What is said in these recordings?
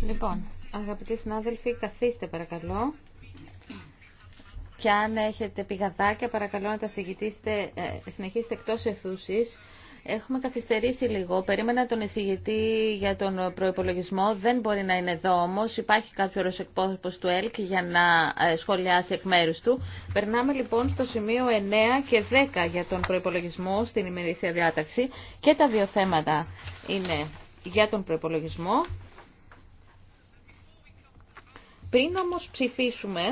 Λοιπόν, αγαπητοί συνάδελφοι, καθίστε παρακαλώ. Και αν έχετε πηγαδάκια, παρακαλώ να τα ε, συνεχίσετε εκτός εθούσης. Έχουμε καθυστερήσει λίγο. Περίμενα τον εισηγητή για τον προπολογισμό. Δεν μπορεί να είναι εδώ όμω. Υπάρχει κάποιο εκπρόσωπο του ΕΛΚ για να ε, σχολιάσει εκ μέρου του. Περνάμε λοιπόν στο σημείο 9 και 10 για τον προπολογισμό στην ημερήσια διάταξη. Και τα δύο θέματα είναι για τον προπολογισμό. Πριν όμως ψηφίσουμε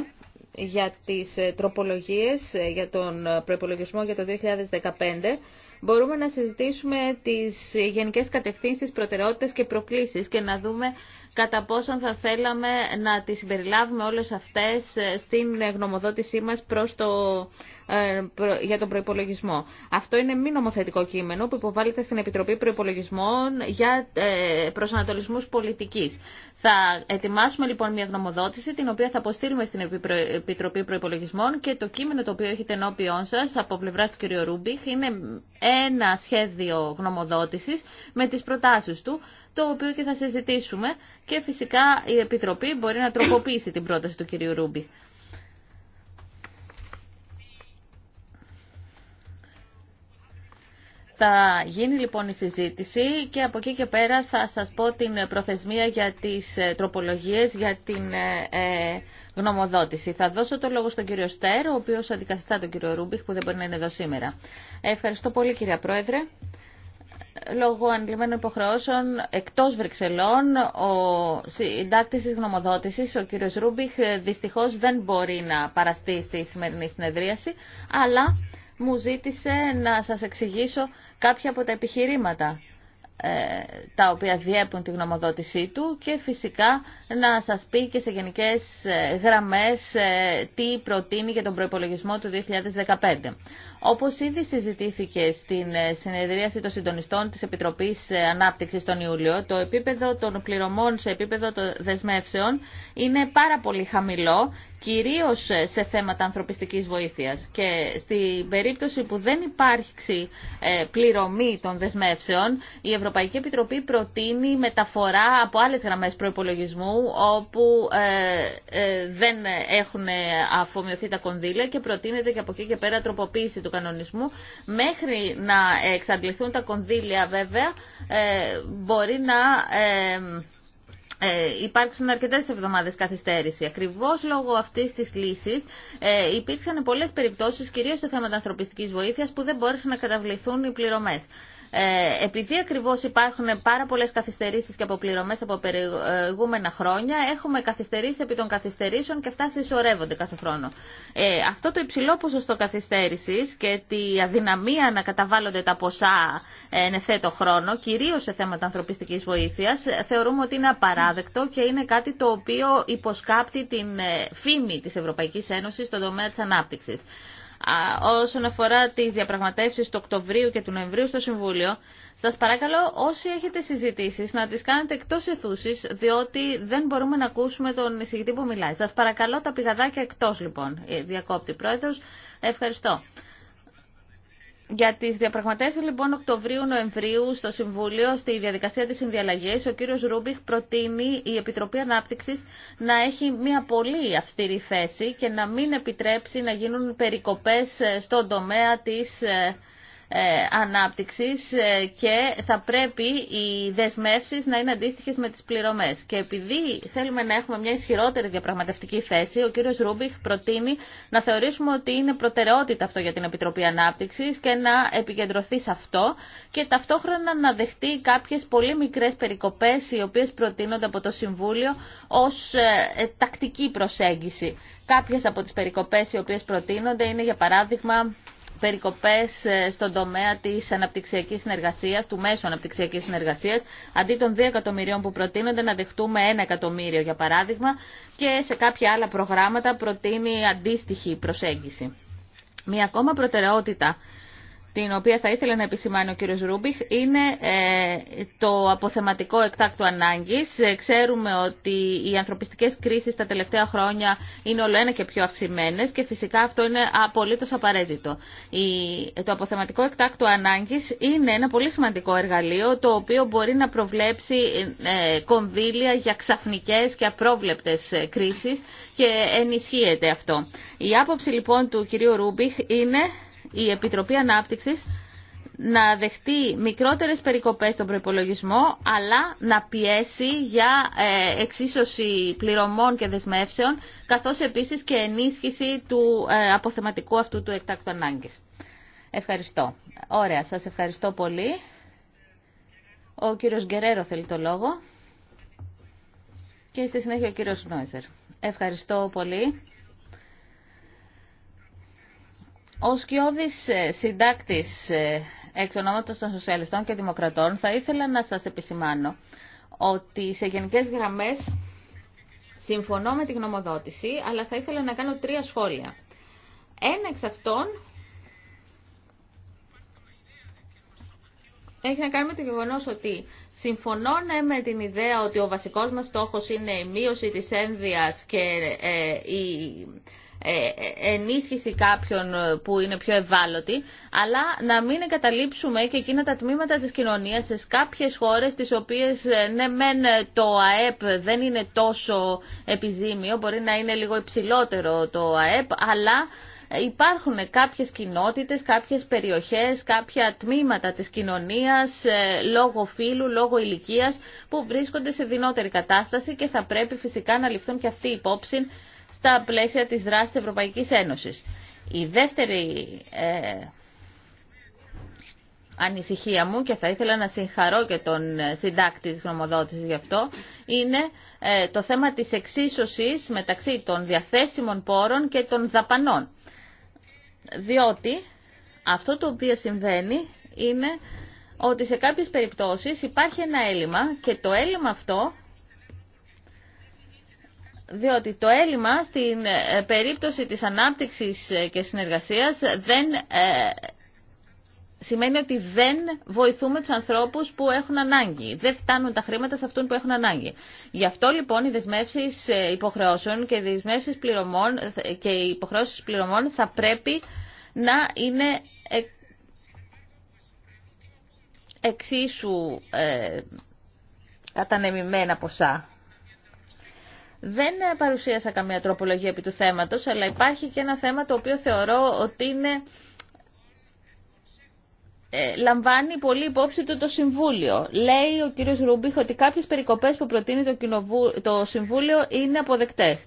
για τις ε, τροπολογίες ε, για τον ε, προπολογισμό για το 2015, μπορούμε να συζητήσουμε τις γενικές κατευθύνσεις, προτεραιότητες και προκλήσεις και να δούμε κατά πόσον θα θέλαμε να τις συμπεριλάβουμε όλες αυτές στην γνωμοδότησή μας προς το ε, για τον προπολογισμό. Αυτό είναι μη νομοθετικό κείμενο που υποβάλλεται στην Επιτροπή Προπολογισμών για ε, προσανατολισμού πολιτική. Θα ετοιμάσουμε λοιπόν μια γνωμοδότηση την οποία θα αποστείλουμε στην Επιτροπή Προπολογισμών και το κείμενο το οποίο έχετε ενώπιον σα από πλευρά του κ. Ρούμπιχ είναι ένα σχέδιο γνωμοδότηση με τι προτάσει του το οποίο και θα συζητήσουμε και φυσικά η Επιτροπή μπορεί να τροποποιήσει την πρόταση του κυρίου Ρούμπιχ. Θα γίνει λοιπόν η συζήτηση και από εκεί και πέρα θα σας πω την προθεσμία για τις ε, τροπολογίες για την ε, ε, γνωμοδότηση. Θα δώσω το λόγο στον κύριο Στέρ, ο οποίος αντικαθιστά τον κύριο Ρούμπιχ που δεν μπορεί να είναι εδώ σήμερα. Ευχαριστώ πολύ κυρία Πρόεδρε. Λόγω ανηλυμένων υποχρεώσεων εκτός Βρυξελών, ο συντάκτης της γνωμοδότησης, ο κύριος Ρούμπιχ, δυστυχώς δεν μπορεί να παραστεί στη σημερινή συνεδρίαση, αλλά μου ζήτησε να σας εξηγήσω κάποια από τα επιχειρήματα ε, τα οποία διέπουν τη γνωμοδότησή του και φυσικά να σας πει και σε γενικές ε, γραμμές ε, τι προτείνει για τον προϋπολογισμό του 2015. Όπως ήδη συζητήθηκε στην συνεδρίαση των συντονιστών της Επιτροπής Ανάπτυξης τον Ιούλιο, το επίπεδο των πληρωμών σε επίπεδο των δεσμεύσεων είναι πάρα πολύ χαμηλό κυρίως σε θέματα ανθρωπιστικής βοήθειας. Και στην περίπτωση που δεν υπάρχει ε, πληρωμή των δεσμεύσεων, η Ευρωπαϊκή Επιτροπή προτείνει μεταφορά από άλλες γραμμές προϋπολογισμού, όπου ε, ε, δεν έχουν αφομοιωθεί τα κονδύλια και προτείνεται και από εκεί και πέρα τροποποίηση του κανονισμού. Μέχρι να εξαντληθούν τα κονδύλια βέβαια, μπορεί να ε, υπάρξουν αρκετές εβδομάδες καθυστέρηση. Ακριβώς λόγω αυτής της λύσης ε, υπήρξαν πολλέ περιπτώσεις, κυρίως σε θέματα ανθρωπιστικής βοήθειας, που δεν μπόρεσαν να καταβληθούν οι πληρωμές. Ε, επειδή ακριβώ υπάρχουν πάρα πολλέ καθυστερήσει και αποπληρωμέ από προηγούμενα χρόνια, έχουμε καθυστερήσει επί των καθυστερήσεων και αυτά συσσωρεύονται κάθε χρόνο. Ε, αυτό το υψηλό ποσοστό καθυστέρηση και τη αδυναμία να καταβάλλονται τα ποσά εν ευθέτω χρόνο, κυρίω σε θέματα ανθρωπιστική βοήθεια, θεωρούμε ότι είναι απαράδεκτο και είναι κάτι το οποίο υποσκάπτει την ε, φήμη τη Ευρωπαϊκή Ένωση στον τομέα τη ανάπτυξη όσον αφορά τις διαπραγματεύσεις του Οκτωβρίου και του Νοεμβρίου στο Συμβούλιο, σας παρακαλώ όσοι έχετε συζητήσεις να τις κάνετε εκτός αιθούσης, διότι δεν μπορούμε να ακούσουμε τον εισηγητή που μιλάει. Σας παρακαλώ τα πηγαδάκια εκτός λοιπόν, ε, διακόπτη πρόεδρος. Ευχαριστώ. Για τι διαπραγματεύσει λοιπόν Οκτωβρίου-Νοεμβρίου στο Συμβούλιο, στη διαδικασία τη συνδιαλλαγή, ο κύριο Ρούμπιχ προτείνει η Επιτροπή Ανάπτυξη να έχει μια πολύ αυστηρή θέση και να μην επιτρέψει να γίνουν περικοπέ ε, στον τομέα τη ε, ε, ανάπτυξης ε, και θα πρέπει οι δεσμεύσεις να είναι αντίστοιχες με τις πληρωμές. Και επειδή θέλουμε να έχουμε μια ισχυρότερη διαπραγματευτική θέση, ο κύριος Ρούμπιχ προτείνει να θεωρήσουμε ότι είναι προτεραιότητα αυτό για την Επιτροπή Ανάπτυξης και να επικεντρωθεί σε αυτό και ταυτόχρονα να δεχτεί κάποιες πολύ μικρές περικοπές οι οποίες προτείνονται από το Συμβούλιο ως ε, τακτική προσέγγιση. Κάποιες από τις περικοπές οι οποίες προτείνονται είναι για παράδειγμα περικοπές ε, στον τομέα της αναπτυξιακής συνεργασίας, του μέσου αναπτυξιακής συνεργασίας, αντί των 2 εκατομμυρίων που προτείνονται να δεχτούμε 1 εκατομμύριο για παράδειγμα και σε κάποια άλλα προγράμματα προτείνει αντίστοιχη προσέγγιση. Μία ακόμα προτεραιότητα την οποία θα ήθελε να επισημάνει ο κύριος Ρούμπιχ, είναι ε, το αποθεματικό εκτάκτου ανάγκης. Ε, ξέρουμε ότι οι ανθρωπιστικές κρίσεις τα τελευταία χρόνια είναι όλο ένα και πιο αυξημένες και φυσικά αυτό είναι απολύτως απαραίτητο. το αποθεματικό εκτάκτου ανάγκης είναι ένα πολύ σημαντικό εργαλείο το οποίο μπορεί να προβλέψει ε, κονδύλια για ξαφνικές και απρόβλεπτες κρίσεις και ενισχύεται αυτό. Η άποψη λοιπόν του κυρίου Ρούμπιχ είναι η Επιτροπή ανάπτυξη να δεχτεί μικρότερες περικοπές στον προπολογισμό, αλλά να πιέσει για ε, εξίσωση πληρωμών και δεσμεύσεων, καθώς επίσης και ενίσχυση του ε, αποθεματικού αυτού του εκτάκτου ανάγκης. Ευχαριστώ. Ωραία, σας ευχαριστώ πολύ. Ο κύριος Γκερέρο θέλει το λόγο. Και στη συνέχεια ο κύριος Νόιζερ. Ευχαριστώ πολύ. Ο σκιώδης ε, συντάκτης ε, εκ των Σοσιαλιστών και Δημοκρατών θα ήθελα να σας επισημάνω ότι σε γενικές γραμμές συμφωνώ με τη γνωμοδότηση, αλλά θα ήθελα να κάνω τρία σχόλια. Ένα εξ αυτών έχει να κάνει με το γεγονός ότι συμφωνώ ναι, με την ιδέα ότι ο βασικός μας στόχος είναι η μείωση της ένδυας και ε, η ε, ε, ενίσχυση κάποιων ε, που είναι πιο ευάλωτοι, αλλά να μην εγκαταλείψουμε και εκείνα τα τμήματα της κοινωνίας σε κάποιες χώρες τις οποίες ναι μεν το ΑΕΠ δεν είναι τόσο επιζήμιο, μπορεί να είναι λίγο υψηλότερο το ΑΕΠ, αλλά υπάρχουν κάποιες κοινότητες, κάποιες περιοχές, κάποια τμήματα της κοινωνίας λόγω φύλου, λόγω ηλικίας που βρίσκονται σε δεινότερη κατάσταση και θα πρέπει φυσικά να ληφθούν και αυτοί υπόψη στα πλαίσια της δράσης της Ευρωπαϊκής Ένωσης. Η δεύτερη ε, ανησυχία μου και θα ήθελα να συγχαρώ και τον συντάκτη της γνωμοδότησης γι' αυτό είναι ε, το θέμα της εξίσωσης μεταξύ των διαθέσιμων πόρων και των δαπανών. Διότι αυτό το οποίο συμβαίνει είναι ότι σε κάποιες περιπτώσεις υπάρχει ένα έλλειμμα και το έλλειμμα αυτό διότι το έλλειμμα στην ε, περίπτωση της ανάπτυξης ε, και συνεργασίας δεν ε, σημαίνει ότι δεν βοηθούμε τους ανθρώπους που έχουν ανάγκη. Δεν φτάνουν τα χρήματα σε αυτούς που έχουν ανάγκη. Γι' αυτό λοιπόν οι δεσμεύσει υποχρεώσεων και οι δεσμεύσει πληρωμών και οι υποχρεώσεις πληρωμών θα πρέπει να είναι εξίσου ε, κατανεμημένα ποσά. Δεν παρουσίασα καμία τροπολογία επί του θέματος, αλλά υπάρχει και ένα θέμα το οποίο θεωρώ ότι είναι ε, λαμβάνει πολύ υπόψη του το Συμβούλιο. Λέει ο κύριος Ρούμπιχ ότι κάποιες περικοπές που προτείνει το, το Συμβούλιο είναι αποδεκτές.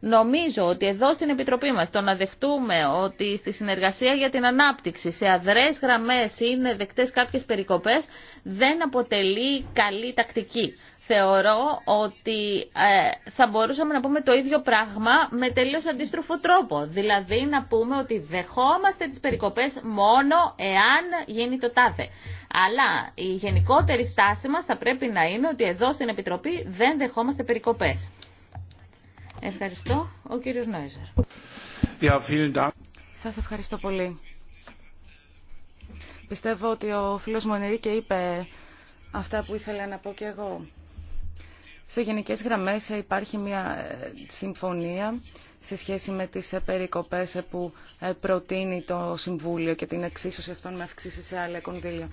Νομίζω ότι εδώ στην Επιτροπή μας το να δεχτούμε ότι στη συνεργασία για την ανάπτυξη σε αδρές γραμμές είναι δεκτές κάποιες περικοπές δεν αποτελεί καλή τακτική θεωρώ ότι ε, θα μπορούσαμε να πούμε το ίδιο πράγμα με τελείως αντίστροφο τρόπο. Δηλαδή να πούμε ότι δεχόμαστε τις περικοπές μόνο εάν γίνει το τάδε. Αλλά η γενικότερη στάση μας θα πρέπει να είναι ότι εδώ στην Επιτροπή δεν δεχόμαστε περικοπές. Ευχαριστώ. Ο κύριος Νόιζερ. Σας ευχαριστώ πολύ. Πιστεύω ότι ο φίλος μου είπε αυτά που ήθελα να πω και εγώ. Σε γενικές γραμμές υπάρχει μια ε, συμφωνία σε σχέση με τις ε, περικοπές ε, που προτείνει το Συμβούλιο και την εξίσωση αυτών με αυξήσει σε άλλα κονδύλια.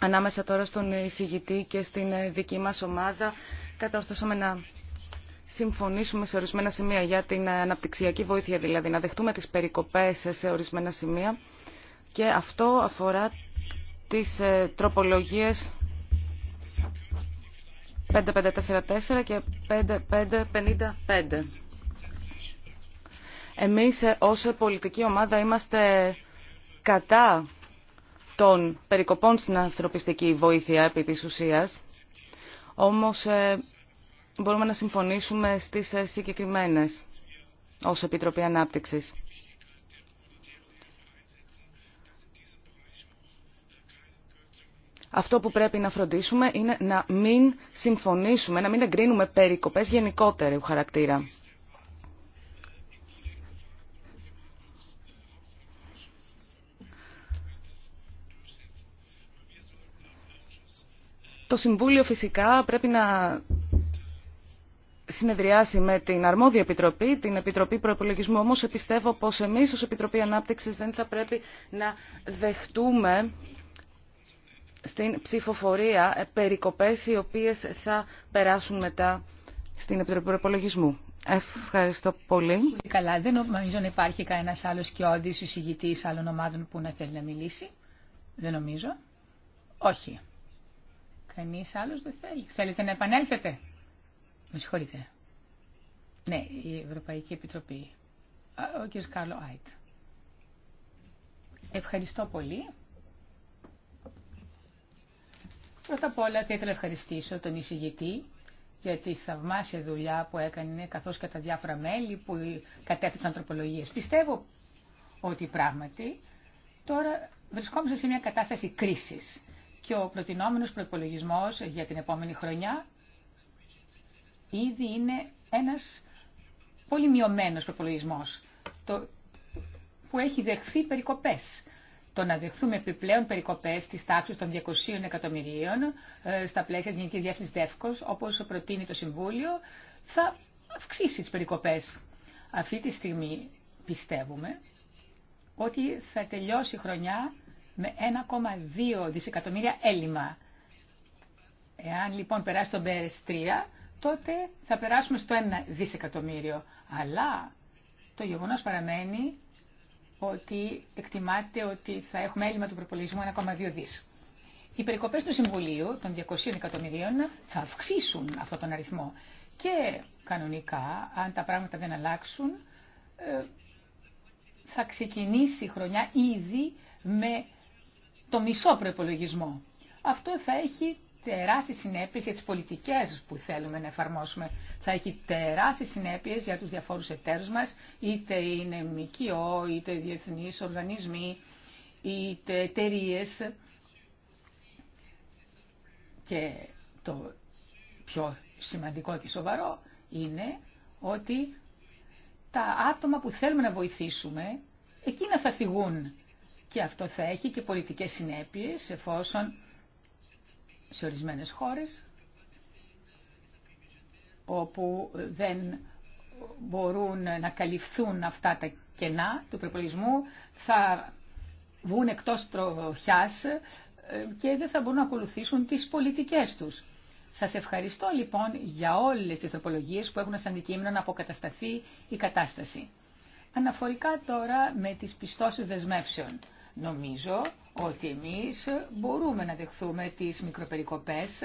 Ανάμεσα τώρα στον εισηγητή και στην δική μας ομάδα κατόρθωσαμε να συμφωνήσουμε σε ορισμένα σημεία για την αναπτυξιακή βοήθεια, δηλαδή να δεχτούμε τις περικοπές σε ορισμένα σημεία και αυτό αφορά τις ε, τροπολογίες 5544 και 5555. Εμείς ε, ως πολιτική ομάδα είμαστε κατά των περικοπών στην ανθρωπιστική βοήθεια επί της ουσίας, όμως ε, μπορούμε να συμφωνήσουμε στις συγκεκριμένες ως Επιτροπή Ανάπτυξης. αυτό που πρέπει να φροντίσουμε είναι να μην συμφωνήσουμε, να μην εγκρίνουμε περικοπές γενικότερου χαρακτήρα. Το Συμβούλιο φυσικά πρέπει να συνεδριάσει με την αρμόδια επιτροπή, την Επιτροπή Προεπολογισμού. Όμως πιστεύω πως εμείς ως Επιτροπή Ανάπτυξης δεν θα πρέπει να δεχτούμε στην ψηφοφορία ε, περικοπές οι οποίες θα περάσουν μετά στην Επιτροπή Προπολογισμού. Ευχαριστώ πολύ. Πολύ Καλά, δεν νομίζω να υπάρχει κανένα άλλο σκιώδη συζητητή άλλων ομάδων που να θέλει να μιλήσει. Δεν νομίζω. Όχι. Κανεί άλλο δεν θέλει. Θέλετε να επανέλθετε. Με συγχωρείτε. Ναι, η Ευρωπαϊκή Επιτροπή. Ο κ. Κάρλο Άιτ. Ευχαριστώ πολύ. Πρώτα απ' όλα θα ήθελα να ευχαριστήσω τον εισηγητή για τη θαυμάσια δουλειά που έκανε καθώς και τα διάφορα μέλη που κατέθεσαν ανθρωπολογίες. Πιστεύω ότι πράγματι τώρα βρισκόμαστε σε μια κατάσταση κρίσης και ο προτινόμενος προπολογισμό για την επόμενη χρονιά ήδη είναι ένας πολύ μειωμένος προπολογισμό που έχει δεχθεί περικοπές το να δεχθούμε επιπλέον περικοπέ τη τάξη των 200 εκατομμυρίων ε, στα πλαίσια τη Γενική Διεύθυνση ΔΕΦΚΟΣ, όπω προτείνει το Συμβούλιο, θα αυξήσει τι περικοπέ. Αυτή τη στιγμή πιστεύουμε ότι θα τελειώσει η χρονιά με 1,2 δισεκατομμύρια έλλειμμα. Εάν λοιπόν περάσει το ΠΕΡΕΣ 3, τότε θα περάσουμε στο 1 δισεκατομμύριο. Αλλά το γεγονός παραμένει ότι εκτιμάται ότι θα έχουμε έλλειμμα του προπολογισμού 1,2 δις. Οι περικοπές του Συμβουλίου των 200 εκατομμυρίων θα αυξήσουν αυτόν τον αριθμό. Και κανονικά, αν τα πράγματα δεν αλλάξουν, ε, θα ξεκινήσει η χρονιά ήδη με το μισό προπολογισμό. Αυτό θα έχει τεράστιε συνέπειες για τις πολιτικές που θέλουμε να εφαρμόσουμε. Θα έχει τεράστιε συνέπειες για τους διαφόρους εταίρου μας, είτε είναι ΜΚΟ, είτε διεθνεί οργανισμοί, είτε εταιρείε. Και το πιο σημαντικό και σοβαρό είναι ότι τα άτομα που θέλουμε να βοηθήσουμε, εκείνα θα θυγούν. Και αυτό θα έχει και πολιτικές συνέπειες, εφόσον σε ορισμένες χώρες όπου δεν μπορούν να καλυφθούν αυτά τα κενά του προπολισμού, θα βγουν εκτός τροχιάς ε, και δεν θα μπορούν να ακολουθήσουν τις πολιτικές τους. Σας ευχαριστώ λοιπόν για όλες τις τροπολογίες που έχουν σαν αντικείμενο να αποκατασταθεί η κατάσταση. Αναφορικά τώρα με τις πιστώσεις δεσμεύσεων. Νομίζω ότι εμείς μπορούμε να δεχθούμε τις μικροπερικοπές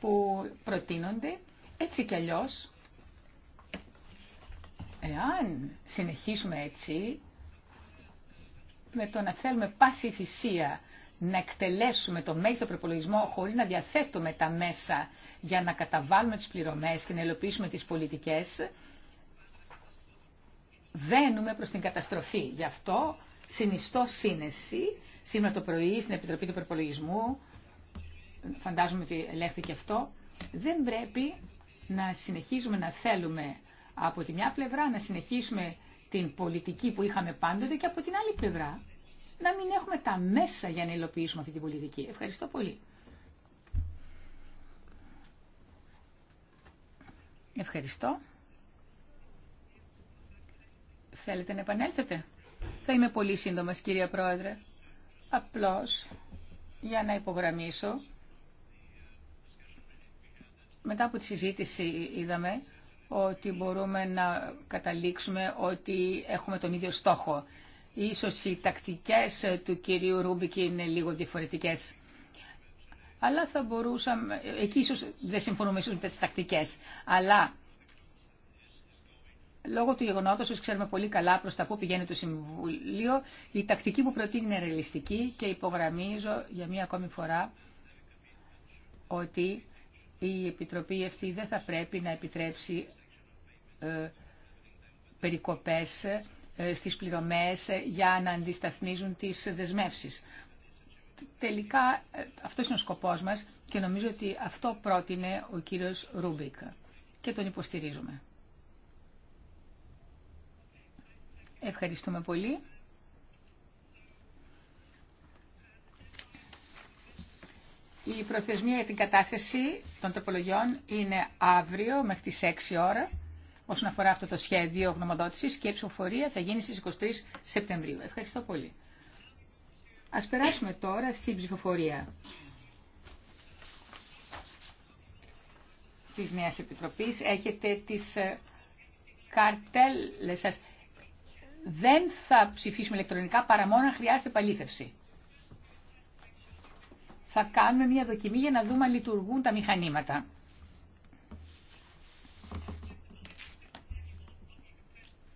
που προτείνονται έτσι κι αλλιώς. Εάν συνεχίσουμε έτσι, με το να θέλουμε πάση θυσία να εκτελέσουμε το μέγιστο προπολογισμό χωρίς να διαθέτουμε τα μέσα για να καταβάλουμε τις πληρωμές και να ελοπίσουμε τις πολιτικές, Βαίνουμε προς την καταστροφή. Γι' αυτό συνιστώ σύνεση σήμερα το πρωί στην Επιτροπή του Προπολογισμού, φαντάζομαι ότι ελέγχθηκε αυτό, δεν πρέπει να συνεχίζουμε να θέλουμε από τη μια πλευρά να συνεχίσουμε την πολιτική που είχαμε πάντοτε και από την άλλη πλευρά να μην έχουμε τα μέσα για να υλοποιήσουμε αυτή την πολιτική. Ευχαριστώ πολύ. Ευχαριστώ. Θέλετε να επανέλθετε. Θα είμαι πολύ σύντομα, κυρία Πρόεδρε. Απλώς, για να υπογραμμίσω, μετά από τη συζήτηση είδαμε ότι μπορούμε να καταλήξουμε ότι έχουμε τον ίδιο στόχο. Ίσως οι τακτικές του κυρίου Ρούμπικη είναι λίγο διαφορετικές. Αλλά θα μπορούσαμε, εκεί ίσως δεν συμφωνούμε ίσως με τις τακτικές, αλλά λόγω του γεγονότος, όπως ξέρουμε πολύ καλά προς τα που πηγαίνει το Συμβουλίο, η τακτική που προτείνει είναι ρεαλιστική και υπογραμμίζω για μία ακόμη φορά ότι η Επιτροπή αυτή δεν θα πρέπει να επιτρέψει ε, περικοπές ε, στις πληρωμές ε, για να αντισταθμίζουν τις δεσμεύσεις. Τελικά ε, αυτό είναι ο σκοπός μας και νομίζω ότι αυτό πρότεινε ο κύριος Ρούμπικ και τον υποστηρίζουμε. Ευχαριστούμε πολύ. Η προθεσμία για την κατάθεση των τροπολογιών είναι αύριο μέχρι τις 6 ώρα όσον αφορά αυτό το σχέδιο γνωμοδότησης και η ψηφοφορία θα γίνει στις 23 Σεπτεμβρίου. Ευχαριστώ πολύ. Ας περάσουμε τώρα στην ψηφοφορία της Νέας Επιτροπής. Έχετε τις ε, καρτέλες σας δεν θα ψηφίσουμε ηλεκτρονικά παρά μόνο αν χρειάζεται παλήθευση. Θα κάνουμε μια δοκιμή για να δούμε αν λειτουργούν τα μηχανήματα.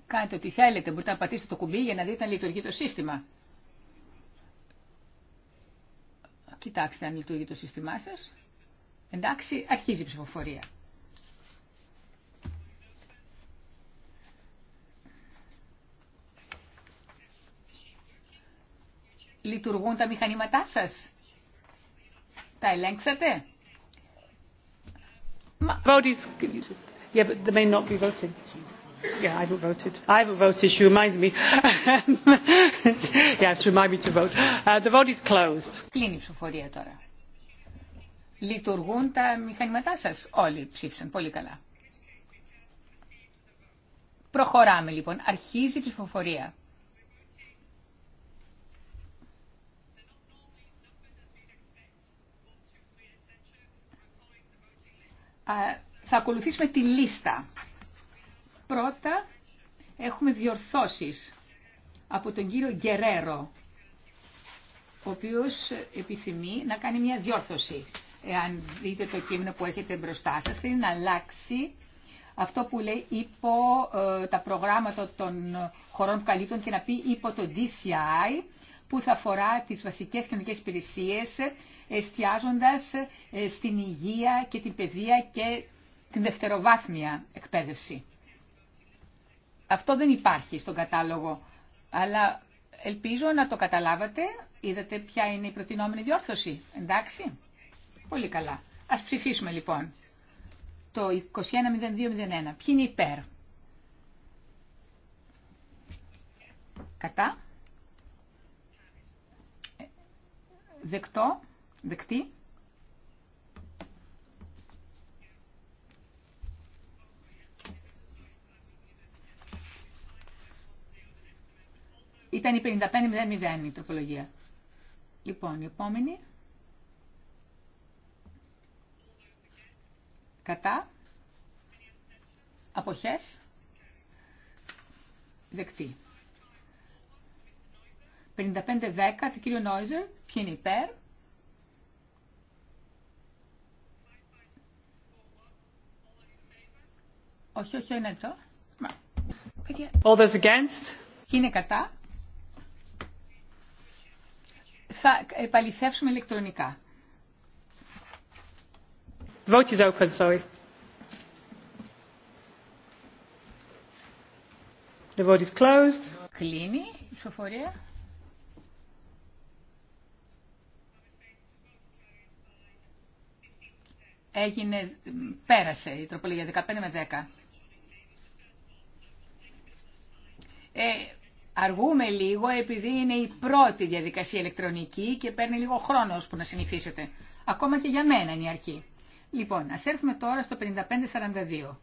Κάντε ό,τι θέλετε, μπορείτε να πατήσετε το κουμπί για να δείτε αν λειτουργεί το σύστημα. Κοιτάξτε αν λειτουργεί το σύστημά σας. Εντάξει, αρχίζει η ψηφοφορία. Λειτουργούν τα μηχανήματά σας. Τα ελέγξατε. Κλείνει η ψηφοφορία τώρα. Λειτουργούν τα μηχανήματά σας. Όλοι ψήφισαν πολύ καλά. Προχωράμε λοιπόν. Αρχίζει η ψηφοφορία. θα ακολουθήσουμε τη λίστα. Πρώτα έχουμε διορθώσεις από τον κύριο Γκερέρο, ο οποίος επιθυμεί να κάνει μια διόρθωση. Εάν δείτε το κείμενο που έχετε μπροστά σας, θέλει να αλλάξει αυτό που λέει υπό ε, τα προγράμματα των χωρών που καλύπτουν και να πει υπό το DCI που θα αφορά τις βασικές κοινωνικές υπηρεσίες, εστιάζοντας ε, στην υγεία και την παιδεία και την δευτεροβάθμια εκπαίδευση. Αυτό δεν υπάρχει στον κατάλογο, αλλά ελπίζω να το καταλάβατε. Είδατε ποια είναι η προτινόμενη διόρθωση, εντάξει. Πολύ καλά. Ας ψηφίσουμε λοιπόν το 210201. Ποιοι είναι υπέρ. Κατά. Δεκτό. Δεκτή. Ήταν η 55 5500 η τροπολογία. Λοιπόν, η επόμενη. Κατά. Αποχές. Δεκτή. 55 Πηγαι5-10 του κύριου Νόιζερ Ποιοι είναι υπέρ. Όχι, όχι, είναι το. All those against. Ποιοι είναι κατά. Θα επαληθεύσουμε ηλεκτρονικά. vote is open, sorry. The vote is closed. Κλείνει η ψηφοφορία. έγινε, πέρασε η τροπολογία 15 με 10. Ε, αργούμε λίγο επειδή είναι η πρώτη διαδικασία ηλεκτρονική και παίρνει λίγο χρόνο που να συνηθίσετε. Ακόμα και για μένα είναι η αρχή. Λοιπόν, ας έρθουμε τώρα στο 5542.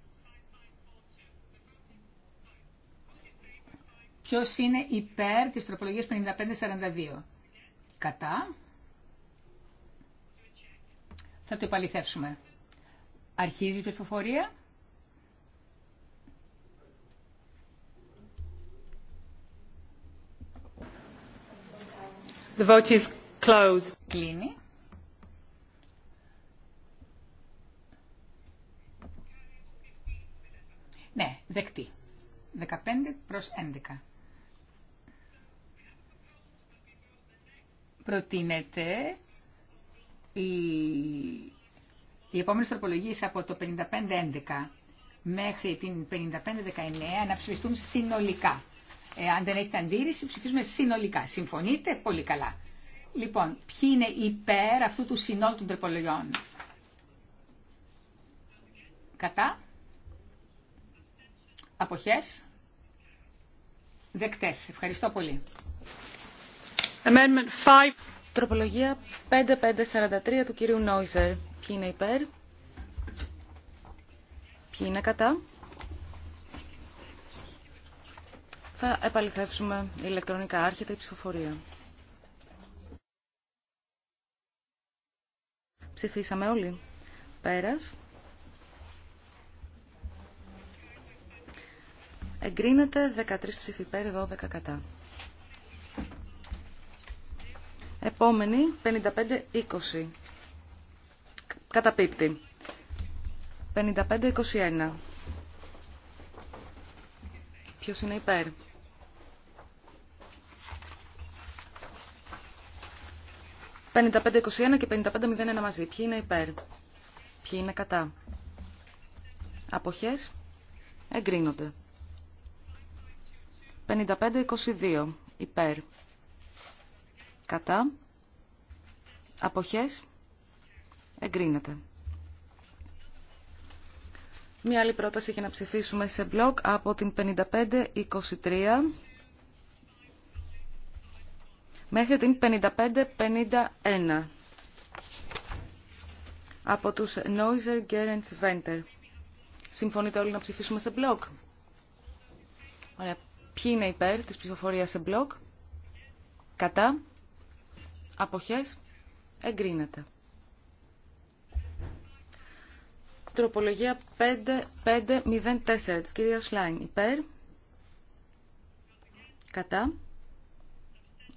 Ποιος είναι υπέρ της τροπολογίας 5542. Κατά. Θα το επαληθεύσουμε. Αρχίζει η ψηφοφορία. The vote is closed. Κλείνει. Ναι, δεκτή. 15 προς 11. Προτείνεται οι, οι επόμενες από το 5511 μέχρι την 5519 να ψηφιστούν συνολικά. Ε, αν δεν έχετε αντίρρηση, ψηφίζουμε συνολικά. Συμφωνείτε? Πολύ καλά. Λοιπόν, ποιοι είναι υπέρ αυτού του συνόλου των τροπολογιών. Κατά. Αποχές. Δεκτές. Ευχαριστώ πολύ. Amendment 5. Τροπολογία 5543 του κυρίου Νόιζερ. Ποιοι είναι υπέρ. Ποιοι είναι κατά. Θα επαληθεύσουμε ηλεκτρονικά. Άρχεται η ψηφοφορία. Ψηφίσαμε όλοι. Πέρας. Εγκρίνεται 13 ψηφιπέρ, 12 κατά. Επόμενη, 55-20. Καταπίπτει. 55-21. Ποιος είναι υπέρ. «55-21 και 55-01 μαζί. Ποιοι είναι υπέρ. Ποιοι είναι κατά. Αποχές. Εγκρίνονται. 55-22. Υπέρ. Κατά. Αποχές. Εγκρίνεται. Μία άλλη πρόταση για να ψηφίσουμε σε μπλοκ από την 55.23 μέχρι την 55 από τους Noiser Gerents Venter. Συμφωνείτε όλοι να ψηφίσουμε σε μπλοκ. Ωραία. Ποιοι είναι υπέρ της ψηφοφορίας σε μπλοκ. Κατά. Αποχές. Εγκρίνεται. Τροπολογία 5504 της κυρίας Σλάιν. Υπέρ. Κατά.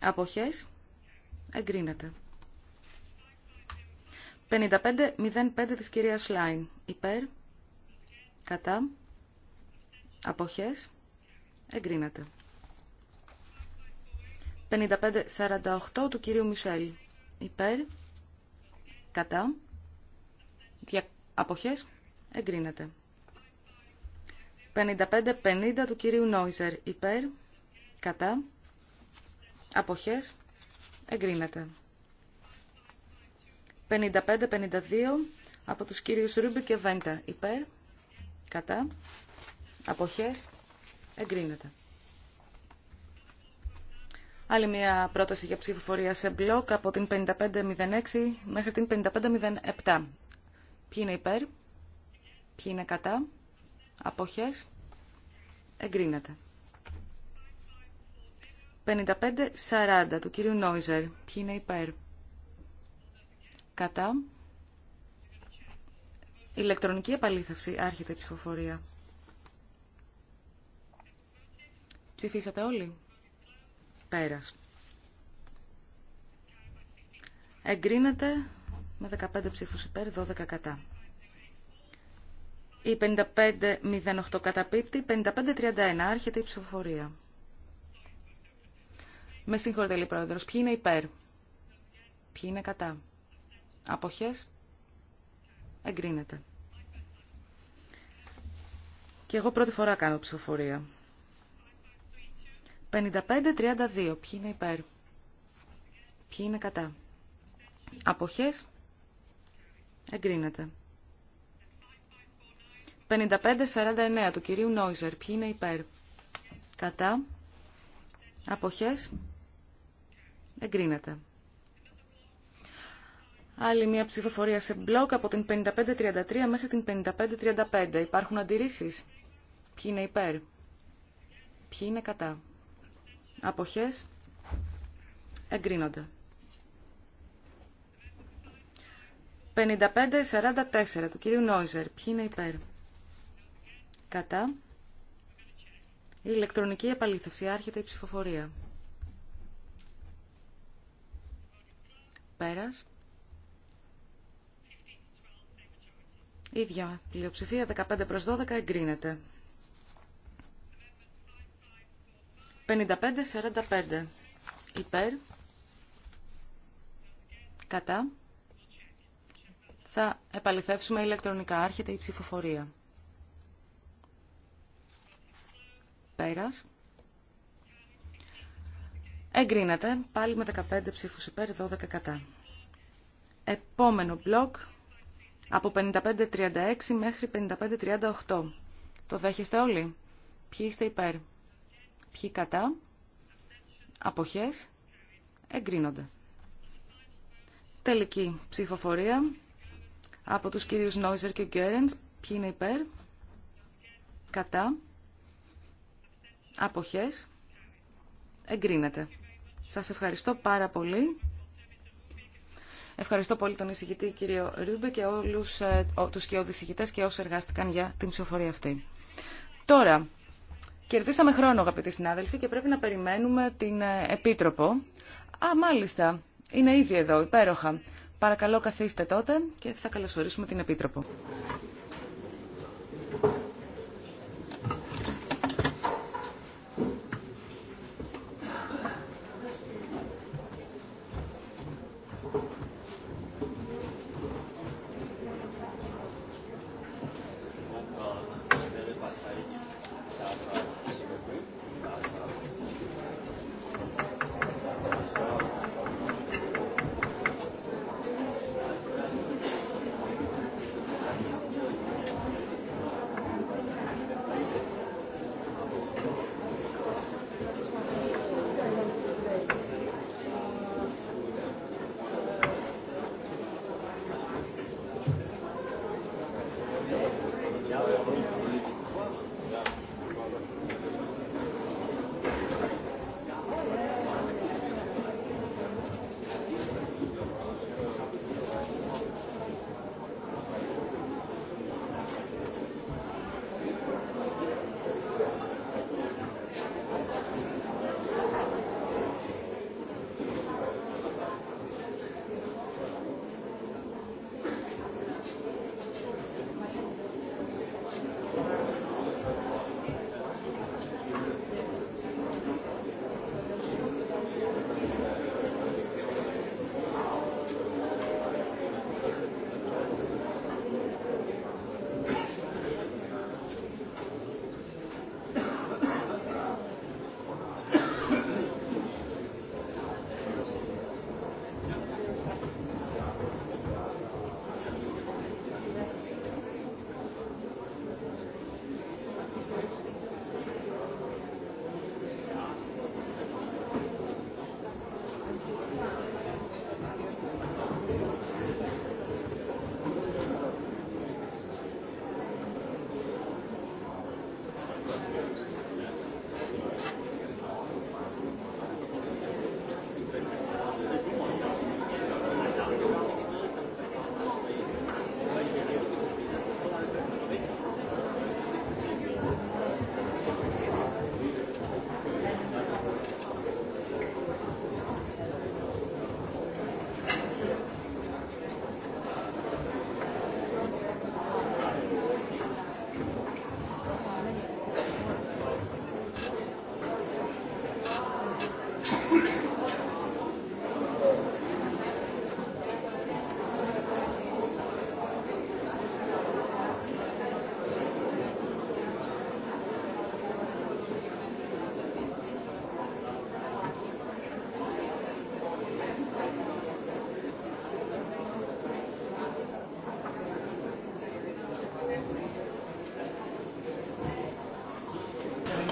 Αποχές. Εγκρίνεται. 5505 της κυρίας Σλάιν. Υπέρ. Κατά. Αποχές. Εγκρίνεται. 55-48 του κυρίου Μισελ. Υπέρ. Κατά. Δια... Αποχές. Εγκρίνεται. 55-50 του κυρίου Νόιζερ. Υπέρ. Κατά. Αποχές. Εγκρίνεται. 55-52 από τους κύριους Ρούμπι και Βέντα. Υπέρ. Κατά. Αποχές. Εγκρίνεται. Άλλη μια πρόταση για ψηφοφορία σε μπλοκ από την 5506 μέχρι την 5507. Ποιοι είναι υπέρ, ποιοι είναι κατά, αποχές, εγκρίνεται. 5540 του κύριου Νόιζερ. Ποιοι είναι υπέρ. Κατά. Ηλεκτρονική επαλήθευση. Άρχεται η ψηφοφορία. Ψηφίσατε όλοι. Πέρας. Εγκρίνεται με 15 ψήφους υπέρ, 12 κατά. Η 5508 καταπίπτει, 5531 άρχεται η ψηφοφορία. Με συγχωρείτε λέει πρόεδρος, ποιοι είναι υπέρ, ποιοι είναι κατά. Αποχές, εγκρίνεται. Και εγώ πρώτη φορά κάνω ψηφοφορία. 55-32. Ποιοι είναι υπέρ. Ποιοι είναι κατά. Αποχές. Εγκρίνεται. 55-49 του κυρίου Νόιζερ. Ποιοι είναι υπέρ. Κατά. Αποχές. Εγκρίνεται. Άλλη μια ψηφοφορία σε μπλοκ από την 55-33 μέχρι την 55-35. Υπάρχουν αντιρρήσεις. Ποιοι είναι υπέρ. Ποιοι είναι κατά αποχές εγκρίνονται. 55-44 του κυρίου Νόιζερ. Ποιοι είναι υπέρ. Κατά. Η ηλεκτρονική επαλήθευση. Άρχεται η ψηφοφορία. Πέρας. Ίδια πλειοψηφία 15 προς 12 εγκρίνεται. 55-45 υπέρ, κατά, θα επαληθεύσουμε ηλεκτρονικά. Άρχεται η ψηφοφορία. Πέρας. Εγκρίνατε πάλι με 15 ψήφους υπέρ, 12 κατά. Επόμενο μπλοκ από 55-36 μέχρι 55-38. Το δέχεστε όλοι. Ποιοι είστε υπέρ. Ποιοι κατά. Αποχές. Εγκρίνονται. Τελική ψηφοφορία από τους κυρίους Νόιζερ και Γκέρενς. Ποιοι είναι υπέρ. Κατά. Αποχές. Εγκρίνεται. Σας ευχαριστώ πάρα πολύ. Ευχαριστώ πολύ τον εισηγητή κύριο Ρούμπε και όλους ε, τους και οδησηγητές και όσοι εργάστηκαν για την ψηφοφορία αυτή. Τώρα, Κερδίσαμε χρόνο, αγαπητοί συνάδελφοι, και πρέπει να περιμένουμε την ε, Επίτροπο. Α, μάλιστα, είναι ήδη εδώ, υπέροχα. Παρακαλώ καθίστε τότε και θα καλωσορίσουμε την Επίτροπο.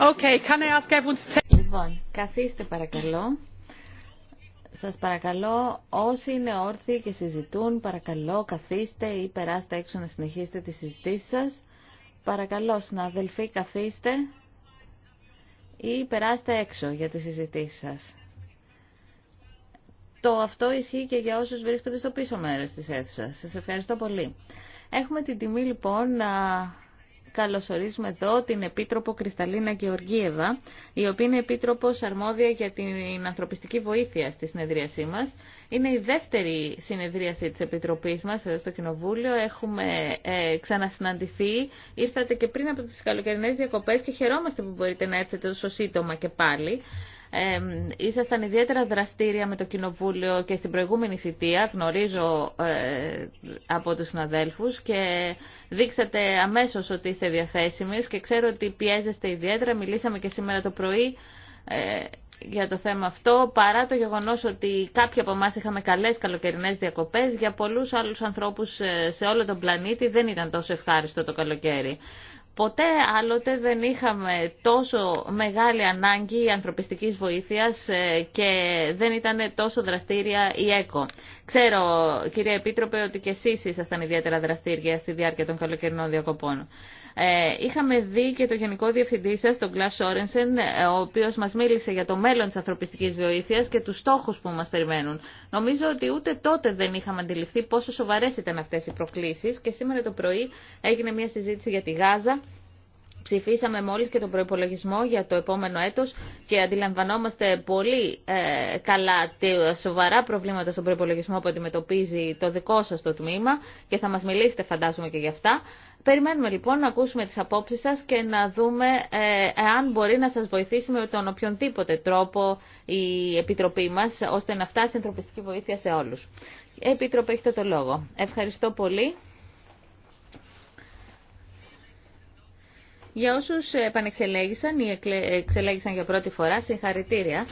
Okay, can I ask everyone to take... Λοιπόν, καθίστε παρακαλώ. Σας παρακαλώ, όσοι είναι όρθιοι και συζητούν, παρακαλώ καθίστε ή περάστε έξω να συνεχίσετε τις συζητήσεις σας. Παρακαλώ, συναδελφοί, καθίστε ή περάστε έξω για τις συζητήσεις σας. Το αυτό ισχύει και για όσους βρίσκονται στο πίσω μέρος της αίθουσας. Σας ευχαριστώ πολύ. Έχουμε την τιμή λοιπόν να καλωσορίζουμε εδώ την Επίτροπο Κρυσταλίνα Γεωργίεβα, η οποία είναι Επίτροπος Αρμόδια για την Ανθρωπιστική Βοήθεια στη συνεδρίασή μα. Είναι η δεύτερη συνεδρίαση τη Επιτροπή μα εδώ στο Κοινοβούλιο. Έχουμε ε, ξανασυναντηθεί. Ήρθατε και πριν από τι καλοκαίρινέ διακοπέ και χαιρόμαστε που μπορείτε να έρθετε τόσο σύντομα και πάλι ήσασταν ιδιαίτερα δραστήρια με το Κοινοβούλιο και στην προηγούμενη θητεία, γνωρίζω ε, από τους συναδέλφους και δείξατε αμέσως ότι είστε διαθέσιμοι και ξέρω ότι πιέζεστε ιδιαίτερα. Μιλήσαμε και σήμερα το πρωί ε, για το θέμα αυτό, παρά το γεγονός ότι κάποιοι από εμά είχαμε καλές καλοκαιρινές διακοπές, για πολλούς άλλους ανθρώπους ε, σε όλο τον πλανήτη δεν ήταν τόσο ευχάριστο το καλοκαίρι. Ποτέ άλλοτε δεν είχαμε τόσο μεγάλη ανάγκη ανθρωπιστικής βοήθειας ε, και δεν ήταν τόσο δραστήρια η ΕΚΟ. Ξέρω, κυρία Επίτροπε, ότι και εσείς ήσασταν ιδιαίτερα δραστήρια στη διάρκεια των καλοκαιρινών διακοπών. Ε, είχαμε δει και το Γενικό Διευθυντή σας, τον Κλάς Σόρενσεν, ο οποίος μας μίλησε για το μέλλον της ανθρωπιστικής βοήθεια και τους στόχους που μας περιμένουν. Νομίζω ότι ούτε τότε δεν είχαμε αντιληφθεί πόσο σοβαρές ήταν αυτές οι προκλήσεις και σήμερα το πρωί έγινε μια συζήτηση για τη Γάζα Ψηφίσαμε μόλις και τον προϋπολογισμό για το επόμενο έτος και αντιλαμβανόμαστε πολύ ε, καλά τα σοβαρά προβλήματα στον προϋπολογισμό που αντιμετωπίζει το δικό σα το τμήμα και θα μας μιλήσετε φαντάζομαι και γι' αυτά. Περιμένουμε λοιπόν να ακούσουμε τις απόψεις σας και να δούμε αν ε, μπορεί να σας βοηθήσει με τον οποιονδήποτε τρόπο η Επιτροπή μας, ώστε να φτάσει ανθρωπιστική βοήθεια σε όλους. Επίτροπε, έχετε το λόγο. Ευχαριστώ πολύ. Για όσους επανεξελέγησαν ή εξελέγησαν για πρώτη φορά, συγχαρητήρια.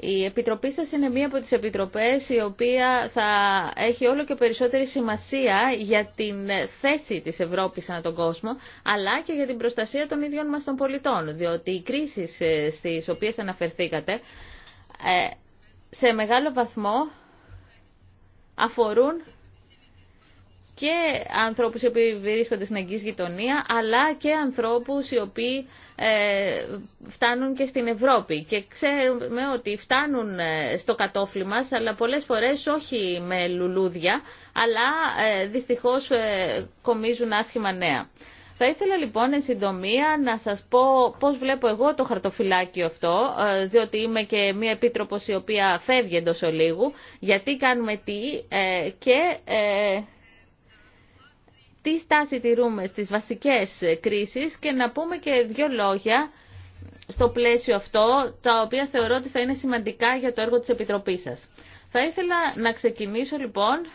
Η Επιτροπή σας είναι μία από τις επιτροπές η οποία θα έχει όλο και περισσότερη σημασία για την θέση της Ευρώπης ανά τον κόσμο, αλλά και για την προστασία των ίδιων μας των πολιτών, διότι οι κρίσεις ε, στις οποίες αναφερθήκατε ε, σε μεγάλο βαθμό αφορούν και ανθρώπους οι οποίοι βρίσκονται στην εγγύης γειτονία, αλλά και ανθρώπους οι οποίοι ε, φτάνουν και στην Ευρώπη. Και ξέρουμε ότι φτάνουν ε, στο κατόφλι μας, αλλά πολλές φορές όχι με λουλούδια, αλλά ε, δυστυχώς κομίζουν άσχημα νέα. Θα ήθελα λοιπόν εν συντομία να σας πω πώς βλέπω εγώ το χαρτοφυλάκιο αυτό, διότι είμαι και μια επίτροπος η οποία φεύγει εντός ολίγου, γιατί κάνουμε τι και τι στάση τηρούμε στις βασικές κρίσεις και να πούμε και δύο λόγια στο πλαίσιο αυτό, τα οποία θεωρώ ότι θα είναι σημαντικά για το έργο της Επιτροπής σας. Θα ήθελα να ξεκινήσω λοιπόν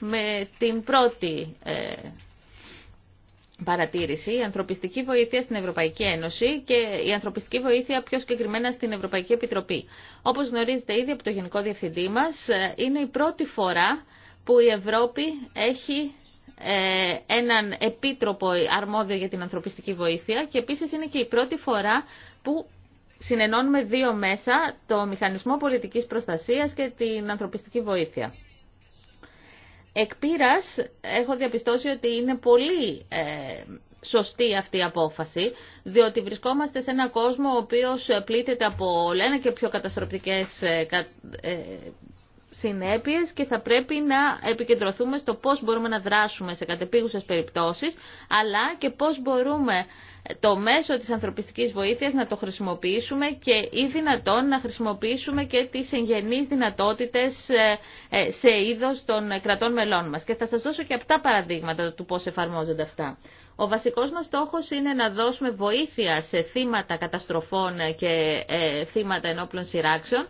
με την πρώτη ε, παρατήρηση, η ανθρωπιστική βοήθεια στην Ευρωπαϊκή Ένωση και η ανθρωπιστική βοήθεια πιο συγκεκριμένα στην Ευρωπαϊκή Επιτροπή. Όπως γνωρίζετε ήδη από το Γενικό Διευθυντή μας, ε, είναι η πρώτη φορά που η Ευρώπη έχει ε, έναν επίτροπο αρμόδιο για την ανθρωπιστική βοήθεια και επίσης είναι και η πρώτη φορά που συνενώνουμε δύο μέσα, το Μηχανισμό Πολιτικής Προστασίας και την Ανθρωπιστική Βοήθεια. Εκ έχω διαπιστώσει ότι είναι πολύ ε, σωστή αυτή η απόφαση, διότι βρισκόμαστε σε έναν κόσμο ο οποίος πλήττεται από όλα και πιο καταστροφικές ε, και θα πρέπει να επικεντρωθούμε στο πώς μπορούμε να δράσουμε σε κατεπίγουσε περιπτώσεις, αλλά και πώς μπορούμε το μέσο της ανθρωπιστικής βοήθειας να το χρησιμοποιήσουμε και ή δυνατόν να χρησιμοποιήσουμε και τις εγγενείς δυνατότητες ε, ε, σε είδος των κρατών μελών μας. Και θα σας δώσω και αυτά παραδείγματα του πώς εφαρμόζονται αυτά. Ο βασικός μας στόχος είναι να δώσουμε βοήθεια σε θύματα καταστροφών και ε, θύματα ενόπλων σειράξεων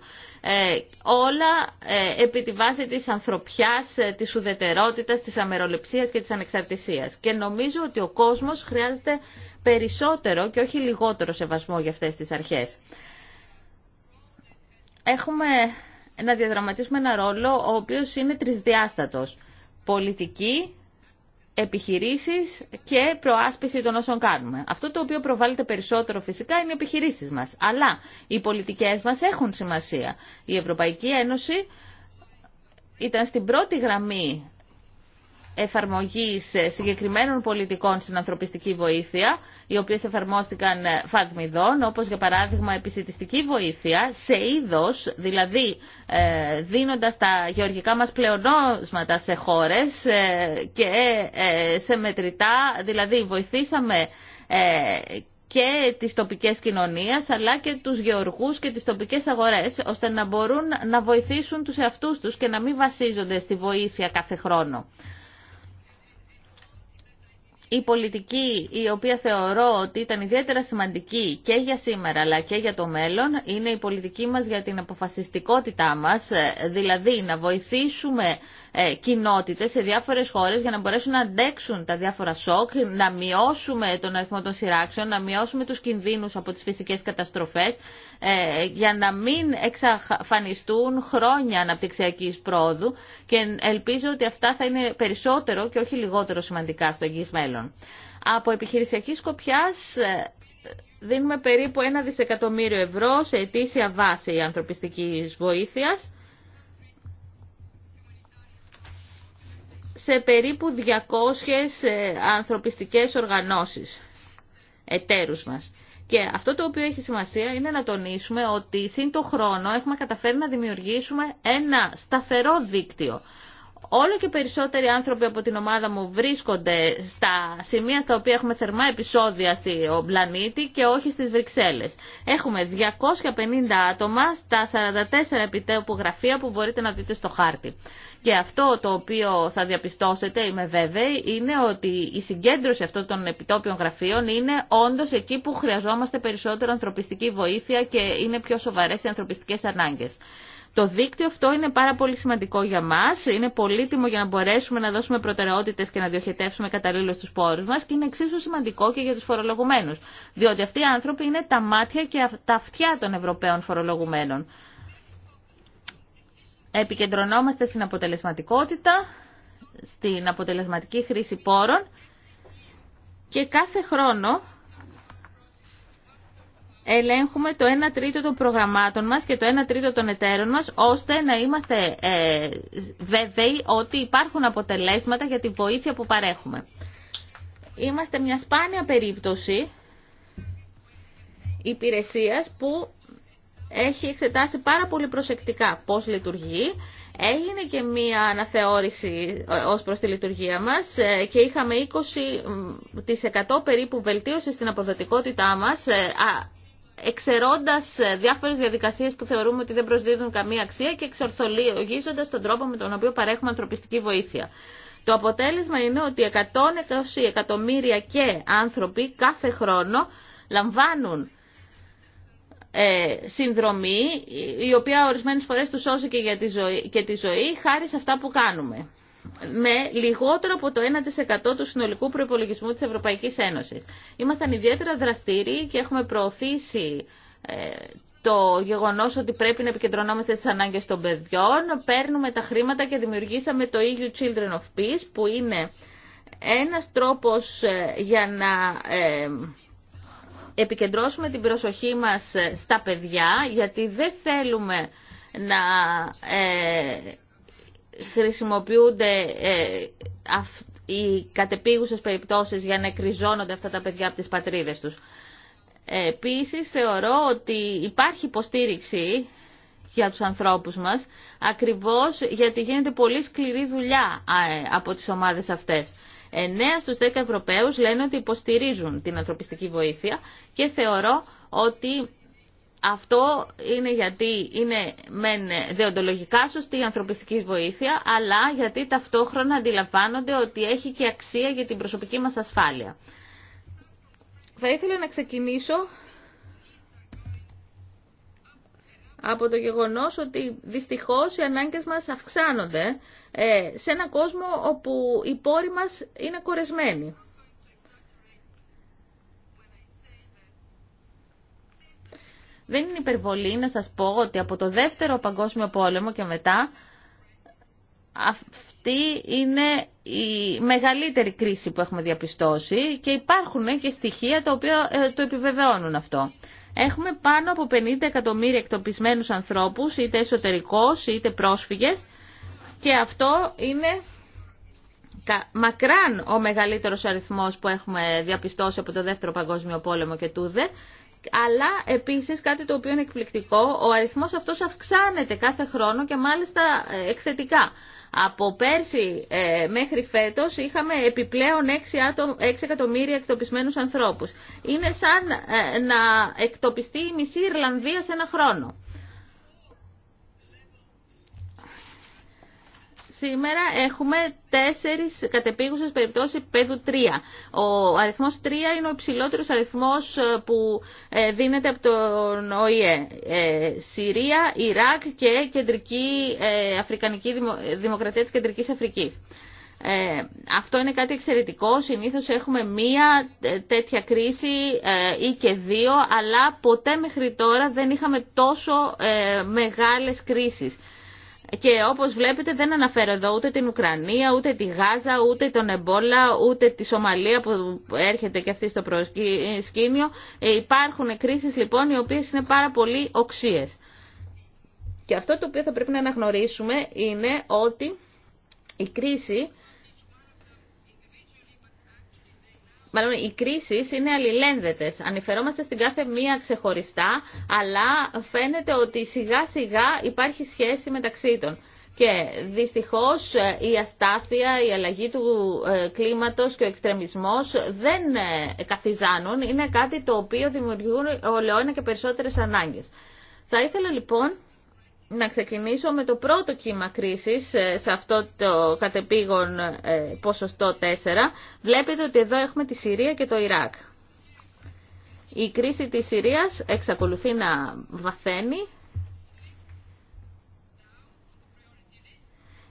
ε, όλα ε, επί τη βάση της ανθρωπιάς, ε, της ουδετερότητας, της αμεροληψίας και της ανεξαρτησίας. Και νομίζω ότι ο κόσμος χρειάζεται περισσότερο και όχι λιγότερο σεβασμό για αυτές τις αρχές. Έχουμε να διαδραματίσουμε ένα ρόλο ο οποίος είναι τρισδιάστατος. Πολιτική, επιχειρήσεις και προάσπιση των όσων κάνουμε. Αυτό το οποίο προβάλλεται περισσότερο φυσικά είναι οι επιχειρήσεις μας. Αλλά οι πολιτικές μας έχουν σημασία. Η Ευρωπαϊκή Ένωση ήταν στην πρώτη γραμμή εφαρμογής συγκεκριμένων πολιτικών στην ανθρωπιστική βοήθεια, οι οποίες εφαρμόστηκαν ε, φαγμιδών, όπως για παράδειγμα επισητιστική βοήθεια, σε είδος, δηλαδή ε, δίνοντας τα γεωργικά μας πλεονόσματα σε χώρες ε, και σε μετρητά, δηλαδή βοηθήσαμε και τις τοπικές κοινωνίες αλλά και τους γεωργούς και τις τοπικές αγορές ώστε να μπορούν να βοηθήσουν τους εαυτούς τους και να μην βασίζονται στη βοήθεια κάθε χρόνο η πολιτική η οποία θεωρώ ότι ήταν ιδιαίτερα σημαντική και για σήμερα αλλά και για το μέλλον είναι η πολιτική μας για την αποφασιστικότητά μας, ε, δηλαδή να βοηθήσουμε ε, κοινότητες σε διάφορες χώρες για να μπορέσουν να αντέξουν τα διάφορα σοκ, να μειώσουμε τον αριθμό των σειράξεων, να μειώσουμε τους κινδύνους από τις φυσικές καταστροφές, ε, για να μην εξαφανιστούν χρόνια αναπτυξιακής πρόοδου και ελπίζω ότι αυτά θα είναι περισσότερο και όχι λιγότερο σημαντικά στο εγγύς μέλλον. Από επιχειρησιακή σκοπιά ε, δίνουμε περίπου ένα δισεκατομμύριο ευρώ σε ετήσια βάση ανθρωπιστικής βοήθειας σε περίπου 200 ε, ανθρωπιστικές οργανώσεις, εταίρους μας. Και αυτό το οποίο έχει σημασία είναι να τονίσουμε ότι σύντο χρόνο έχουμε καταφέρει να δημιουργήσουμε ένα σταθερό δίκτυο Όλο και περισσότεροι άνθρωποι από την ομάδα μου βρίσκονται στα σημεία στα οποία έχουμε θερμά επεισόδια στη πλανήτη και όχι στις Βρυξέλλες. Έχουμε 250 άτομα στα 44 επιτέπου γραφεία που μπορείτε να δείτε στο χάρτη. Και αυτό το οποίο θα διαπιστώσετε, είμαι βέβαιη, είναι ότι η συγκέντρωση αυτών των επιτόπιων γραφείων είναι όντως εκεί που χρειαζόμαστε περισσότερο ανθρωπιστική βοήθεια και είναι πιο σοβαρές οι ανθρωπιστικές ανάγκες. Το δίκτυο αυτό είναι πάρα πολύ σημαντικό για μα. είναι πολύτιμο για να μπορέσουμε να δώσουμε προτεραιότητε και να διοχετεύσουμε καταλήλω του πόρου μα, και είναι εξίσου σημαντικό και για του φορολογουμένους, διότι αυτοί οι άνθρωποι είναι τα μάτια και τα αυτιά των Ευρωπαίων φορολογουμένων. Επικεντρωνόμαστε στην αποτελεσματικότητα, στην αποτελεσματική χρήση πόρων και κάθε χρόνο ελέγχουμε το 1 τρίτο των προγραμμάτων μας και το 1 τρίτο των εταίρων μας, ώστε να είμαστε ε, βέβαιοι ότι υπάρχουν αποτελέσματα για τη βοήθεια που παρέχουμε. Είμαστε μια σπάνια περίπτωση υπηρεσίας που έχει εξετάσει πάρα πολύ προσεκτικά πώς λειτουργεί. Έγινε και μία αναθεώρηση ε, ως προς τη λειτουργία μας ε, και είχαμε 20% περίπου βελτίωση στην αποδοτικότητά μας ε, εξαιρώντας ε, διάφορες διαδικασίες που θεωρούμε ότι δεν προσδίδουν καμία αξία και εξορθολογίζοντας τον τρόπο με τον οποίο παρέχουμε ανθρωπιστική βοήθεια. Το αποτέλεσμα είναι ότι 120 εκατομμύρια και άνθρωποι κάθε χρόνο λαμβάνουν ε, συνδρομή, η οποία ορισμένες φορές τους σώζει και, για τη ζωή, και τη ζωή χάρη σε αυτά που κάνουμε με λιγότερο από το 1% του συνολικού προϋπολογισμού της Ευρωπαϊκής Ένωσης. Ήμασταν ιδιαίτερα δραστήριοι και έχουμε προωθήσει ε, το γεγονός ότι πρέπει να επικεντρωνόμαστε στις ανάγκες των παιδιών. Παίρνουμε τα χρήματα και δημιουργήσαμε το EU Children of Peace που είναι ένας τρόπος ε, για να ε, επικεντρώσουμε την προσοχή μας στα παιδιά γιατί δεν θέλουμε να χρησιμοποιούνται ε, οι κατεπίγουσες περιπτώσεις για να εκριζώνονται αυτά τα παιδιά από τις πατρίδες τους. Επίσης θεωρώ ότι υπάρχει υποστήριξη για τους ανθρώπους μας, ακριβώς γιατί γίνεται πολύ σκληρή δουλειά ε, από τις ομάδες αυτές. 9 στους 10 Ευρωπαίους λένε ότι υποστηρίζουν την ανθρωπιστική βοήθεια και θεωρώ ότι αυτό είναι γιατί είναι μεν δεοντολογικά σωστή η ανθρωπιστική βοήθεια, αλλά γιατί ταυτόχρονα αντιλαμβάνονται ότι έχει και αξία για την προσωπική μας ασφάλεια. Θα ήθελα να ξεκινήσω από το γεγονός ότι δυστυχώς οι ανάγκες μας αυξάνονται ε, σε έναν κόσμο όπου οι πόροι μας είναι κορεσμένοι. Δεν είναι υπερβολή να σας πω ότι από το δεύτερο παγκόσμιο πόλεμο και μετά αυτή είναι η μεγαλύτερη κρίση που έχουμε διαπιστώσει και υπάρχουν και στοιχεία τα οποία ε, το επιβεβαιώνουν αυτό. Έχουμε πάνω από 50 εκατομμύρια εκτοπισμένους ανθρώπους, είτε εσωτερικός είτε πρόσφυγες και αυτό είναι μακράν ο μεγαλύτερος αριθμός που έχουμε διαπιστώσει από το Δεύτερο Παγκόσμιο Πόλεμο και τούδε αλλά επίσης κάτι το οποίο είναι εκπληκτικό, ο αριθμός αυτός αυξάνεται κάθε χρόνο και μάλιστα ε, εκθετικά. Από πέρσι ε, μέχρι φέτος είχαμε επιπλέον 6, άτομ, 6 εκατομμύρια εκτοπισμένους ανθρώπους. Είναι σαν ε, να εκτοπιστεί η μισή Ιρλανδία σε ένα χρόνο. σήμερα έχουμε τέσσερις κατεπίγουσε περιπτώσεις πέδου 3. Ο αριθμός 3 είναι ο υψηλότερο αριθμός ε, που ε, δίνεται από τον ΟΗΕ. Ε, Συρία, Ιράκ και Κεντρική Αφρικανική Δημοκρατία τη κεντρική Αφρικής. αυτό είναι κάτι εξαιρετικό. Συνήθω έχουμε μία τέτοια κρίση ή και δύο, αλλά ποτέ μέχρι τώρα δεν είχαμε τόσο ε, μεγάλες κρίσεις. Και όπως βλέπετε δεν αναφέρω εδώ ούτε την Ουκρανία, ούτε τη Γάζα, ούτε τον Εμπόλα, ούτε τη Σομαλία που έρχεται και αυτή στο προσκήνιο. Ε, υπάρχουν κρίσεις λοιπόν οι οποίες είναι πάρα πολύ οξύες. Και αυτό το οποίο θα πρέπει να αναγνωρίσουμε είναι ότι η κρίση μάλλον οι κρίσει είναι αλληλένδετε. Ανηφερόμαστε στην κάθε μία ξεχωριστά, αλλά φαίνεται ότι σιγά σιγά υπάρχει σχέση μεταξύ των. Και δυστυχώς ε, η αστάθεια, η αλλαγή του ε, κλίματος και ο εξτρεμισμό δεν ε, καθιζάνουν. Είναι κάτι το οποίο δημιουργούν ολοένα και περισσότερες ανάγκες. Θα ήθελα λοιπόν να ξεκινήσω με το πρώτο κύμα κρίσης ε, σε αυτό το κατεπήγον ε, ποσοστό 4. Βλέπετε ότι εδώ έχουμε τη Συρία και το Ιράκ. Η κρίση της Συρίας εξακολουθεί να βαθαίνει.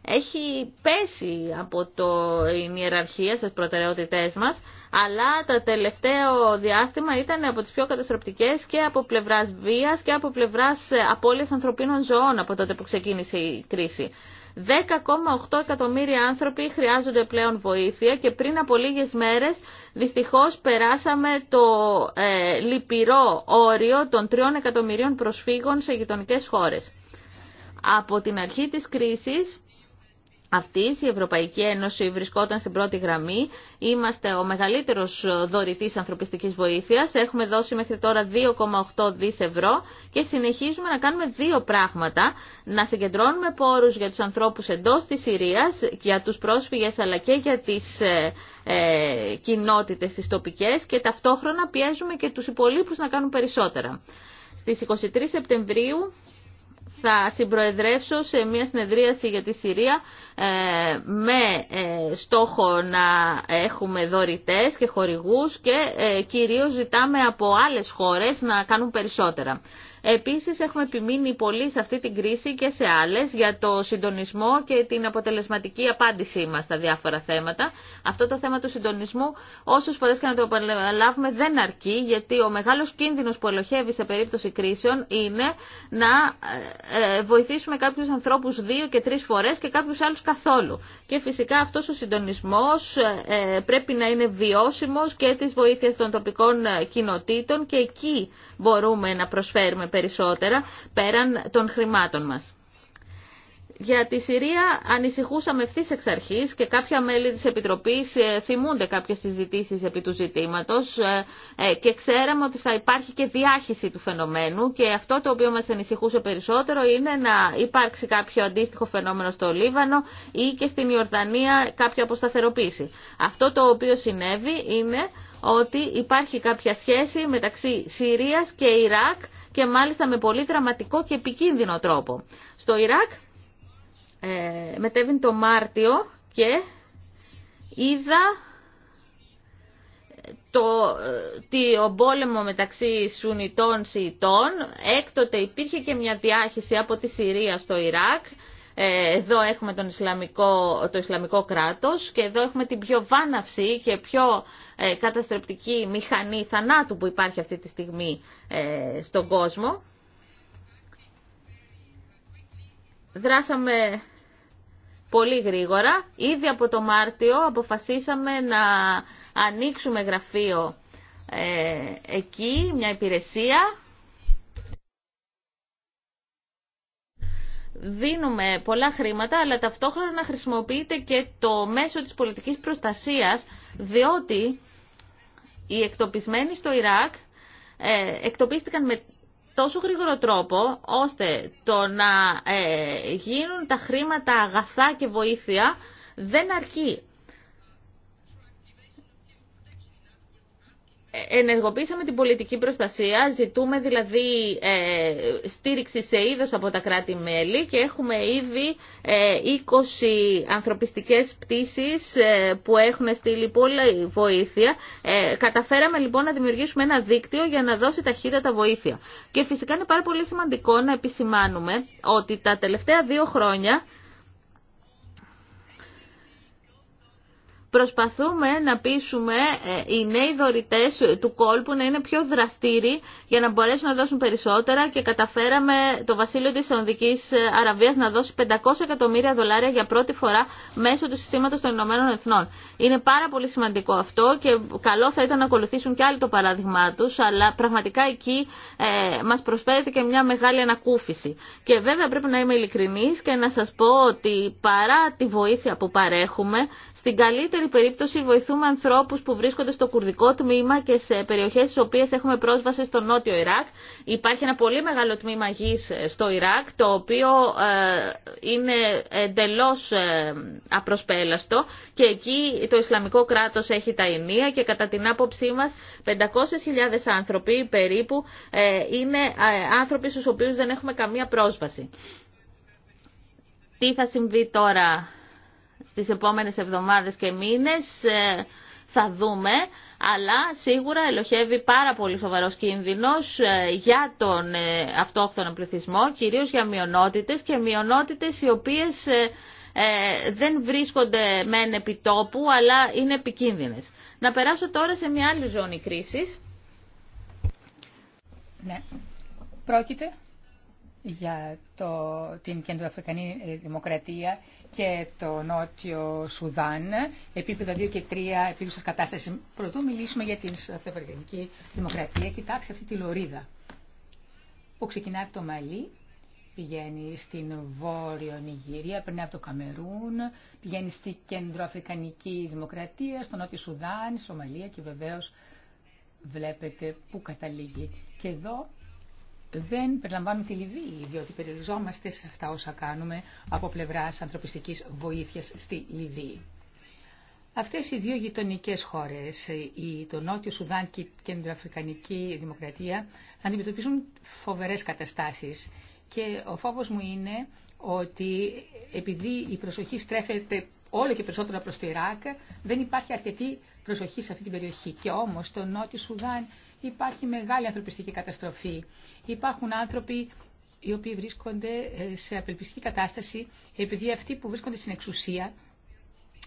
Έχει πέσει από το, η ιεραρχία στις προτεραιότητές μας, αλλά το τελευταίο διάστημα ήταν από τις πιο καταστροπτικές και από πλευράς βίας και από πλευράς ε, απώλειας ανθρωπίνων ζωών από τότε που ξεκίνησε η κρίση. 10,8 εκατομμύρια άνθρωποι χρειάζονται πλέον βοήθεια και πριν από λίγες μέρες δυστυχώς περάσαμε το ε, λυπηρό όριο των 3 εκατομμυρίων προσφύγων σε γειτονικές χώρες. Από την αρχή της κρίσης αυτής η Ευρωπαϊκή Ένωση βρισκόταν στην πρώτη γραμμή. Είμαστε ο μεγαλύτερος δωρητής ανθρωπιστικής βοήθειας. Έχουμε δώσει μέχρι τώρα 2,8 δις ευρώ και συνεχίζουμε να κάνουμε δύο πράγματα. Να συγκεντρώνουμε πόρους για τους ανθρώπους εντός της Συρίας, για τους πρόσφυγες αλλά και για τις ε, ε κοινότητες τις τοπικές και ταυτόχρονα πιέζουμε και τους υπολείπους να κάνουν περισσότερα. Στις 23 Σεπτεμβρίου θα συμπροεδρεύσω σε μια συνεδρίαση για τη Συρία ε, με ε, στόχο να έχουμε δωρητές και χορηγούς και ε, κυρίως ζητάμε από άλλες χώρες να κάνουν περισσότερα. Επίσης έχουμε επιμείνει πολύ σε αυτή την κρίση και σε άλλες για το συντονισμό και την αποτελεσματική απάντησή μας στα διάφορα θέματα. Αυτό το θέμα του συντονισμού όσες φορές και να το επαναλάβουμε δεν αρκεί γιατί ο μεγάλος κίνδυνος που ελοχεύει σε περίπτωση κρίσεων είναι να ε, ε, βοηθήσουμε κάποιους ανθρώπους δύο και τρεις φορές και κάποιους άλλους καθόλου. Και φυσικά αυτός ο συντονισμός ε, πρέπει να είναι βιώσιμος και της βοήθειας των τοπικών κοινοτήτων και εκεί μπορούμε να προσφέρουμε περισσότερα πέραν των χρημάτων μας. Για τη Συρία ανησυχούσαμε ευθύ εξ αρχή και κάποια μέλη τη Επιτροπή ε, θυμούνται κάποιε συζητήσει επί του ζητήματο ε, ε, και ξέραμε ότι θα υπάρχει και διάχυση του φαινομένου και αυτό το οποίο μα ανησυχούσε περισσότερο είναι να υπάρξει κάποιο αντίστοιχο φαινόμενο στο Λίβανο ή και στην Ιορδανία κάποια αποσταθεροποίηση. Αυτό το οποίο συνέβη είναι ότι υπάρχει κάποια σχέση μεταξύ Συρίας και Ιράκ και μάλιστα με πολύ δραματικό και επικίνδυνο τρόπο. Στο Ιράκ ε, μετέβην το Μάρτιο και είδα ε, το, ε, το πόλεμο μεταξύ Σουνιτών Σιητών. Έκτοτε υπήρχε και μια διάχυση από τη Συρία στο Ιράκ ε, εδώ έχουμε τον Ισλαμικό, το Ισλαμικό κράτος και εδώ έχουμε την πιο βάναυση και πιο ε, καταστρεπτική μηχανή θανάτου που υπάρχει αυτή τη στιγμή ε, στον κόσμο. Δράσαμε πολύ γρήγορα. Ήδη από το Μάρτιο αποφασίσαμε να ανοίξουμε γραφείο εκεί, μια υπηρεσία δίνουμε πολλά χρήματα, αλλά ταυτόχρονα χρησιμοποιείται και το μέσο της πολιτικής προστασίας, διότι οι εκτοπισμένοι στο Ιράκ ε, εκτοπίστηκαν με τόσο γρήγορο τρόπο, ώστε το να ε, γίνουν τα χρήματα αγαθά και βοήθεια δεν αρκεί. ενεργοποίησαμε την πολιτική προστασία, ζητούμε δηλαδή ε, στήριξη σε είδος από τα κράτη-μέλη και έχουμε ήδη 20 ε, ανθρωπιστικές πτήσεις ε, που έχουν στείλει πολλά βοήθεια. Καταφέραμε λοιπόν να δημιουργήσουμε ένα δίκτυο για να δώσει ταχύτατα βοήθεια. Και φυσικά είναι πάρα πολύ σημαντικό να επισημάνουμε ότι τα τελευταία δύο χρόνια προσπαθούμε να πείσουμε ε, οι νέοι δωρητές του κόλπου να είναι πιο δραστήριοι για να μπορέσουν να δώσουν περισσότερα και καταφέραμε το βασίλειο της Σαουδικής ε, Αραβίας να δώσει 500 εκατομμύρια δολάρια για πρώτη φορά μέσω του συστήματος των Ηνωμένων Εθνών. Είναι πάρα πολύ σημαντικό αυτό και καλό θα ήταν να ακολουθήσουν και άλλοι το παράδειγμά τους, αλλά πραγματικά εκεί ε, μας προσφέρεται και μια μεγάλη ανακούφιση. Και βέβαια πρέπει να είμαι ειλικρινής και να σας πω ότι παρά τη βοήθεια που παρέχουμε, στην καλύτερη δεύτερη περίπτωση βοηθούμε ανθρώπους που βρίσκονται στο κουρδικό τμήμα και σε περιοχές στις οποίες έχουμε πρόσβαση στο νότιο Ιράκ. Υπάρχει ένα πολύ μεγάλο τμήμα γης ε, στο Ιράκ το οποίο ε, είναι εντελώς ε, απροσπέλαστο και εκεί το Ισλαμικό κράτος έχει τα ενία και κατά την άποψή μας 500.000 άνθρωποι περίπου είναι άνθρωποι στους οποίους δεν έχουμε καμία πρόσβαση. Τι θα συμβεί τώρα στις επόμενες εβδομάδες και μήνες ε, θα δούμε, αλλά σίγουρα ελοχεύει πάρα πολύ σοβαρός κίνδυνος ε, για τον ε, αυτόχθονο πληθυσμό, κυρίως για μειονότητες και μειονότητες οι οποίες δεν βρίσκονται μεν επιτόπου, αλλά είναι επικίνδυνες. Να περάσω τώρα σε μια άλλη ζώνη κρίσης. Ναι. Πρόκειται για το, την κεντροαφρικανή δημοκρατία και το Νότιο Σουδάν, επίπεδα 2 και 3 επίγουσα κατάσταση. Πρωτού μιλήσουμε για την Αφρικανική Δημοκρατία. Κοιτάξτε αυτή τη λωρίδα που ξεκινάει από το Μαλί, πηγαίνει στην Βόρειο Νιγηρία, περνάει από το Καμερούν, πηγαίνει στη Κεντροαφρικανική Δημοκρατία, στο Νότιο Σουδάν, Σομαλία και βεβαίω βλέπετε πού καταλήγει. Και εδώ δεν περιλαμβάνουν τη Λιβύη, διότι περιοριζόμαστε σε αυτά όσα κάνουμε από πλευρά ανθρωπιστική βοήθεια στη Λιβύη. Αυτές οι δύο γειτονικέ χώρες, η, το Νότιο Σουδάν και η Κεντροαφρικανική Δημοκρατία, αντιμετωπίζουν φοβερέ καταστάσεις και ο φόβος μου είναι ότι επειδή η προσοχή στρέφεται όλο και περισσότερο προ το Ιράκ, δεν υπάρχει αρκετή προσοχή σε αυτή την περιοχή. Και όμω το Νότιο Σουδάν υπάρχει μεγάλη ανθρωπιστική καταστροφή. Υπάρχουν άνθρωποι οι οποίοι βρίσκονται ε, σε απελπιστική κατάσταση επειδή αυτοί που βρίσκονται στην εξουσία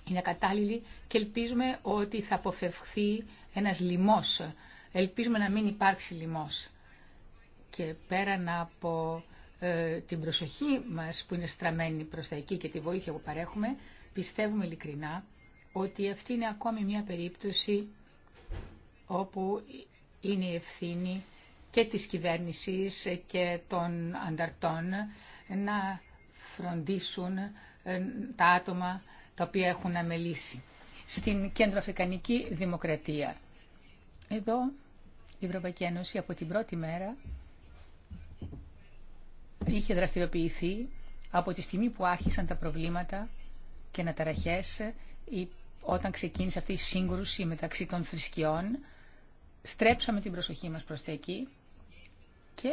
είναι κατάλληλοι και ελπίζουμε ότι θα αποφευχθεί ένας λοιμός. Ελπίζουμε να μην υπάρξει λοιμός. Και πέραν από ε, την προσοχή μας που είναι στραμμένη προς τα εκεί και τη βοήθεια που παρέχουμε, πιστεύουμε ειλικρινά ότι αυτή είναι ακόμη μια περίπτωση όπου είναι η ευθύνη και της κυβέρνησης και των ανταρτών να φροντίσουν ε, τα άτομα τα οποία έχουν αμελήσει στην Κέντρο Αφρικανική Δημοκρατία. Εδώ η Ευρωπαϊκή Ένωση από την πρώτη μέρα είχε δραστηριοποιηθεί από τη στιγμή που άρχισαν τα προβλήματα και να ταραχές όταν ξεκίνησε αυτή η σύγκρουση μεταξύ των θρησκειών στρέψαμε την προσοχή μας προς τα εκεί και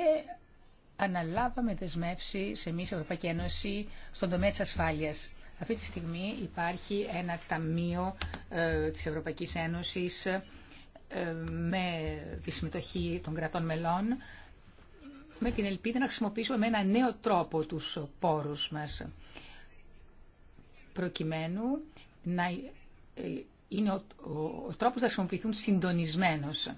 αναλάβαμε δεσμεύσει σε εμείς Ευρωπαϊκή Ένωση στον τομέα της ασφάλειας. Αυτή τη στιγμή υπάρχει ένα ταμείο ε, της Ευρωπαϊκής Ένωσης ε, με τη συμμετοχή των κρατών μελών με την ελπίδα να χρησιμοποιήσουμε με ένα νέο τρόπο τους πόρους μας προκειμένου να ε, είναι ο, ο τρόπος να χρησιμοποιηθούν συντονισμένος.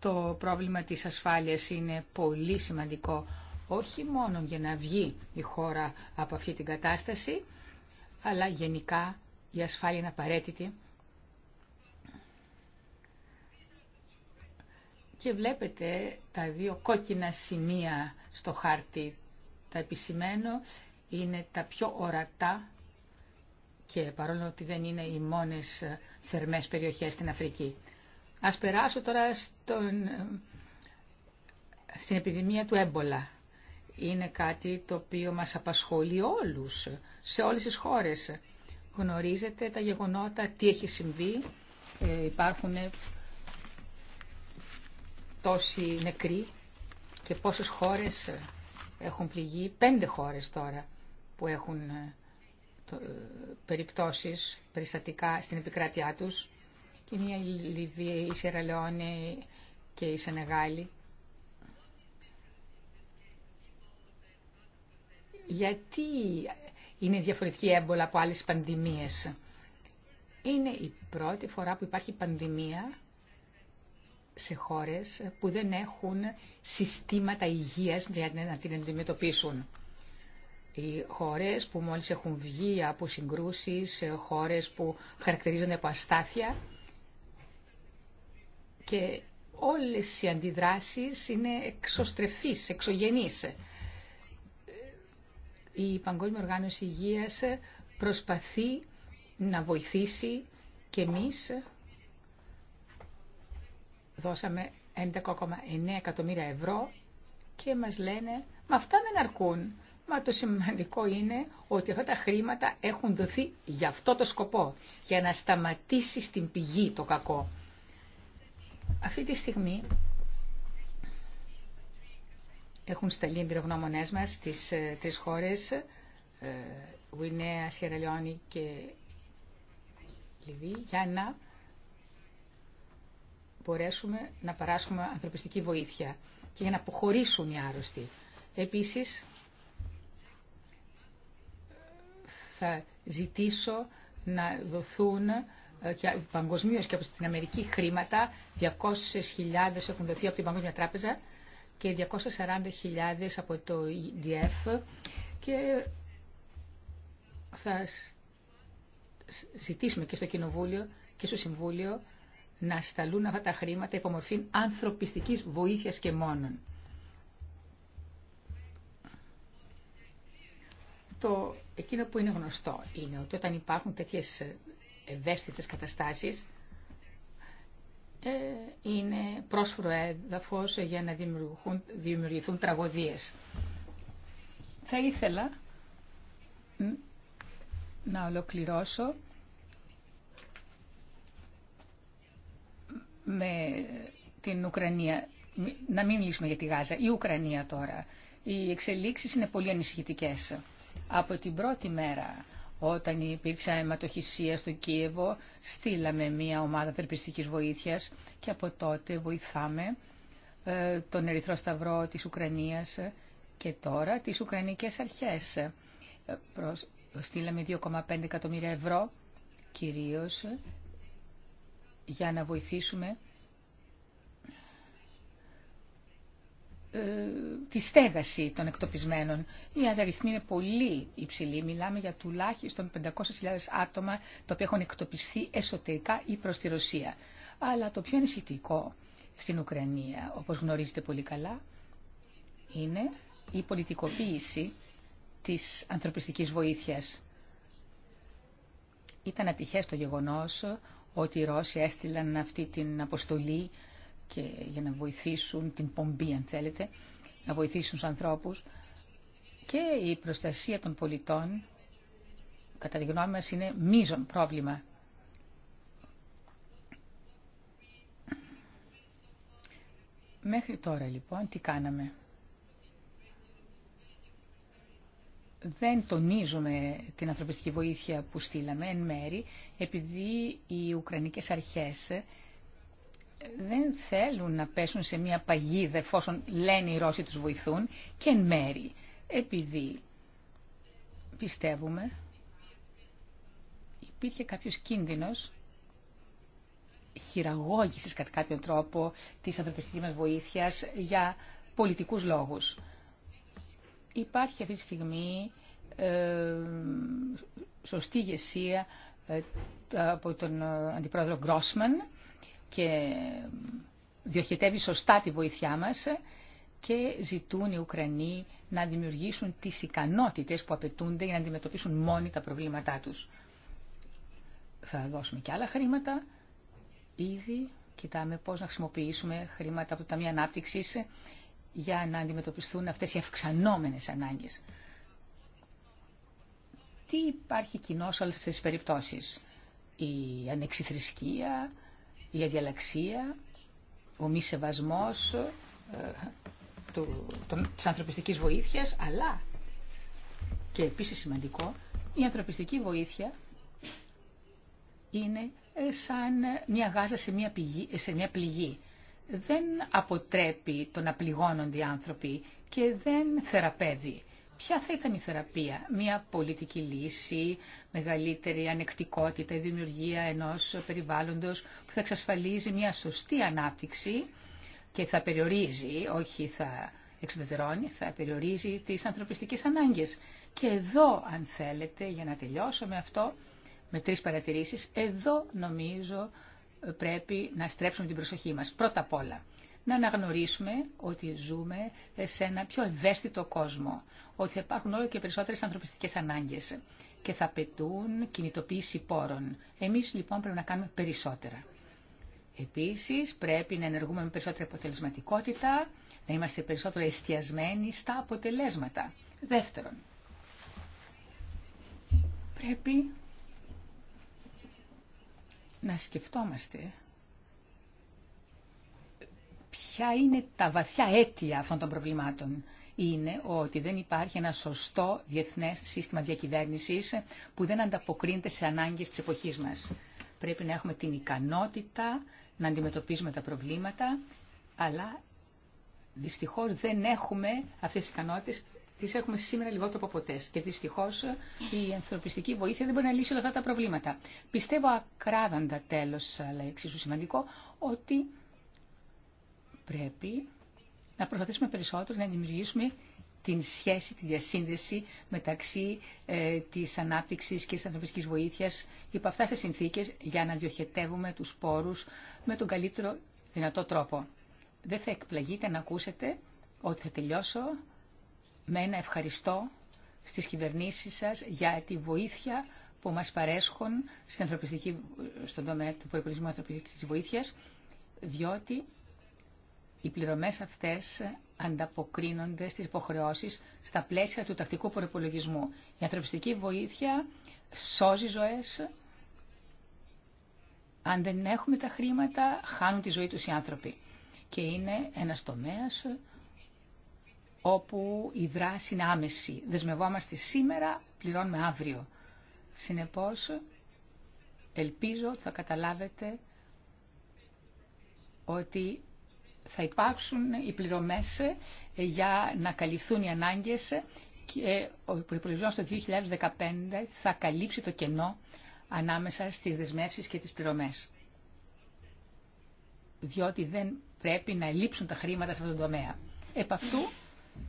Το πρόβλημα της ασφάλειας είναι πολύ σημαντικό, όχι μόνο για να βγει η χώρα από αυτή την κατάσταση, αλλά γενικά η ασφάλεια είναι απαραίτητη. Και βλέπετε τα δύο κόκκινα σημεία στο χάρτη. Τα επισημένο είναι τα πιο ορατά και παρόλο ότι δεν είναι οι μόνες ε, θερμές περιοχές στην Αφρική. Ας περάσω τώρα στον, ε, στην επιδημία του έμπολα. Είναι κάτι το οποίο μας απασχολεί όλους, σε όλες τις χώρες. Γνωρίζετε τα γεγονότα, τι έχει συμβεί. Ε, υπάρχουν τόσοι νεκροί και πόσες χώρες έχουν πληγεί. Πέντε χώρες τώρα που έχουν ε, ε, περιπτώσεις, περιστατικά στην επικράτειά τους. Και είναι η Λιβύη, η Σιεραλεόνη και η Σενεγάλη. Γιατί είναι διαφορετική έμπολα από άλλες πανδημίες. Είναι η πρώτη φορά που υπάρχει πανδημία σε χώρες που δεν έχουν συστήματα υγείας για να την αντιμετωπίσουν οι χώρες που μόλις έχουν βγει από συγκρούσεις, ε, χώρες που χαρακτηρίζονται από αστάθεια και όλες οι αντιδράσεις είναι εξωστρεφείς, εξωγενείς. Ε, η Παγκόσμια Οργάνωση Υγείας προσπαθεί να βοηθήσει και εμείς δώσαμε 11,9 εκατομμύρια ευρώ και μας λένε «Μα αυτά δεν αρκούν. Μα το σημαντικό είναι ότι αυτά τα χρήματα έχουν δοθεί για αυτό το σκοπό, για να σταματήσει στην πηγή το κακό. Αυτή τη στιγμή έχουν σταλεί εμπειρογνώμονές μας στις ε, τρεις χώρες, ε, Γουινέα, Σιεραλιώνη και Λιβύη, για να μπορέσουμε να παράσχουμε ανθρωπιστική βοήθεια και για να αποχωρήσουν οι άρρωστοι. Επίσης, θα ζητήσω να δοθούν ε, και παγκοσμίω και από την Αμερική χρήματα. 200.000 έχουν δοθεί από την Παγκόσμια Τράπεζα και 240.000 από το EDF και θα ζητήσουμε και στο Κοινοβούλιο και στο Συμβούλιο να σταλούν αυτά τα χρήματα υπό μορφή ανθρωπιστικής βοήθειας και μόνον. Το Εκείνο που είναι γνωστό είναι ότι όταν υπάρχουν τέτοιες ε, ευαίσθητες καταστάσεις, ε, είναι πρόσφορο έδαφος για να δημιουργηθούν τραγωδίες. Θα ήθελα να ολοκληρώσω με την Ουκρανία. Να μην μιλήσουμε για τη Γάζα. Η Ουκρανία τώρα. Οι εξελίξεις είναι πολύ ανησυχητικές. Από την πρώτη μέρα όταν υπήρξε αιματοχυσία στο Κίεβο, στείλαμε μια ομάδα θερπιστικής βοήθειας και από τότε βοηθάμε ε, τον Ερυθρό Σταυρό της Ουκρανίας και τώρα τις Ουκρανικές Αρχές. Ε, στείλαμε 2,5 εκατομμύρια ευρώ κυρίως για να βοηθήσουμε Ε, τη στέγαση των εκτοπισμένων. Οι αριθμοί είναι πολύ υψηλοί. Μιλάμε για τουλάχιστον 500.000 άτομα τα οποία έχουν εκτοπιστεί εσωτερικά ή προς τη Ρωσία. Αλλά το πιο ανησυχητικό στην Ουκρανία, όπως γνωρίζετε πολύ καλά, είναι η πολιτικοποίηση της ανθρωπιστικής βοήθειας. Ήταν ατυχές το γεγονός ότι οι Ρώσοι έστειλαν αυτή την αποστολή και για να βοηθήσουν την πομπή αν θέλετε, να βοηθήσουν τους ανθρώπους και η προστασία των πολιτών κατά τη γνώμη μας είναι μείζον πρόβλημα. Μέχρι τώρα λοιπόν τι κάναμε. δεν τονίζουμε την ανθρωπιστική βοήθεια που στείλαμε εν μέρη, επειδή οι Ουκρανικές αρχές δεν θέλουν να πέσουν σε μια παγίδα εφόσον λένε οι Ρώσοι τους βοηθούν και εν μέρη επειδή πιστεύουμε υπήρχε κάποιος κίνδυνος χειραγώγησης κατά κάποιον τρόπο της ανθρωπιστικής μας βοήθειας για πολιτικούς λόγους. Υπάρχει αυτή τη στιγμή ε, σωστή ηγεσία ε, από τον ε, αντιπρόεδρο Γκρόσμαν και διοχετεύει σωστά τη βοήθειά μας και ζητούν οι Ουκρανοί να δημιουργήσουν τις ικανότητες που απαιτούνται για να αντιμετωπίσουν μόνοι τα προβλήματά τους. Θα δώσουμε και άλλα χρήματα. Ήδη κοιτάμε πώς να χρησιμοποιήσουμε χρήματα από το Ταμείο Ανάπτυξης για να αντιμετωπιστούν αυτές οι αυξανόμενες ανάγκες. Τι υπάρχει κοινό σε όλες αυτές τις περιπτώσεις. Η ανεξιθρησκεία, η αδιαλαξία, ο μη σεβασμός ε, του, ανθρωπιστικής βοήθειας, αλλά και επίσης σημαντικό, η ανθρωπιστική βοήθεια είναι ε, σαν μια γάζα σε μια, πηγή, σε μια πληγή. Δεν αποτρέπει το να πληγώνονται οι άνθρωποι και δεν θεραπεύει. Ποια θα ήταν η θεραπεία, μια πολιτική λύση, μεγαλύτερη ανεκτικότητα, η δημιουργία ενός περιβάλλοντος που θα εξασφαλίζει μια σωστή ανάπτυξη και θα περιορίζει, όχι θα εξοδετερώνει, θα περιορίζει τις ανθρωπιστικές ανάγκες. Και εδώ, αν θέλετε, για να τελειώσω με αυτό, με τρεις παρατηρήσεις, εδώ νομίζω πρέπει να στρέψουμε την προσοχή μας. Πρώτα απ' όλα, να αναγνωρίσουμε ότι ζούμε σε ένα πιο ευαίσθητο κόσμο, ότι θα υπάρχουν όλο και περισσότερες ανθρωπιστικές ανάγκες και θα πετούν κινητοποίηση πόρων. Εμείς λοιπόν πρέπει να κάνουμε περισσότερα. Επίσης πρέπει να ενεργούμε με περισσότερη αποτελεσματικότητα, να είμαστε περισσότερο εστιασμένοι στα αποτελέσματα. Δεύτερον, πρέπει να σκεφτόμαστε ποια είναι τα βαθιά αίτια αυτών των προβλημάτων. Είναι ότι δεν υπάρχει ένα σωστό διεθνές σύστημα διακυβέρνησης που δεν ανταποκρίνεται σε ανάγκες της εποχής μας. Πρέπει να έχουμε την ικανότητα να αντιμετωπίζουμε τα προβλήματα, αλλά δυστυχώς δεν έχουμε αυτές τις ικανότητες τι έχουμε σήμερα λιγότερο από ποτέ. Και δυστυχώ η ανθρωπιστική βοήθεια δεν μπορεί να λύσει όλα αυτά τα προβλήματα. Πιστεύω ακράδαντα τέλο, αλλά εξίσου σημαντικό, ότι Πρέπει να προσπαθήσουμε περισσότερο να δημιουργήσουμε την σχέση, τη διασύνδεση μεταξύ ε, της ανάπτυξης και της ανθρωπιστικής βοήθειας υπό αυτά τις συνθήκες για να διοχετεύουμε τους πόρους με τον καλύτερο δυνατό τρόπο. Δεν θα εκπλαγείτε να ακούσετε ότι θα τελειώσω με ένα ευχαριστώ στις κυβερνήσεις σας για τη βοήθεια που μας παρέσχουν στην ανθρωπιστική, στον τομέα του προπολογισμού ανθρωπιστικής βοήθειας, διότι οι πληρωμές αυτές ανταποκρίνονται στις υποχρεώσεις στα πλαίσια του τακτικού προπολογισμού. Η ανθρωπιστική βοήθεια σώζει ζωές. Αν δεν έχουμε τα χρήματα, χάνουν τη ζωή τους οι άνθρωποι. Και είναι ένας τομέας όπου η δράση είναι άμεση. Δεσμευόμαστε σήμερα, πληρώνουμε αύριο. Συνεπώς, ελπίζω θα καταλάβετε ότι θα υπάρξουν οι πληρωμές ε, για να καλυφθούν οι ανάγκες και ε, ο προϋπολογισμός το 2015 θα καλύψει το κενό ανάμεσα στις δεσμεύσεις και τις πληρωμές. Διότι δεν πρέπει να λείψουν τα χρήματα σε αυτόν τον τομέα. Επ' αυτού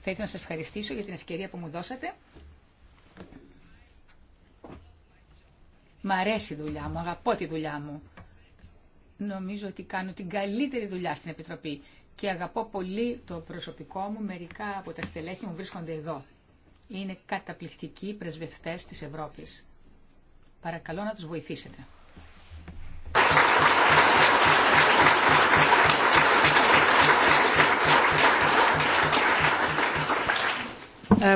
θα ήθελα να σας ευχαριστήσω για την ευκαιρία που μου δώσατε. Μ' αρέσει η δουλειά μου, αγαπώ τη δουλειά μου νομίζω ότι κάνω την καλύτερη δουλειά στην Επιτροπή και αγαπώ πολύ το προσωπικό μου. Μερικά από τα στελέχη μου βρίσκονται εδώ. Είναι καταπληκτικοί πρεσβευτές της Ευρώπης. Παρακαλώ να τους βοηθήσετε. Ε,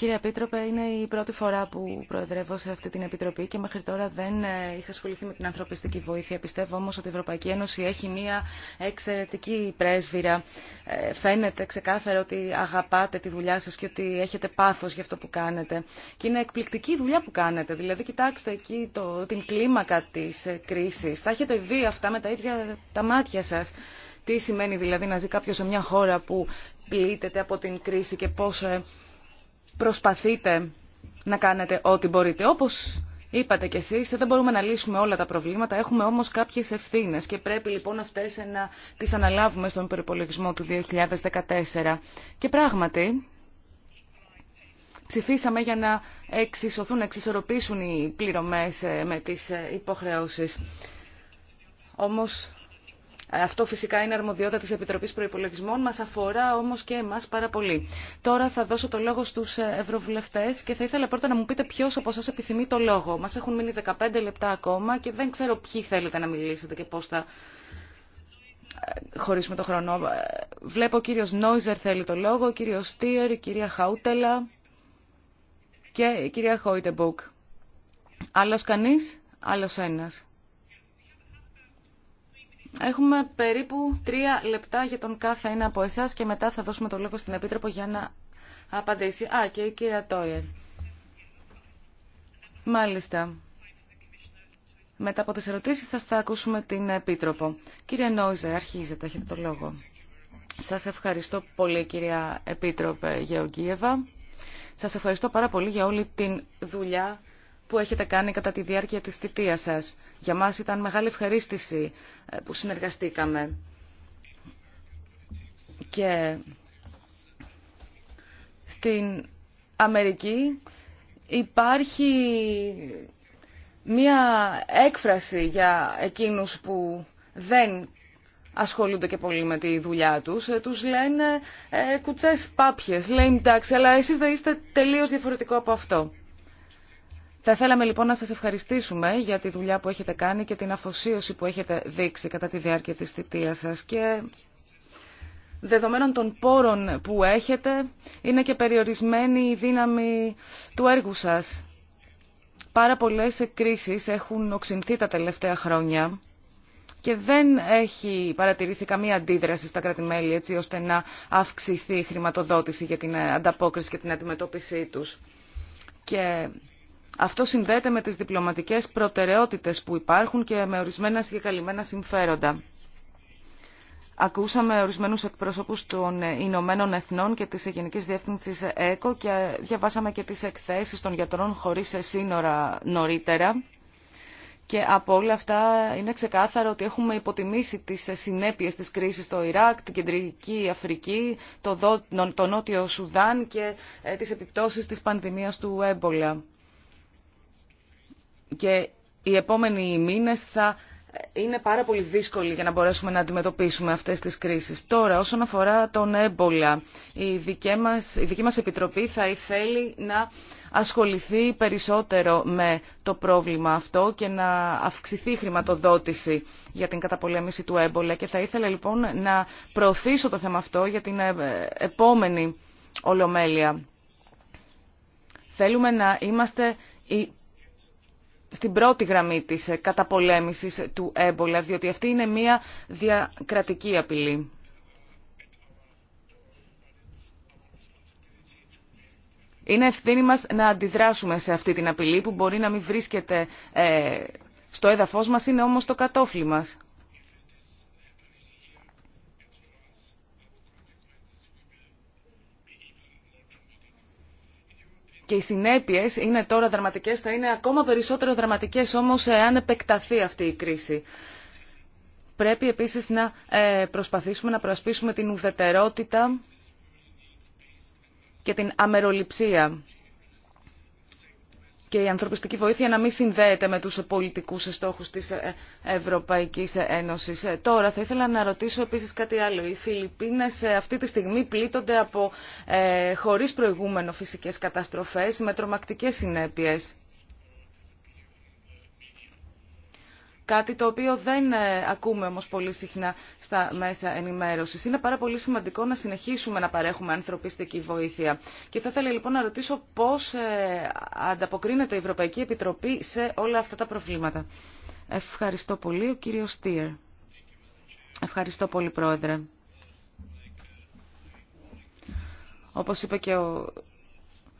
Κύριε Επίτροπε, είναι η πρώτη φορά που προεδρεύω σε αυτή την Επιτροπή και μέχρι τώρα δεν ε, είχα ασχοληθεί με την ανθρωπιστική βοήθεια. Πιστεύω όμως ότι η Ευρωπαϊκή Ένωση έχει μία εξαιρετική πρέσβυρα. Ε, φαίνεται ξεκάθαρα ότι αγαπάτε τη δουλειά σας και ότι έχετε πάθος για αυτό που κάνετε. Και είναι εκπληκτική η δουλειά που κάνετε. Δηλαδή, κοιτάξτε εκεί το, την κλίμακα της ε, κρίσης. Τα έχετε δει αυτά με τα ίδια τα μάτια σας. Τι σημαίνει δηλαδή να ζει κάποιο σε μια χώρα που πλήττεται από την κρίση και πόσο προσπαθείτε να κάνετε ό,τι μπορείτε. Όπως είπατε κι εσείς, δεν μπορούμε να λύσουμε όλα τα προβλήματα, έχουμε όμως κάποιες ευθύνες και πρέπει λοιπόν αυτές να τις αναλάβουμε στον υπερπολογισμό του 2014. Και πράγματι, ψηφίσαμε για να εξισωθούν, να εξισορροπήσουν οι πληρωμές ε, με τις ε, υποχρεώσεις. Όμως αυτό φυσικά είναι αρμοδιότητα της Επιτροπής Προπολογισμών, Μα αφορά όμως και εμάς πάρα πολύ. Τώρα θα δώσω το λόγο στους ευρωβουλευτές και θα ήθελα πρώτα να μου πείτε ποιο από εσάς επιθυμεί το λόγο. Μας έχουν μείνει 15 λεπτά ακόμα και δεν ξέρω ποιοι θέλετε να μιλήσετε και πώ θα ε, χωρίσουμε το χρόνο. Ε, βλέπω ο κύριο Νόιζερ θέλει το λόγο, ο κύριο Στίερ, η κυρία Χαούτελα και η κυρία Χόιτεμποκ. Άλλο κανεί, άλλο ένα. Έχουμε περίπου τρία λεπτά για τον κάθε ένα από εσά και μετά θα δώσουμε το λόγο στην Επίτροπο για να απαντήσει. Α, και η κυρία Τόιερ. Μάλιστα. Μετά από τις ερωτήσεις σας θα ακούσουμε την Επίτροπο. Κύριε Νόιζερ, αρχίζετε, έχετε το λόγο. Σας ευχαριστώ πολύ κυρία Επίτροπε Γεωργίευα. Σας ευχαριστώ πάρα πολύ για όλη την δουλειά που έχετε κάνει κατά τη διάρκεια της θητείας σας. Για μας ήταν μεγάλη ευχαρίστηση ε, που συνεργαστήκαμε. Και στην Αμερική υπάρχει μία έκφραση για εκείνους που δεν ασχολούνται και πολύ με τη δουλειά τους. Ε, τους λένε ε, κουτσές πάπιες, lame εντάξει, αλλά εσείς δεν είστε τελείως διαφορετικό από αυτό. Θα θέλαμε λοιπόν να σας ευχαριστήσουμε για τη δουλειά που έχετε κάνει και την αφοσίωση που έχετε δείξει κατά τη διάρκεια της θητείας σας και δεδομένων των πόρων που έχετε είναι και περιορισμένη η δύναμη του έργου σας. Πάρα πολλές κρίσεις έχουν οξυνθεί τα τελευταία χρόνια και δεν έχει παρατηρηθεί καμία αντίδραση στα κρατημέλη έτσι ώστε να αυξηθεί η χρηματοδότηση για την ανταπόκριση και την αντιμετώπιση τους. Και αυτό συνδέεται με τις διπλωματικές προτεραιότητες που υπάρχουν και με ορισμένα συγκεκαλυμμένα συμφέροντα. Ακούσαμε ορισμένους εκπρόσωπους των Ηνωμένων Εθνών και της Γενικής Διεύθυνσης ΕΚΟ και διαβάσαμε και τις εκθέσεις των γιατρών χωρίς σύνορα νωρίτερα. Και από όλα αυτά είναι ξεκάθαρο ότι έχουμε υποτιμήσει τις συνέπειες της κρίσης στο Ιράκ, την Κεντρική Αφρική, το, Νότιο Σουδάν και ε, τις επιπτώσεις της πανδημίας του έμπολα και οι επόμενοι μήνες θα είναι πάρα πολύ δύσκολοι για να μπορέσουμε να αντιμετωπίσουμε αυτές τις κρίσεις. Τώρα, όσον αφορά τον έμπολα, η δική μας, η Επιτροπή θα ήθελε να ασχοληθεί περισσότερο με το πρόβλημα αυτό και να αυξηθεί η χρηματοδότηση για την καταπολέμηση του έμπολα και θα ήθελα λοιπόν να προωθήσω το θέμα αυτό για την ε, επόμενη ολομέλεια. Θέλουμε να είμαστε στην πρώτη γραμμή της ε, καταπολέμησης του έμπολα, διότι αυτή είναι μια διακρατική απειλή. Είναι ευθύνη μας να αντιδράσουμε σε αυτή την απειλή που μπορεί να μην βρίσκεται ε, στο έδαφος μας, είναι όμως το κατόφλι μας. και οι συνέπειε είναι τώρα δραματικέ, θα είναι ακόμα περισσότερο δραματικέ όμω εάν επεκταθεί αυτή η κρίση. Πρέπει επίση να ε, προσπαθήσουμε να προασπίσουμε την ουδετερότητα και την αμεροληψία και η ανθρωπιστική βοήθεια να μην συνδέεται με τους πολιτικούς στόχους της ε, Ευρωπαϊκής Ένωσης. Ε, τώρα θα ήθελα να ρωτήσω επίσης κάτι άλλο. Οι Φιλιππίνες ε, αυτή τη στιγμή πλήττονται από ε, χωρίς προηγούμενο φυσικές καταστροφές με τρομακτικές συνέπειες. Κάτι το οποίο δεν ε, ακούμε όμως πολύ συχνά στα μέσα ενημέρωσης. Είναι πάρα πολύ σημαντικό να συνεχίσουμε να παρέχουμε ανθρωπιστική βοήθεια. Και θα ήθελα λοιπόν να ρωτήσω πώς ε, ανταποκρίνεται η Ευρωπαϊκή Επιτροπή σε όλα αυτά τα προβλήματα. Ευχαριστώ πολύ ο κύριος Ευχαριστώ πολύ πρόεδρε. Όπως είπε και ο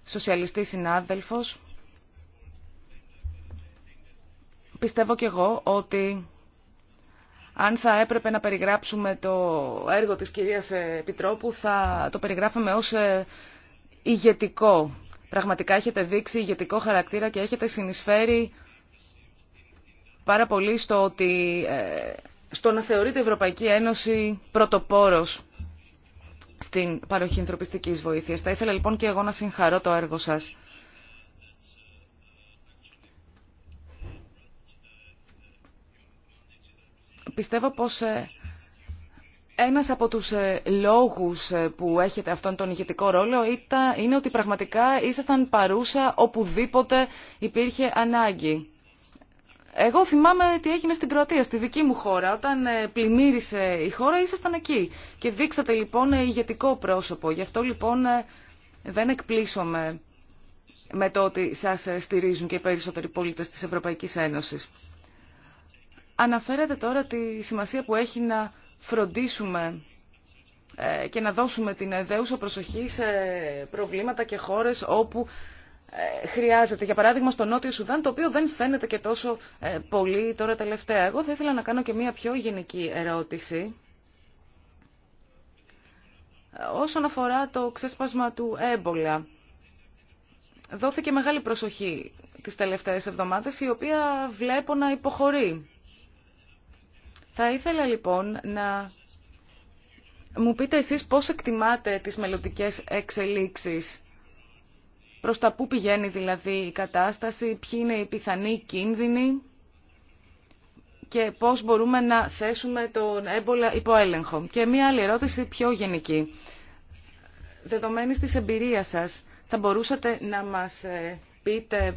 σοσιαλιστής συνάδελφος, πιστεύω κι εγώ ότι αν θα έπρεπε να περιγράψουμε το έργο της κυρίας Επιτρόπου θα το περιγράφουμε ως ε, ηγετικό. Πραγματικά έχετε δείξει ηγετικό χαρακτήρα και έχετε συνεισφέρει πάρα πολύ στο, ότι, ε, στο να θεωρείται η Ευρωπαϊκή Ένωση πρωτοπόρος στην παροχή ανθρωπιστικής βοήθειας. Θα ήθελα λοιπόν και εγώ να συγχαρώ το έργο σας. πιστεύω πως ε, ένας από τους ε, λόγους ε, που έχετε αυτόν τον ηγετικό ρόλο ήταν, είναι ότι πραγματικά ήσασταν παρούσα οπουδήποτε υπήρχε ανάγκη. Εγώ θυμάμαι τι έγινε στην Κροατία, στη δική μου χώρα. Όταν πλημμύρισε η χώρα ήσασταν εκεί και δείξατε λοιπόν ηγετικό πρόσωπο. Γι' αυτό λοιπόν δεν εκπλήσωμε με το ότι σας στηρίζουν και οι περισσότεροι πολίτες της Ευρωπαϊκής Ένωσης. Αναφέρατε τώρα τη σημασία που έχει να φροντίσουμε ε, και να δώσουμε την δέουσα προσοχή σε προβλήματα και χώρες όπου ε, χρειάζεται. Για παράδειγμα στο Νότιο Σουδάν, το οποίο δεν φαίνεται και τόσο ε, πολύ τώρα τελευταία. Εγώ θα ήθελα να κάνω και μία πιο γενική ερώτηση. Όσον αφορά το ξέσπασμα του έμπολα, δόθηκε μεγάλη προσοχή τις τελευταίες εβδομάδες, η οποία βλέπω να υποχωρεί. Θα ήθελα λοιπόν να μου πείτε εσείς πώς εκτιμάτε τις μελλοντικές εξελίξεις. Προς τα πού πηγαίνει δηλαδή η κατάσταση, ποιοι είναι οι πιθανοί κίνδυνοι και πώς μπορούμε να θέσουμε τον έμπολα υπό έλεγχο. Και μία άλλη ερώτηση πιο γενική. Δεδομένης της εμπειρίας σας, θα μπορούσατε να μας ε, πείτε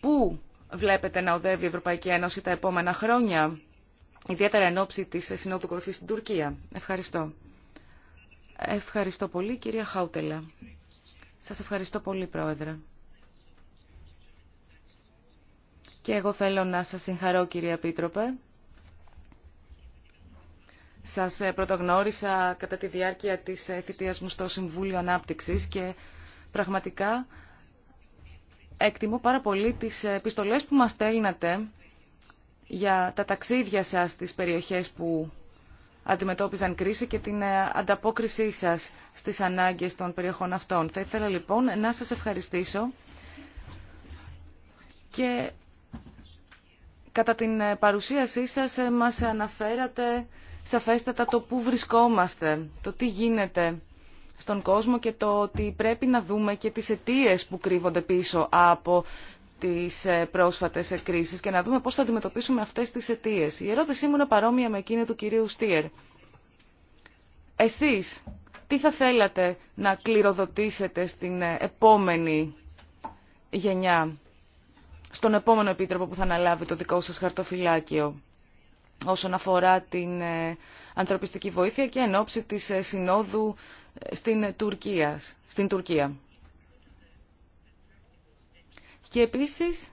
πού βλέπετε να οδεύει η Ευρωπαϊκή Ένωση τα επόμενα χρόνια, ιδιαίτερα εν ώψη της Συνόδου Κορυφής στην Τουρκία. Ευχαριστώ. Ευχαριστώ πολύ, κυρία Χάουτελα. Σας ευχαριστώ πολύ, Πρόεδρε. Και εγώ θέλω να σας συγχαρώ, κυρία Πίτροπε. Σας ε, πρωτογνώρισα κατά τη διάρκεια της ε, θητείας μου στο Συμβούλιο Ανάπτυξης και πραγματικά εκτιμώ πάρα πολύ τις ε, επιστολές που μας στέλνατε για τα ταξίδια σας στις περιοχές που αντιμετώπιζαν κρίση και την ε, ανταπόκρισή σας στις ανάγκες των περιοχών αυτών. Θα ήθελα λοιπόν να σας ευχαριστήσω και κατά την ε, παρουσίασή σας μας αναφέρατε σαφέστατα το πού βρισκόμαστε, το τι γίνεται στον κόσμο και το ότι πρέπει να δούμε και τις αιτίε που κρύβονται πίσω από τις ε, πρόσφατες ε, κρίσεις και να δούμε πώς θα αντιμετωπίσουμε αυτές τις αιτίε. Η ερώτησή μου είναι παρόμοια με εκείνη του κυρίου Στίερ. Εσείς τι θα θέλατε να κληροδοτήσετε στην ε, επόμενη γενιά, στον επόμενο επίτροπο που θα αναλάβει το δικό σας χαρτοφυλάκιο όσον αφορά την ανθρωπιστική βοήθεια και εν ώψη της ε, συνόδου ε, στην Τουρκία. Στην Τουρκία. Και επίσης,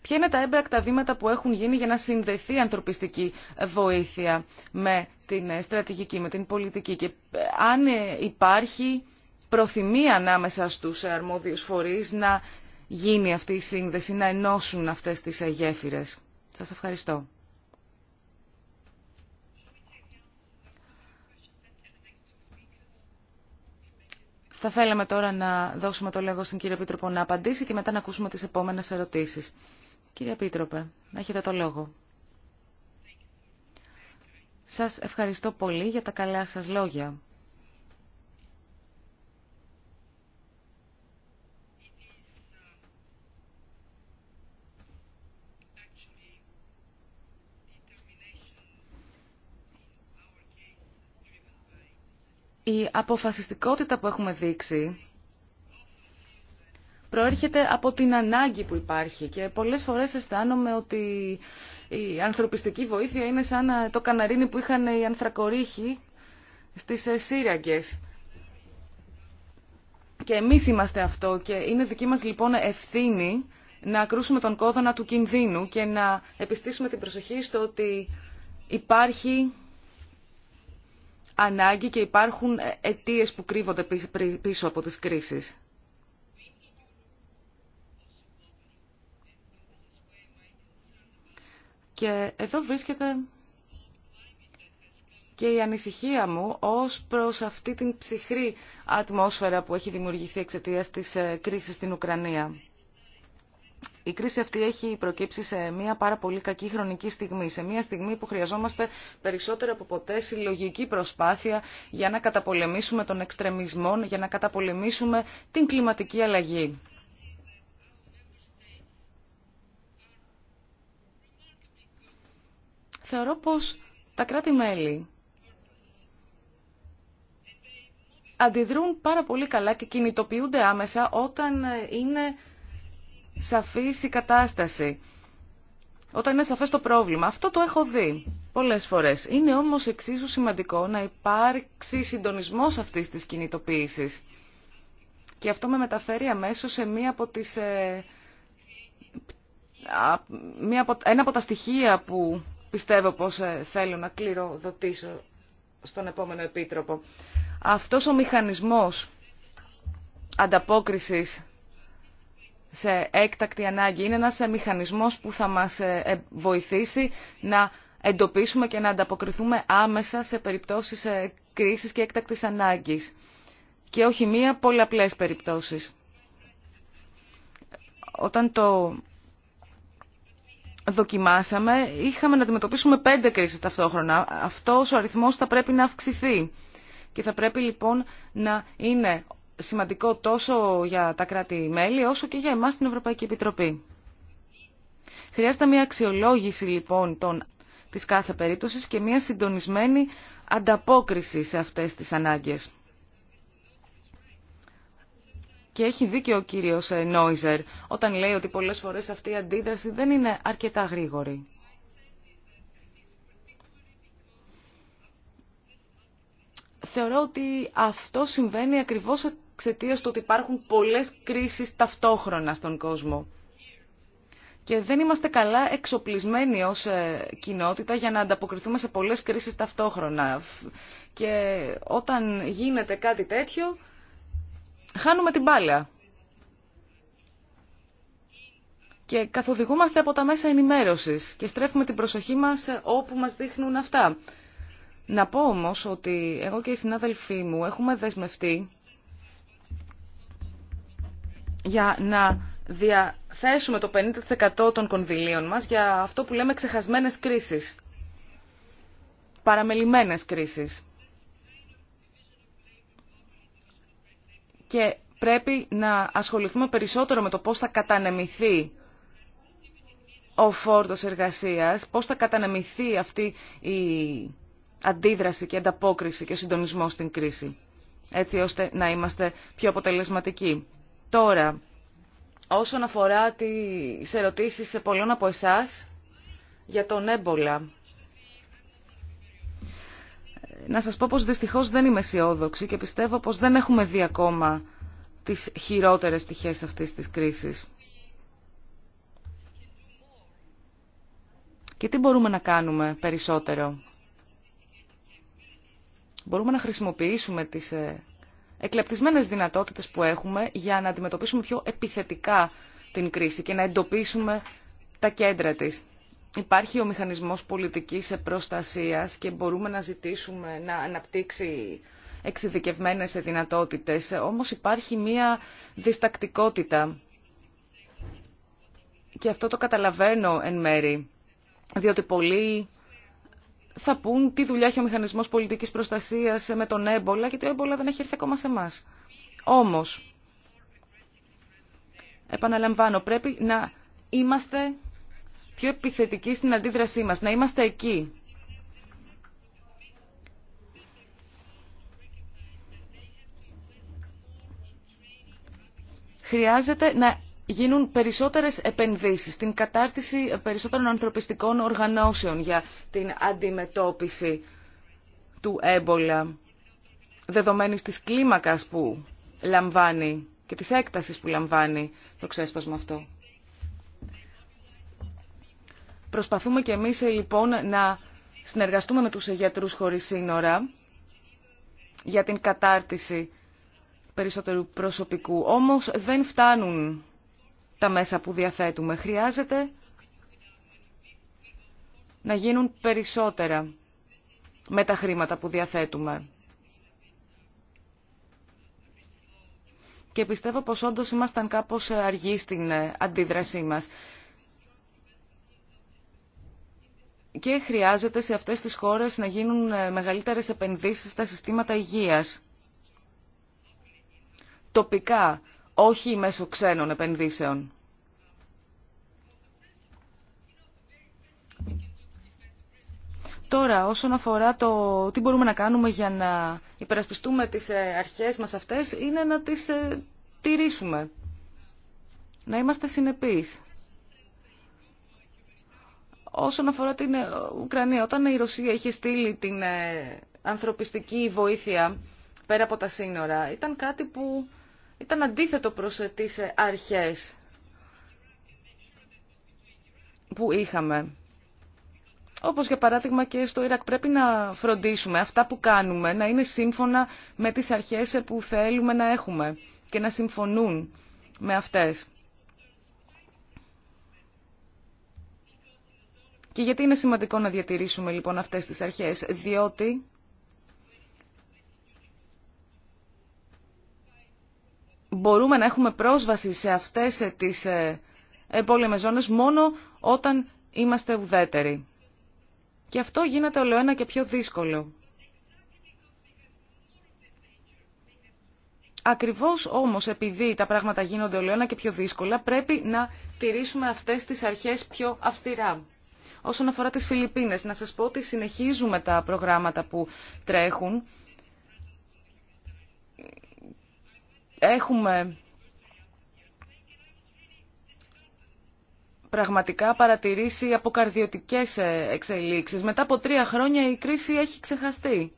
ποια είναι τα έμπρακτα βήματα που έχουν γίνει για να συνδεθεί η ανθρωπιστική βοήθεια με την ε, στρατηγική, με την πολιτική και αν υπάρχει προθυμία ανάμεσα στους αρμόδιους φορείς να γίνει αυτή η σύνδεση, να ενώσουν αυτές τις γέφυρες. Σας ευχαριστώ. Θα θέλαμε τώρα να δώσουμε το λόγο στην κυρία Πίτροπο να απαντήσει και μετά να ακούσουμε τις επόμενες ερωτήσεις. Κυρία Πίτροπε, έχετε το λόγο. Σας ευχαριστώ πολύ για τα καλά σας λόγια. Η αποφασιστικότητα που έχουμε δείξει προέρχεται από την ανάγκη που υπάρχει και πολλές φορές αισθάνομαι ότι η ανθρωπιστική βοήθεια είναι σαν το καναρίνι που είχαν οι ανθρακορίχοι στις ε, σύραγγες. Και εμείς είμαστε αυτό και είναι δική μας λοιπόν ευθύνη να ακρούσουμε τον κόδωνα του κινδύνου και να επιστήσουμε την προσοχή στο ότι υπάρχει ανάγκη και υπάρχουν ε, αιτίε που κρύβονται πίσω από τις κρίσεις. Και εδώ βρίσκεται και η ανησυχία μου ως προς αυτή την ψυχρή ατμόσφαιρα που έχει δημιουργηθεί εξαιτίας της ε, κρίσης στην Ουκρανία η κρίση αυτή έχει προκύψει σε μια πάρα πολύ κακή χρονική στιγμή, σε μια στιγμή που χρειαζόμαστε περισσότερο από ποτέ συλλογική προσπάθεια για να καταπολεμήσουμε τον εξτρεμισμό, για να καταπολεμήσουμε την κλιματική αλλαγή. Θεωρώ πως τα κράτη-μέλη αντιδρούν πάρα πολύ καλά και κινητοποιούνται άμεσα όταν είναι σαφής η κατάσταση, όταν είναι σαφές το πρόβλημα. Αυτό το έχω δει πολλές φορές. Είναι όμως εξίσου σημαντικό να υπάρξει συντονισμός αυτής της κινητοποίησης. Και αυτό με μεταφέρει αμέσως σε μία από τις, ε, ένα από τα στοιχεία που πιστεύω πως ε, θέλω να κληροδοτήσω στον επόμενο επίτροπο. Αυτός ο μηχανισμός ανταπόκρισης σε έκτακτη ανάγκη. Είναι ένας ε, μηχανισμός που θα μας ε, ε, βοηθήσει να εντοπίσουμε και να ανταποκριθούμε άμεσα σε περιπτώσεις κρίσης και έκτακτης ανάγκης. Και όχι μία, πολλαπλές περιπτώσεις. Όταν το δοκιμάσαμε, είχαμε να αντιμετωπίσουμε πέντε κρίσεις ταυτόχρονα. Αυτός ο αριθμός θα πρέπει να αυξηθεί. Και θα πρέπει λοιπόν να είναι σημαντικό τόσο για τα κράτη-μέλη όσο και για εμάς την Ευρωπαϊκή Επιτροπή. Χρειάζεται μια αξιολόγηση λοιπόν των, της κάθε περίπτωσης και μια συντονισμένη ανταπόκριση σε αυτές τις ανάγκες. Και έχει δίκιο ο κύριος ε, Νόιζερ όταν λέει ότι πολλές φορές αυτή η αντίδραση δεν είναι αρκετά γρήγορη. Θεωρώ ότι αυτό συμβαίνει ακριβώς εξαιτία του ότι υπάρχουν πολλές κρίσεις ταυτόχρονα στον κόσμο. Και δεν είμαστε καλά εξοπλισμένοι ως ε, κοινότητα για να ανταποκριθούμε σε πολλές κρίσεις ταυτόχρονα. Και όταν γίνεται κάτι τέτοιο, χάνουμε την μπάλα. Και καθοδηγούμαστε από τα μέσα ενημέρωσης και στρέφουμε την προσοχή μας όπου μας δείχνουν αυτά. Να πω όμως ότι εγώ και οι συνάδελφοί μου έχουμε δεσμευτεί για να διαθέσουμε το 50% των κονδυλίων μας για αυτό που λέμε ξεχασμένες κρίσεις, παραμελημένες κρίσεις. Και πρέπει να ασχοληθούμε περισσότερο με το πώς θα κατανεμηθεί ο φόρτος εργασίας, πώς θα κατανεμηθεί αυτή η αντίδραση και ανταπόκριση και συντονισμός στην κρίση, έτσι ώστε να είμαστε πιο αποτελεσματικοί. Τώρα, όσον αφορά τις ερωτήσεις σε πολλών από εσάς για τον έμπολα. Να σας πω πως δυστυχώς δεν είμαι αισιόδοξη και πιστεύω πως δεν έχουμε δει ακόμα τις χειρότερες πτυχές αυτής της κρίσης. Και τι μπορούμε να κάνουμε περισσότερο. Μπορούμε να χρησιμοποιήσουμε τις ε, εκλεπτισμένες δυνατότητες που έχουμε για να αντιμετωπίσουμε πιο επιθετικά την κρίση και να εντοπίσουμε τα κέντρα της. Υπάρχει ο μηχανισμός πολιτικής προστασίας και μπορούμε να ζητήσουμε να αναπτύξει εξειδικευμένες δυνατότητες. Όμως υπάρχει μία διστακτικότητα και αυτό το καταλαβαίνω εν μέρη, διότι πολλοί θα πούν τι δουλειά έχει ο μηχανισμός πολιτικής προστασίας με τον έμπολα γιατί ο έμπολα δεν έχει έρθει ακόμα σε εμά. Όμως, επαναλαμβάνω, πρέπει να είμαστε πιο επιθετικοί στην αντίδρασή μας, να είμαστε εκεί. Χρειάζεται να γίνουν περισσότερες επενδύσεις στην κατάρτιση περισσότερων ανθρωπιστικών οργανώσεων για την αντιμετώπιση του έμπολα, δεδομένης της κλίμακας που λαμβάνει και της έκτασης που λαμβάνει το ξέσπασμα αυτό. Προσπαθούμε και εμείς ε, λοιπόν να συνεργαστούμε με τους γιατρούς χωρίς σύνορα για την κατάρτιση περισσότερου προσωπικού. Όμως δεν φτάνουν τα μέσα που διαθέτουμε. Χρειάζεται να γίνουν περισσότερα με τα χρήματα που διαθέτουμε. Και πιστεύω πως όντως ήμασταν κάπως αργοί στην ε, αντίδρασή μας. Και χρειάζεται σε αυτές τις χώρες να γίνουν ε, μεγαλύτερες επενδύσεις στα συστήματα υγείας. Τοπικά, όχι μέσω ξένων επενδύσεων. Τώρα, όσον αφορά το τι μπορούμε να κάνουμε για να υπερασπιστούμε τις ε, αρχές μας αυτές, είναι να τις ε, τηρήσουμε. Να είμαστε συνεπείς. Όσον αφορά την ε, Ουκρανία, όταν η Ρωσία είχε στείλει την ανθρωπιστική βοήθεια πέρα από τα σύνορα, ήταν κάτι που ήταν αντίθετο προς τις αρχές που είχαμε. Όπως για παράδειγμα και στο Ιρακ πρέπει να φροντίσουμε αυτά που κάνουμε να είναι σύμφωνα με τις αρχές που θέλουμε να έχουμε και να συμφωνούν με αυτές. Και γιατί είναι σημαντικό να διατηρήσουμε λοιπόν αυτές τις αρχές, διότι μπορούμε να έχουμε πρόσβαση σε αυτές ε, τις επόλεμες ζώνες μόνο όταν είμαστε ουδέτεροι. Και αυτό γίνεται ολοένα και πιο δύσκολο. Ακριβώς όμως επειδή τα πράγματα γίνονται ολοένα και πιο δύσκολα, πρέπει να τηρήσουμε αυτές τις αρχές πιο αυστηρά. Όσον αφορά τις Φιλιππίνες, να σας πω ότι συνεχίζουμε τα προγράμματα που τρέχουν έχουμε πραγματικά παρατηρήσει αποκαρδιωτικές εξελίξεις. Μετά από τρία χρόνια η κρίση έχει ξεχαστεί.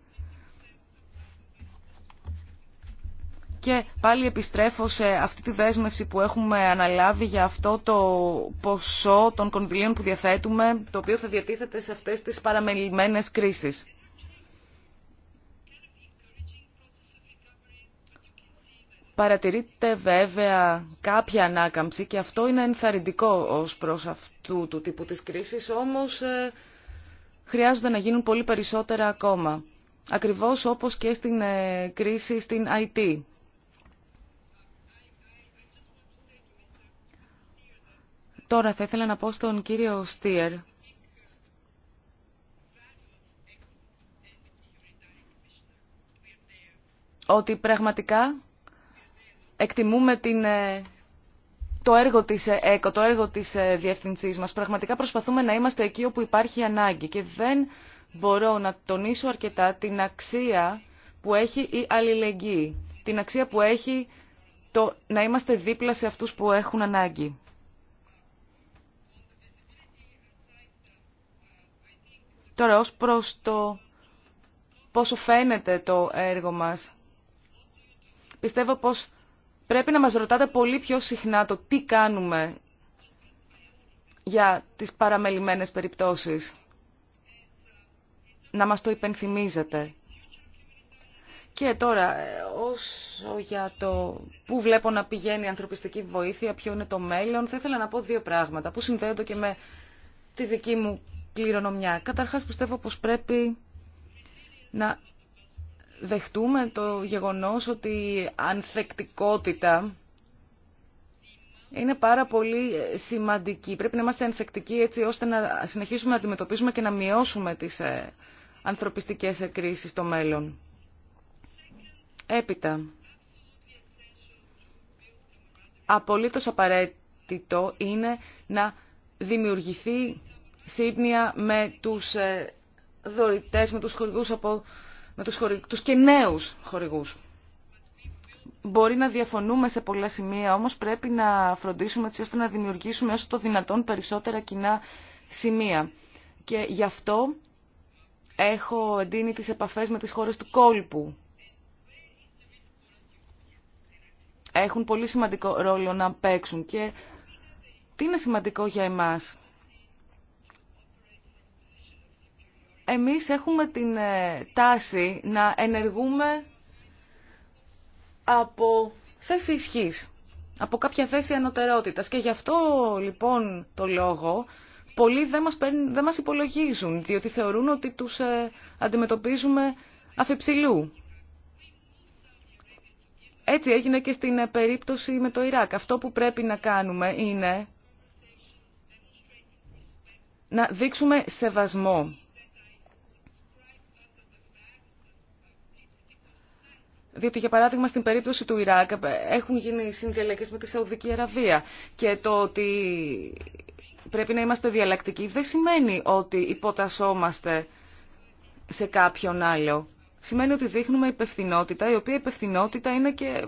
Και πάλι επιστρέφω σε αυτή τη δέσμευση που έχουμε αναλάβει για αυτό το ποσό των κονδυλίων που διαθέτουμε, το οποίο θα διατίθεται σε αυτές τις παραμελημένες κρίσεις. Παρατηρείται βέβαια κάποια ανάκαμψη και αυτό είναι ενθαρρυντικό ως προς αυτού του τύπου της κρίσης, όμως ε, χρειάζονται να γίνουν πολύ περισσότερα ακόμα. Ακριβώς όπως και στην ε, κρίση στην IT. Τώρα θα ήθελα να πω στον κύριο Στίερ ότι πραγματικά εκτιμούμε την, ε, το έργο της ε, ΕΚΟ, το έργο της ε, μας. Πραγματικά προσπαθούμε να είμαστε εκεί όπου υπάρχει ανάγκη και δεν μπορώ να τονίσω αρκετά την αξία που έχει η αλληλεγγύη, την αξία που έχει το να είμαστε δίπλα σε αυτούς που έχουν ανάγκη. Τώρα, ως προς το πόσο φαίνεται το έργο μας, πιστεύω πως πρέπει να μας ρωτάτε πολύ πιο συχνά το τι κάνουμε για τις παραμελημένες περιπτώσεις. Να μας το υπενθυμίζετε. Και τώρα, όσο για το πού βλέπω να πηγαίνει η ανθρωπιστική βοήθεια, ποιο είναι το μέλλον, θα ήθελα να πω δύο πράγματα που συνδέονται και με τη δική μου κληρονομιά. Καταρχάς πιστεύω πως πρέπει να δεχτούμε το γεγονός ότι η ανθεκτικότητα είναι πάρα πολύ ε, σημαντική. Πρέπει να είμαστε ανθεκτικοί έτσι ώστε να συνεχίσουμε να αντιμετωπίζουμε και να μειώσουμε τις ε, ανθρωπιστικές κρίσεις στο μέλλον. Έπειτα, απολύτως απαραίτητο είναι να δημιουργηθεί σύμπνοια με τους ε, δωρητές, με τους χορηγούς από με τους, και νέους χορηγούς. Μπορεί να διαφωνούμε σε πολλά σημεία, όμως πρέπει να φροντίσουμε έτσι ώστε να δημιουργήσουμε όσο το δυνατόν περισσότερα κοινά σημεία. Και γι' αυτό έχω εντείνει τις επαφές με τις χώρες του κόλπου. Έχουν πολύ σημαντικό ρόλο να παίξουν και τι είναι σημαντικό για εμάς. εμείς έχουμε την ε, τάση να ενεργούμε από θέση ισχύ, από κάποια θέση ανωτερότητας. Και γι' αυτό λοιπόν το λόγο πολλοί δεν μας, δεν μας υπολογίζουν, διότι θεωρούν ότι τους ε, αντιμετωπίζουμε αφιψηλού. Έτσι έγινε και στην ε, περίπτωση με το Ιράκ. Αυτό που πρέπει να κάνουμε είναι να δείξουμε σεβασμό Διότι, για παράδειγμα, στην περίπτωση του Ιράκ έχουν γίνει συνδιαλλαγές με τη Σαουδική Αραβία και το ότι πρέπει να είμαστε διαλλακτικοί δεν σημαίνει ότι υποτασσόμαστε σε κάποιον άλλο. Σημαίνει ότι δείχνουμε υπευθυνότητα, η οποία υπευθυνότητα είναι και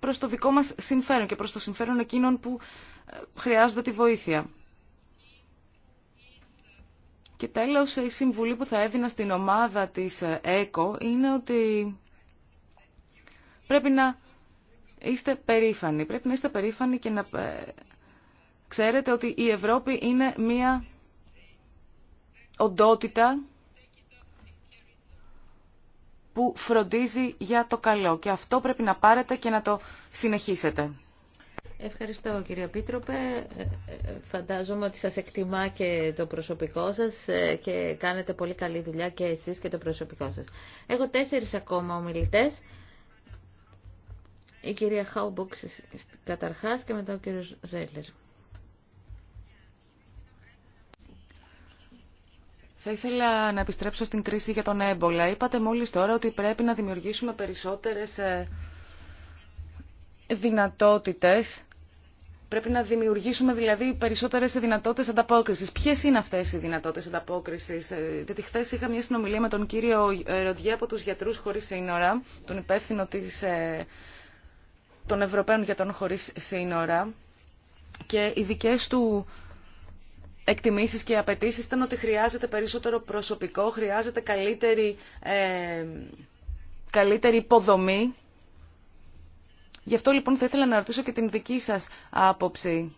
προς το δικό μας συμφέρον και προς το συμφέρον εκείνων που ε, χρειάζονται τη βοήθεια. Και τέλος, η συμβουλή που θα έδινα στην ομάδα της ε, ΕΚΟ είναι ότι Πρέπει να είστε περήφανοι. Πρέπει να είστε περήφανοι και να ε, ξέρετε ότι η Ευρώπη είναι μία οντότητα που φροντίζει για το καλό. Και αυτό πρέπει να πάρετε και να το συνεχίσετε. Ευχαριστώ κύριε Πίτροπε. Ε, ε, φαντάζομαι ότι σας εκτιμά και το προσωπικό σας και κάνετε πολύ καλή δουλειά και εσείς και το προσωπικό σας. Έχω τέσσερις ακόμα ομιλητές. Η κυρία Χάουμπουξ καταρχάς και μετά ο κύριος Ζέλερ. Θα ήθελα να επιστρέψω στην κρίση για τον έμπολα. Είπατε μόλις τώρα ότι πρέπει να δημιουργήσουμε περισσότερες ε, δυνατότητες. Πρέπει να δημιουργήσουμε δηλαδή περισσότερες δυνατότητες ανταπόκρισης. Ποιες είναι αυτές οι δυνατότητες ανταπόκρισης. Ε, διότι χθε είχα μια συνομιλία με τον κύριο Ροντιέ από τους γιατρούς χωρίς σύνορα, τον υπεύθυνο της ε, των Ευρωπαίων για τον χωρίς σύνορα και οι δικές του εκτιμήσεις και απαιτήσει ήταν ότι χρειάζεται περισσότερο προσωπικό, χρειάζεται καλύτερη, ε, καλύτερη υποδομή. Γι' αυτό λοιπόν θα ήθελα να ρωτήσω και την δική σας άποψη.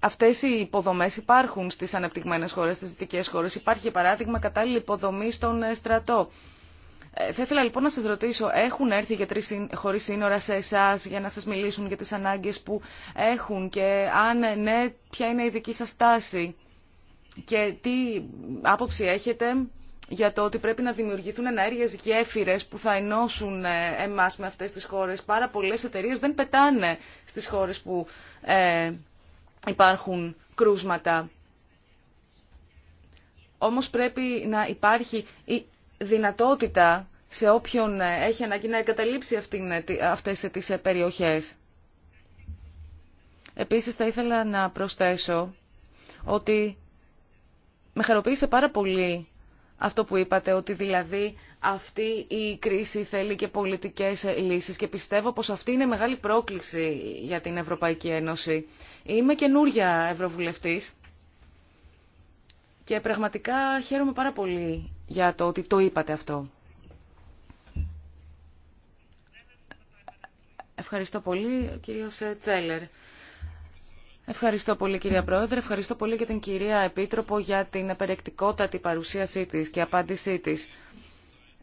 Αυτές οι υποδομές υπάρχουν στις ανεπτυγμένες χώρες, στις δυτικές χώρες. Υπάρχει, παράδειγμα, κατάλληλη υποδομή στον ε, στρατό. Ε, θα ήθελα λοιπόν να σας ρωτήσω, έχουν έρθει γιατροί χωρίς σύνορα σε εσάς για να σας μιλήσουν για τις ανάγκες που έχουν και αν ε, ναι, ποια είναι η δική σας τάση και τι άποψη έχετε για το ότι πρέπει να δημιουργηθούν ενέργειες γέφυρες που θα ενώσουν ε, εμάς με αυτές τις χώρες. Πάρα πολλές εταιρείες δεν πετάνε στις χώρες που υπάρχουν κρούσματα. Όμως πρέπει να υπάρχει δυνατότητα σε όποιον έχει ανάγκη να εγκαταλείψει αυτές τις ε, περιοχές. Επίσης θα ήθελα να προσθέσω ότι με χαροποίησε πάρα πολύ αυτό που είπατε, ότι δηλαδή αυτή η κρίση θέλει και πολιτικές ε, λύσεις και πιστεύω πως αυτή είναι μεγάλη πρόκληση για την Ευρωπαϊκή Ένωση. Είμαι καινούρια Ευρωβουλευτής και πραγματικά χαίρομαι πάρα πολύ για το ότι το είπατε αυτό. Ευχαριστώ πολύ, κύριος Τσέλερ. Ευχαριστώ πολύ κυρία Πρόεδρε, ευχαριστώ πολύ και την κυρία Επίτροπο για την περιεκτικότατη παρουσίασή της και απάντησή της.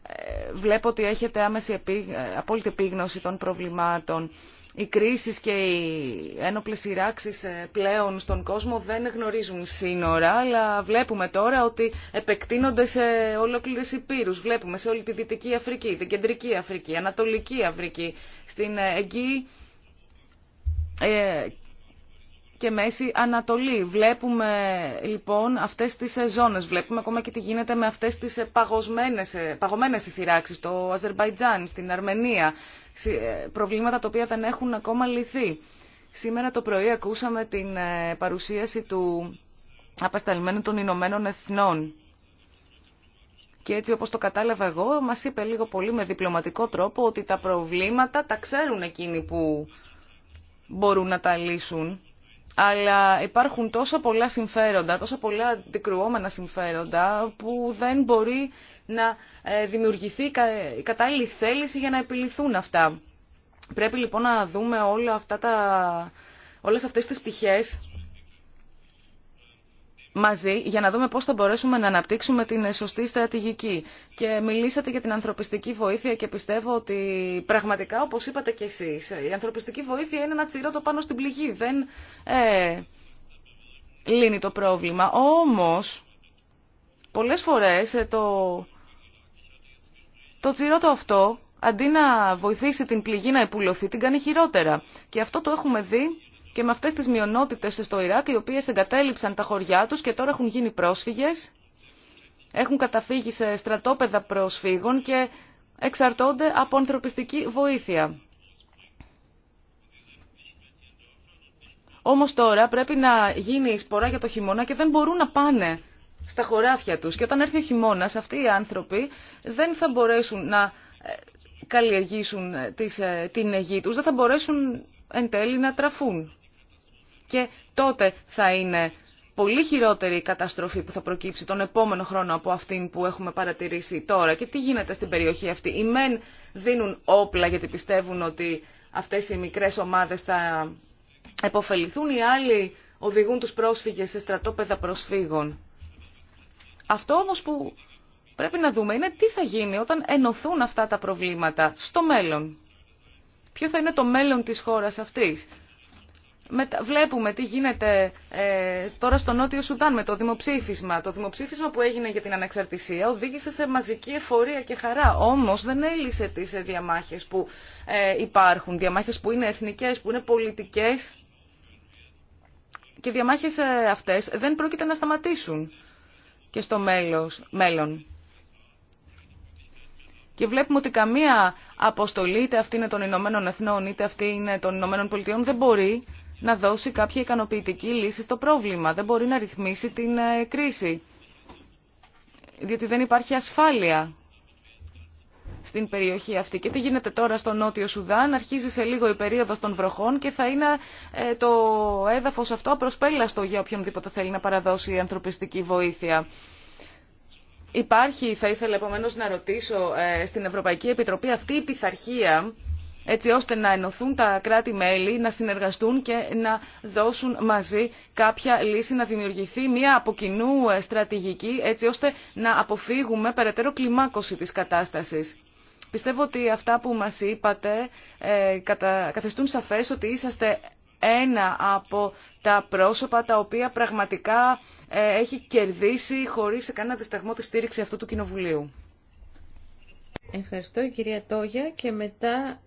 Ε, βλέπω ότι έχετε άμεση απόλυτη επίγνωση των προβλημάτων οι κρίσεις και οι ένοπλες σειράξεις ε, πλέον στον κόσμο δεν γνωρίζουν σύνορα, αλλά βλέπουμε τώρα ότι επεκτείνονται σε ολόκληρες υπήρους. Βλέπουμε σε όλη τη Δυτική Αφρική, την Κεντρική Αφρική, Ανατολική Αφρική, στην Εγγύη και Μέση Ανατολή. Βλέπουμε λοιπόν αυτές τις ε, ζώνες, βλέπουμε ακόμα και τι γίνεται με αυτές τις ε, παγωμένε ε, παγωμένες σειράξεις στο Αζερβαϊτζάν, στην Αρμενία, προβλήματα τα οποία δεν έχουν ακόμα λυθεί. Σήμερα το πρωί ακούσαμε την παρουσίαση του Απεσταλμένου των Ηνωμένων Εθνών. Και έτσι όπως το κατάλαβα εγώ, μας είπε λίγο πολύ με διπλωματικό τρόπο ότι τα προβλήματα τα ξέρουν εκείνοι που μπορούν να τα λύσουν αλλά υπάρχουν τόσα πολλά συμφέροντα, τόσα πολλά αντικρουόμενα συμφέροντα που δεν μπορεί να ε, δημιουργηθεί η κατάλληλη θέληση για να επιληθούν αυτά. Πρέπει λοιπόν να δούμε όλα αυτά τα, όλες αυτές τις πτυχές μαζί για να δούμε πώς θα μπορέσουμε να αναπτύξουμε την σωστή στρατηγική. Και μιλήσατε για την ανθρωπιστική βοήθεια και πιστεύω ότι πραγματικά, όπως είπατε κι εσείς, η ανθρωπιστική βοήθεια είναι ένα τσιρότο το πάνω στην πληγή. Δεν ε, λύνει το πρόβλημα. Όμως, πολλές φορές ε, το, το τσιρό το αυτό, αντί να βοηθήσει την πληγή να επουλωθεί, την κάνει χειρότερα. Και αυτό το έχουμε δει και με αυτές τις μειονότητες στο Ιράκ οι οποίες εγκατέλειψαν τα χωριά τους και τώρα έχουν γίνει πρόσφυγες, έχουν καταφύγει σε στρατόπεδα προσφύγων και εξαρτώνται από ανθρωπιστική βοήθεια. Όμως τώρα πρέπει να γίνει η σπορά για το χειμώνα και δεν μπορούν να πάνε στα χωράφια τους. Και όταν έρθει ο χειμώνας αυτοί οι άνθρωποι δεν θα μπορέσουν να ε, καλλιεργήσουν ε, ε, την Αιγή τους, δεν θα μπορέσουν εν τέλει να τραφούν και τότε θα είναι πολύ χειρότερη η καταστροφή που θα προκύψει τον επόμενο χρόνο από αυτήν που έχουμε παρατηρήσει τώρα. Και τι γίνεται στην περιοχή αυτή. Οι μεν δίνουν όπλα γιατί πιστεύουν ότι αυτές οι μικρές ομάδες θα επωφεληθούν, οι άλλοι οδηγούν τους πρόσφυγες σε στρατόπεδα προσφύγων. Αυτό όμως που πρέπει να δούμε είναι τι θα γίνει όταν ενωθούν αυτά τα προβλήματα στο μέλλον. Ποιο θα είναι το μέλλον της χώρας αυτής. Βλέπουμε τι γίνεται ε, τώρα στο Νότιο Σουδάν με το δημοψήφισμα. Το δημοψήφισμα που έγινε για την ανεξαρτησία οδήγησε σε μαζική εφορία και χαρά. Όμως δεν έλυσε τις ε, διαμάχες που ε, υπάρχουν. Διαμάχες που είναι εθνικές, που είναι πολιτικές. Και διαμάχες αυτές δεν πρόκειται να σταματήσουν και στο μέλλον. Και βλέπουμε ότι καμία αποστολή, είτε αυτή είναι των Ηνωμένων Εθνών, είτε αυτή είναι των Ηνωμένων Πολιτειών, δεν μπορεί να δώσει κάποια ικανοποιητική λύση στο πρόβλημα. Δεν μπορεί να ρυθμίσει την ε, κρίση, διότι δεν υπάρχει ασφάλεια στην περιοχή αυτή. Και τι γίνεται τώρα στο Νότιο Σουδάν, αρχίζει σε λίγο η περίοδος των βροχών και θα είναι ε, το έδαφος αυτό απροσπέλαστο για οποιονδήποτε θέλει να παραδώσει ανθρωπιστική βοήθεια. Υπάρχει, θα ήθελα επομένω να ρωτήσω, ε, στην Ευρωπαϊκή Επιτροπή αυτή η πειθαρχία έτσι ώστε να ενωθούν τα κράτη-μέλη, να συνεργαστούν και να δώσουν μαζί κάποια λύση, να δημιουργηθεί μια από κοινού ε, στρατηγική, έτσι ώστε να αποφύγουμε περαιτέρω κλιμάκωση της κατάστασης. Πιστεύω ότι αυτά που μας είπατε ε, καθιστούν σαφές ότι είσαστε ένα από τα πρόσωπα τα οποία πραγματικά ε, έχει κερδίσει χωρίς κανένα δισταγμό τη στήριξη αυτού του Κοινοβουλίου. Ευχαριστώ κυρία Τόγια και μετά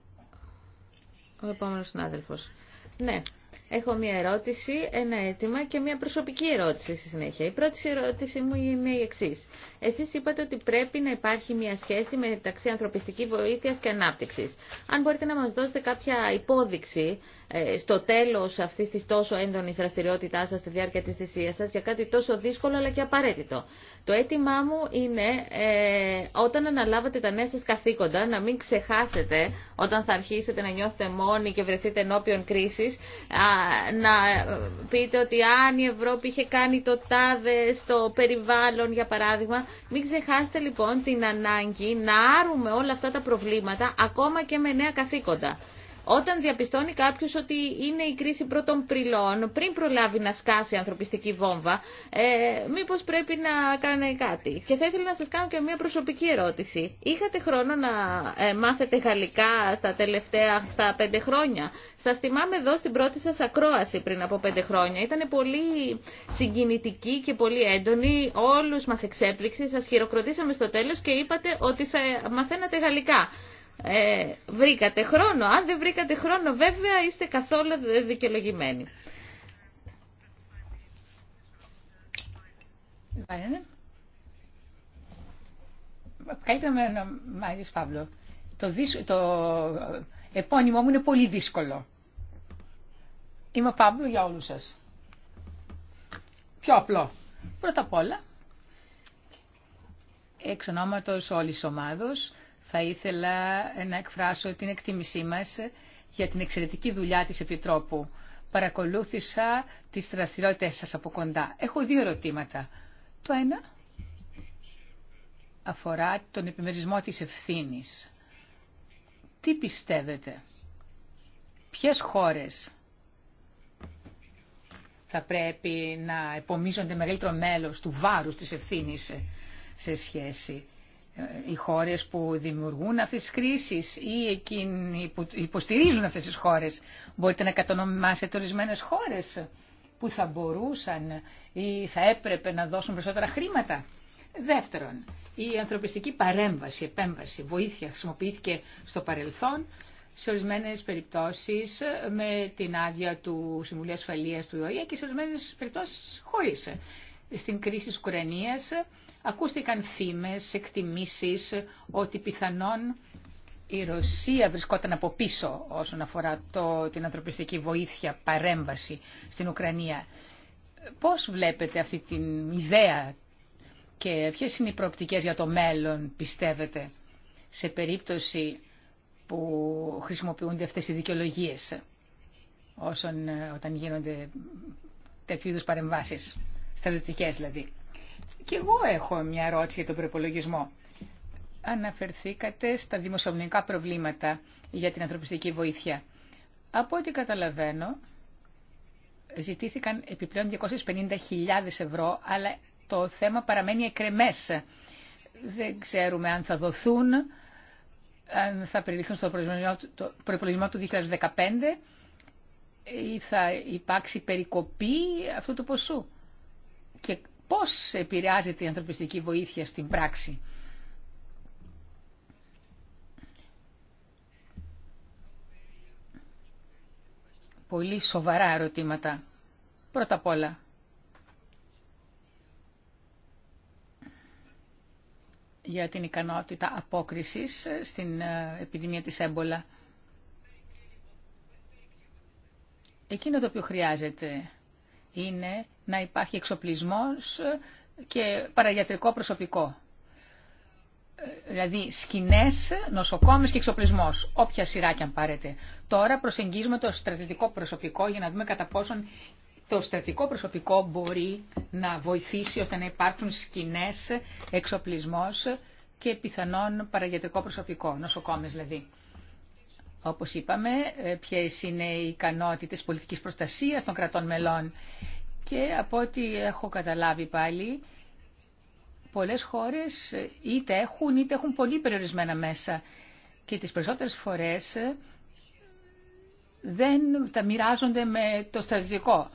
ο επόμενος συνάδελφος. Ναι, έχω μία ερώτηση, ένα αίτημα και μία προσωπική ερώτηση στη συνέχεια. Η πρώτη ερώτηση μου είναι η εξή. Εσείς είπατε ότι πρέπει να υπάρχει μια σχέση μεταξύ ανθρωπιστική βοήθειας και ανάπτυξης. Αν μπορείτε να μας δώσετε κάποια υπόδειξη ε, στο τέλος αυτής της τόσο έντονης δραστηριότητάς σας στη διάρκεια της θυσίας σας για κάτι τόσο δύσκολο αλλά και απαραίτητο. Το αίτημά μου είναι ε, όταν αναλάβατε τα νέα σας καθήκοντα να μην ξεχάσετε όταν θα αρχίσετε να νιώθετε μόνοι και βρεθείτε ενώπιον κρίσης να πείτε ότι αν η Ευρώπη είχε κάνει το τάδε στο περιβάλλον για παράδειγμα μην ξεχάσετε λοιπόν την ανάγκη να άρουμε όλα αυτά τα προβλήματα ακόμα και με νέα καθήκοντα. Όταν διαπιστώνει κάποιο ότι είναι η κρίση πρώτων πριλών, πριν προλάβει να σκάσει ανθρωπιστική βόμβα, ε, μήπω πρέπει να κάνει κάτι. Και θα ήθελα να σα κάνω και μια προσωπική ερώτηση. Είχατε χρόνο να ε, μάθετε γαλλικά στα τελευταία αυτά πέντε χρόνια. Σα θυμάμαι εδώ στην πρώτη σα ακρόαση πριν από πέντε χρόνια. Ήταν πολύ συγκινητική και πολύ έντονη. Όλου μα εξέπληξε. Σα χειροκροτήσαμε στο τέλο και είπατε ότι θα μαθαίνατε γαλλικά ε, βρήκατε χρόνο. Αν δεν βρήκατε χρόνο βέβαια είστε καθόλου δικαιολογημένοι. Καλύτερα με ονομάζεις Παύλο. Το, το επώνυμό μου είναι πολύ δύσκολο. Είμαι ο Παύλο για όλους σας. Πιο απλό. Πρώτα απ' όλα, εξ ονόματος όλης ομάδος, θα ήθελα να εκφράσω την εκτίμησή μας για την εξαιρετική δουλειά της Επιτρόπου. Παρακολούθησα τις δραστηριότητες σας από κοντά. Έχω δύο ερωτήματα. Το ένα αφορά τον επιμερισμό της ευθύνης. Τι πιστεύετε, ποιες χώρες θα πρέπει να επομίζονται μεγαλύτερο μέλος του βάρους της ευθύνης σε σχέση ε, οι χώρες που δημιουργούν αυτές τις κρίσεις ή εκείνοι που υποστηρίζουν αυτές τις χώρες. Μπορείτε να κατονομάσετε ορισμένες χώρες που θα μπορούσαν ή θα έπρεπε να δώσουν περισσότερα χρήματα. Δεύτερον, η ανθρωπιστική παρέμβαση, επέμβαση, βοήθεια χρησιμοποιήθηκε στο παρελθόν σε ορισμένε περιπτώσει με την άδεια του Συμβουλίου Ασφαλείας του ΙΟΙΑ και σε ορισμένε περιπτώσει χωρί Στην κρίση της Ουκρανίας ακούστηκαν φήμες, εκτιμήσεις ότι πιθανόν η Ρωσία βρισκόταν από πίσω όσον αφορά το, την ανθρωπιστική βοήθεια παρέμβαση στην Ουκρανία. Πώς βλέπετε αυτή την ιδέα και ποιες είναι οι προοπτικές για το μέλλον πιστεύετε σε περίπτωση που χρησιμοποιούνται αυτές οι δικαιολογίες ε, όταν γίνονται τέτοιου είδους παρεμβάσεις, στρατιωτικές δηλαδή. Και εγώ έχω μια ερώτηση για τον προπολογισμό. Αναφερθήκατε στα δημοσιονομικά προβλήματα για την ανθρωπιστική βοήθεια. Από ό,τι καταλαβαίνω, ζητήθηκαν επιπλέον 250.000 ευρώ, αλλά το θέμα παραμένει εκρεμές. Δεν ξέρουμε αν θα δοθούν, αν θα περιληφθούν στο προπολογισμό του 2015 ή θα υπάρξει περικοπή αυτού του ποσού. Και πώς επηρεάζεται η ανθρωπιστική βοήθεια στην πράξη. Πολύ σοβαρά ερωτήματα. Πρώτα απ' όλα, για την ικανότητα απόκρισης ε, στην ε, επιδημία της έμπολα. Εκείνο το οποίο χρειάζεται είναι να υπάρχει εξοπλισμός και παραγιατρικό προσωπικό. Δηλαδή σκηνές, νοσοκόμες και εξοπλισμός, όποια σειρά και αν πάρετε. Τώρα προσεγγίζουμε το στρατητικό προσωπικό για να δούμε κατά πόσον το στρατικό προσωπικό μπορεί να βοηθήσει ώστε να υπάρχουν σκηνές, εξοπλισμός και πιθανόν παραγιατρικό προσωπικό, νοσοκόμες δηλαδή όπως είπαμε, ε, ποιες είναι οι ικανότητες πολιτικής προστασίας των κρατών μελών. Και από ό,τι έχω καταλάβει πάλι, πολλές χώρες είτε έχουν είτε έχουν πολύ περιορισμένα μέσα και τις περισσότερες φορές ε, δεν τα μοιράζονται με το στρατηγικό.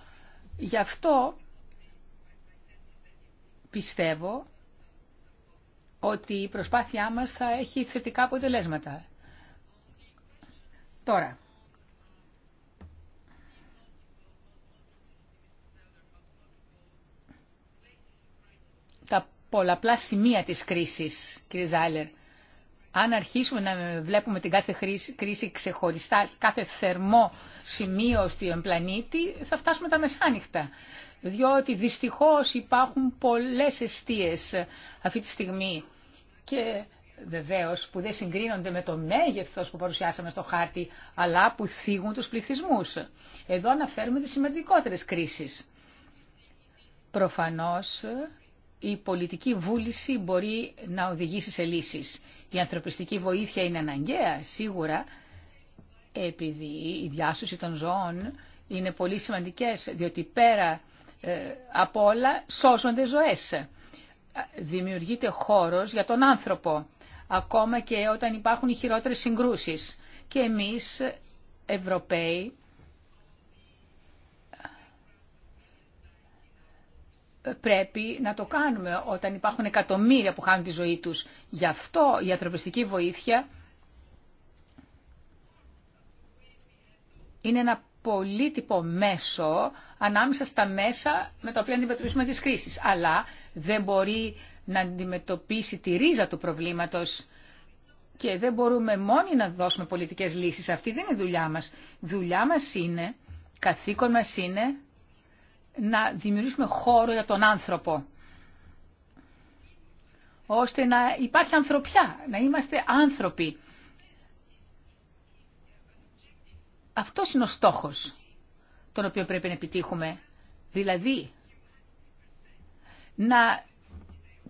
Γι' αυτό πιστεύω ότι η προσπάθειά μας θα έχει θετικά αποτελέσματα. Τώρα, τα πολλαπλά σημεία της κρίσης, κύριε Ζάιλερ. αν αρχίσουμε να βλέπουμε την κάθε κρίση ξεχωριστά, κάθε θερμό σημείο στον πλανήτη, θα φτάσουμε τα μεσάνυχτα. Διότι δυστυχώς υπάρχουν πολλές αιστείες αυτή τη στιγμή και βεβαίω που δεν συγκρίνονται με το μέγεθος που παρουσιάσαμε στο χάρτη, αλλά που θίγουν τους πληθυσμού. Εδώ αναφέρουμε τις σημαντικότερες κρίσεις. Προφανώς η πολιτική βούληση μπορεί να οδηγήσει σε λύσεις. Η ανθρωπιστική βοήθεια είναι αναγκαία, σίγουρα, επειδή η διάσωση των ζώων είναι πολύ σημαντικές, διότι πέρα ε, από όλα σώζονται ζωές. Δημιουργείται χώρος για τον άνθρωπο ακόμα και όταν υπάρχουν οι χειρότερες συγκρούσεις. Και εμείς, Ευρωπαίοι, πρέπει να το κάνουμε όταν υπάρχουν εκατομμύρια που χάνουν τη ζωή τους. Γι' αυτό η ανθρωπιστική βοήθεια είναι ένα πολύτυπο μέσο ανάμεσα στα μέσα με τα οποία αντιμετωπίζουμε τις κρίσεις. Αλλά δεν μπορεί να αντιμετωπίσει τη ρίζα του προβλήματος και δεν μπορούμε μόνοι να δώσουμε πολιτικές λύσεις. Αυτή δεν είναι δουλειά μας. Δουλειά μας είναι, καθήκον μας είναι να δημιουργήσουμε χώρο για τον άνθρωπο ώστε να υπάρχει ανθρωπιά, να είμαστε άνθρωποι. Αυτός είναι ο στόχος τον οποίο πρέπει να επιτύχουμε. Δηλαδή, να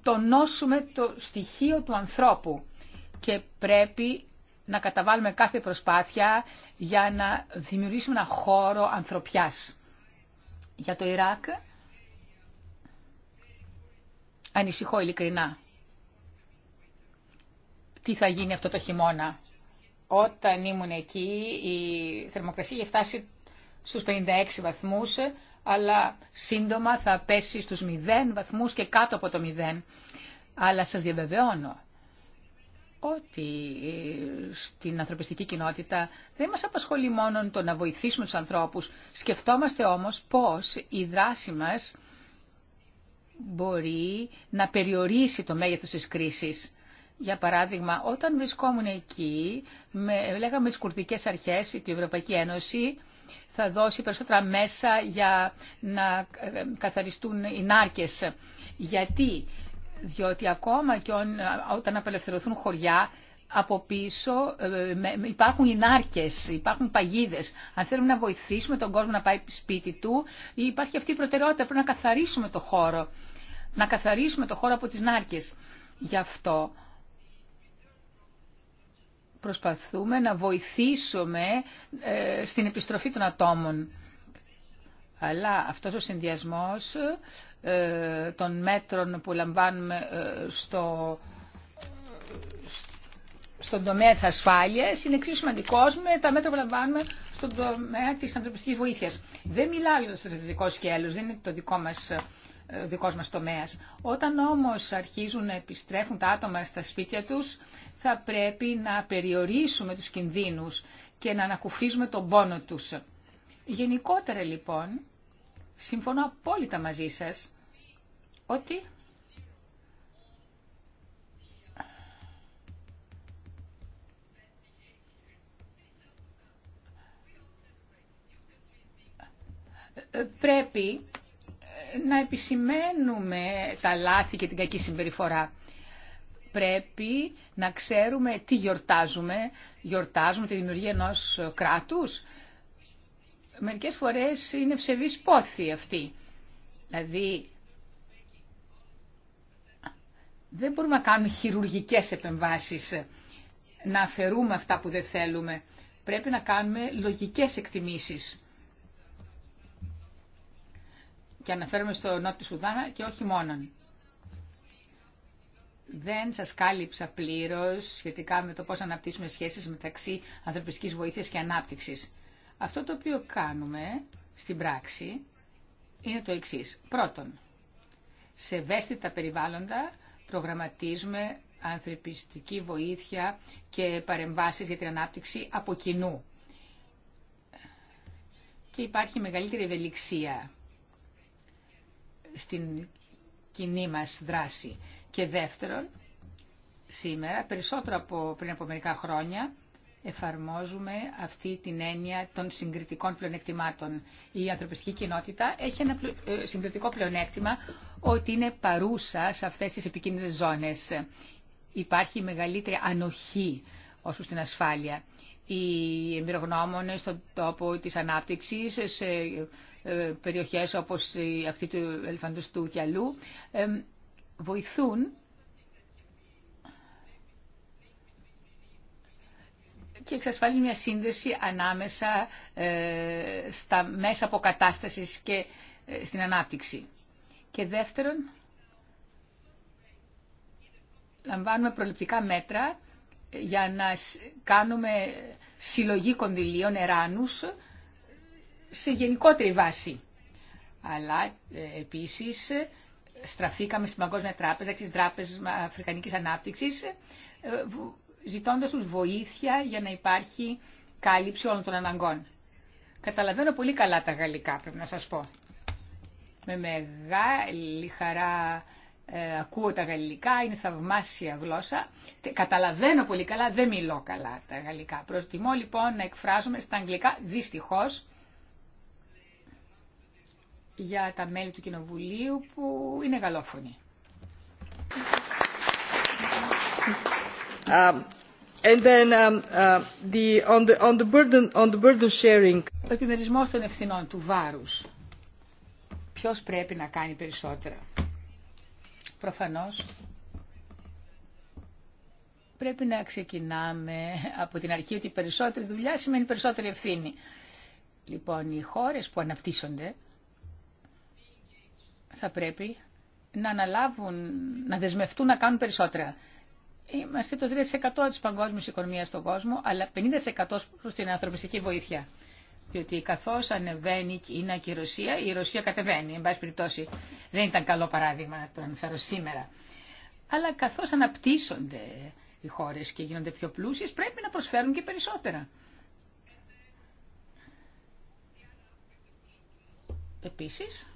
τονώσουμε το στοιχείο του ανθρώπου και πρέπει να καταβάλουμε κάθε προσπάθεια για να δημιουργήσουμε ένα χώρο ανθρωπιάς. Για το Ιράκ ανησυχώ ειλικρινά. Τι θα γίνει αυτό το χειμώνα. Όταν ήμουν εκεί η θερμοκρασία είχε φτάσει στους 56 βαθμούς, αλλά σύντομα θα πέσει στους 0 βαθμούς και κάτω από το 0. Αλλά σας διαβεβαιώνω ότι ε, στην ανθρωπιστική κοινότητα δεν μας απασχολεί μόνο το να βοηθήσουμε τους ανθρώπους. Σκεφτόμαστε όμως πώς η δράση μας μπορεί να περιορίσει το μέγεθος της κρίσης. Για παράδειγμα, όταν βρισκόμουν εκεί, με, λέγαμε τις κουρδικές αρχές, η Ευρωπαϊκή Ένωση, θα δώσει περισσότερα μέσα για να ε, καθαριστούν οι νάρκες. Γιατί, διότι ακόμα και ε, όταν απελευθερωθούν χωριά, από πίσω ε, υπάρχουν οι νάρκες, υπάρχουν παγίδες. Αν θέλουμε να βοηθήσουμε τον κόσμο να πάει σπίτι του, υπάρχει αυτή η προτεραιότητα, πρέπει να καθαρίσουμε το χώρο. Να καθαρίσουμε το χώρο από τις νάρκες. Γι' αυτό προσπαθούμε να βοηθήσουμε ε, στην επιστροφή των ατόμων. Αλλά αυτός ο συνδυασμός ε, των μέτρων που λαμβάνουμε ε, στο, στον τομέα της ασφάλειας είναι εξίσου σημαντικό με τα μέτρα που λαμβάνουμε στον τομέα της ανθρωπιστικής βοήθειας. Δεν μιλάω για το στρατιωτικό σκέλος, δεν είναι το δικό μας ε, δικός μας τομέας. Όταν όμως αρχίζουν να επιστρέφουν τα άτομα στα σπίτια τους, θα πρέπει να περιορίσουμε τους κινδύνους και να ανακουφίζουμε τον πόνο τους. Γενικότερα λοιπόν, συμφωνώ απόλυτα μαζί σας ότι πρέπει να επισημαίνουμε τα λάθη και την κακή συμπεριφορά. Πρέπει να ξέρουμε τι γιορτάζουμε. Γιορτάζουμε τη δημιουργία ενός κράτους. Μερικές φορές είναι ψευής πόθη αυτή. Δηλαδή, δεν μπορούμε να κάνουμε χειρουργικές επεμβάσεις, να αφαιρούμε αυτά που δεν θέλουμε. Πρέπει να κάνουμε λογικές εκτιμήσεις και αναφέρομαι στο Νότιο Σουδάνα και όχι μόνον. Δεν σας κάλυψα πλήρως σχετικά με το πώς αναπτύσσουμε σχέσεις μεταξύ ανθρωπιστικής βοήθειας και ανάπτυξης. Αυτό το οποίο κάνουμε στην πράξη είναι το εξής. Πρώτον, σε ευαίσθητα περιβάλλοντα προγραμματίζουμε ανθρωπιστική βοήθεια και παρεμβάσεις για την ανάπτυξη από κοινού. Και υπάρχει μεγαλύτερη ευελιξία στην κοινή μας δράση. Και δεύτερον, σήμερα, περισσότερο από πριν από μερικά χρόνια, εφαρμόζουμε αυτή την έννοια των συγκριτικών πλεονεκτημάτων. Η ανθρωπιστική κοινότητα έχει ένα ε, συγκριτικό πλεονέκτημα ότι είναι παρούσα σε αυτές τις επικίνδυνες ζώνες. Υπάρχει μεγαλύτερη ανοχή όσο στην ασφάλεια. Οι εμπειρογνώμονες στον τόπο της ανάπτυξης, ε, περιοχές όπως η αυτή του Ελφαντοστού και αλλού ε, βοηθούν και εξασφαλίζουν μια σύνδεση ανάμεσα ε, στα μέσα αποκατάστασης και στην ανάπτυξη. Και δεύτερον, λαμβάνουμε προληπτικά μέτρα για να κάνουμε συλλογή κονδυλίων εράνους σε γενικότερη βάση. Αλλά ε, επίσης στραφήκαμε στην Παγκόσμια Τράπεζα και στις Τράπεζες Αφρικανικής Ανάπτυξης ε, ζητώντας τους βοήθεια για να υπάρχει κάλυψη όλων των αναγκών. Καταλαβαίνω πολύ καλά τα γαλλικά, πρέπει να σας πω. Με μεγάλη χαρά ε, ακούω τα γαλλικά, είναι θαυμάσια γλώσσα. Καταλαβαίνω πολύ καλά, δεν μιλώ καλά τα γαλλικά. Προτιμώ λοιπόν να εκφράζομαι στα αγγλικά, δυστυχώς, για τα μέλη του Κοινοβουλίου που είναι γαλλόφωνοι. Ο επιμερισμός των ευθυνών του βάρους. Ποιος πρέπει να κάνει περισσότερα. Προφανώς πρέπει να ξεκινάμε από την αρχή ότι περισσότερη δουλειά σημαίνει περισσότερη ευθύνη. Λοιπόν, οι χώρες που αναπτύσσονται θα πρέπει να αναλάβουν, να δεσμευτούν να κάνουν περισσότερα. Είμαστε το 3% της παγκόσμιας οικονομίας στον κόσμο, αλλά 50% προς την ανθρωπιστική βοήθεια. Διότι καθώς ανεβαίνει η Κίνα και η Ρωσία, η Ρωσία κατεβαίνει. Εν πάση περιπτώσει δεν ήταν καλό παράδειγμα να το αναφέρω σήμερα. Αλλά καθώς αναπτύσσονται οι χώρες και γίνονται πιο πλούσιες, πρέπει να προσφέρουν και περισσότερα. Επίσης,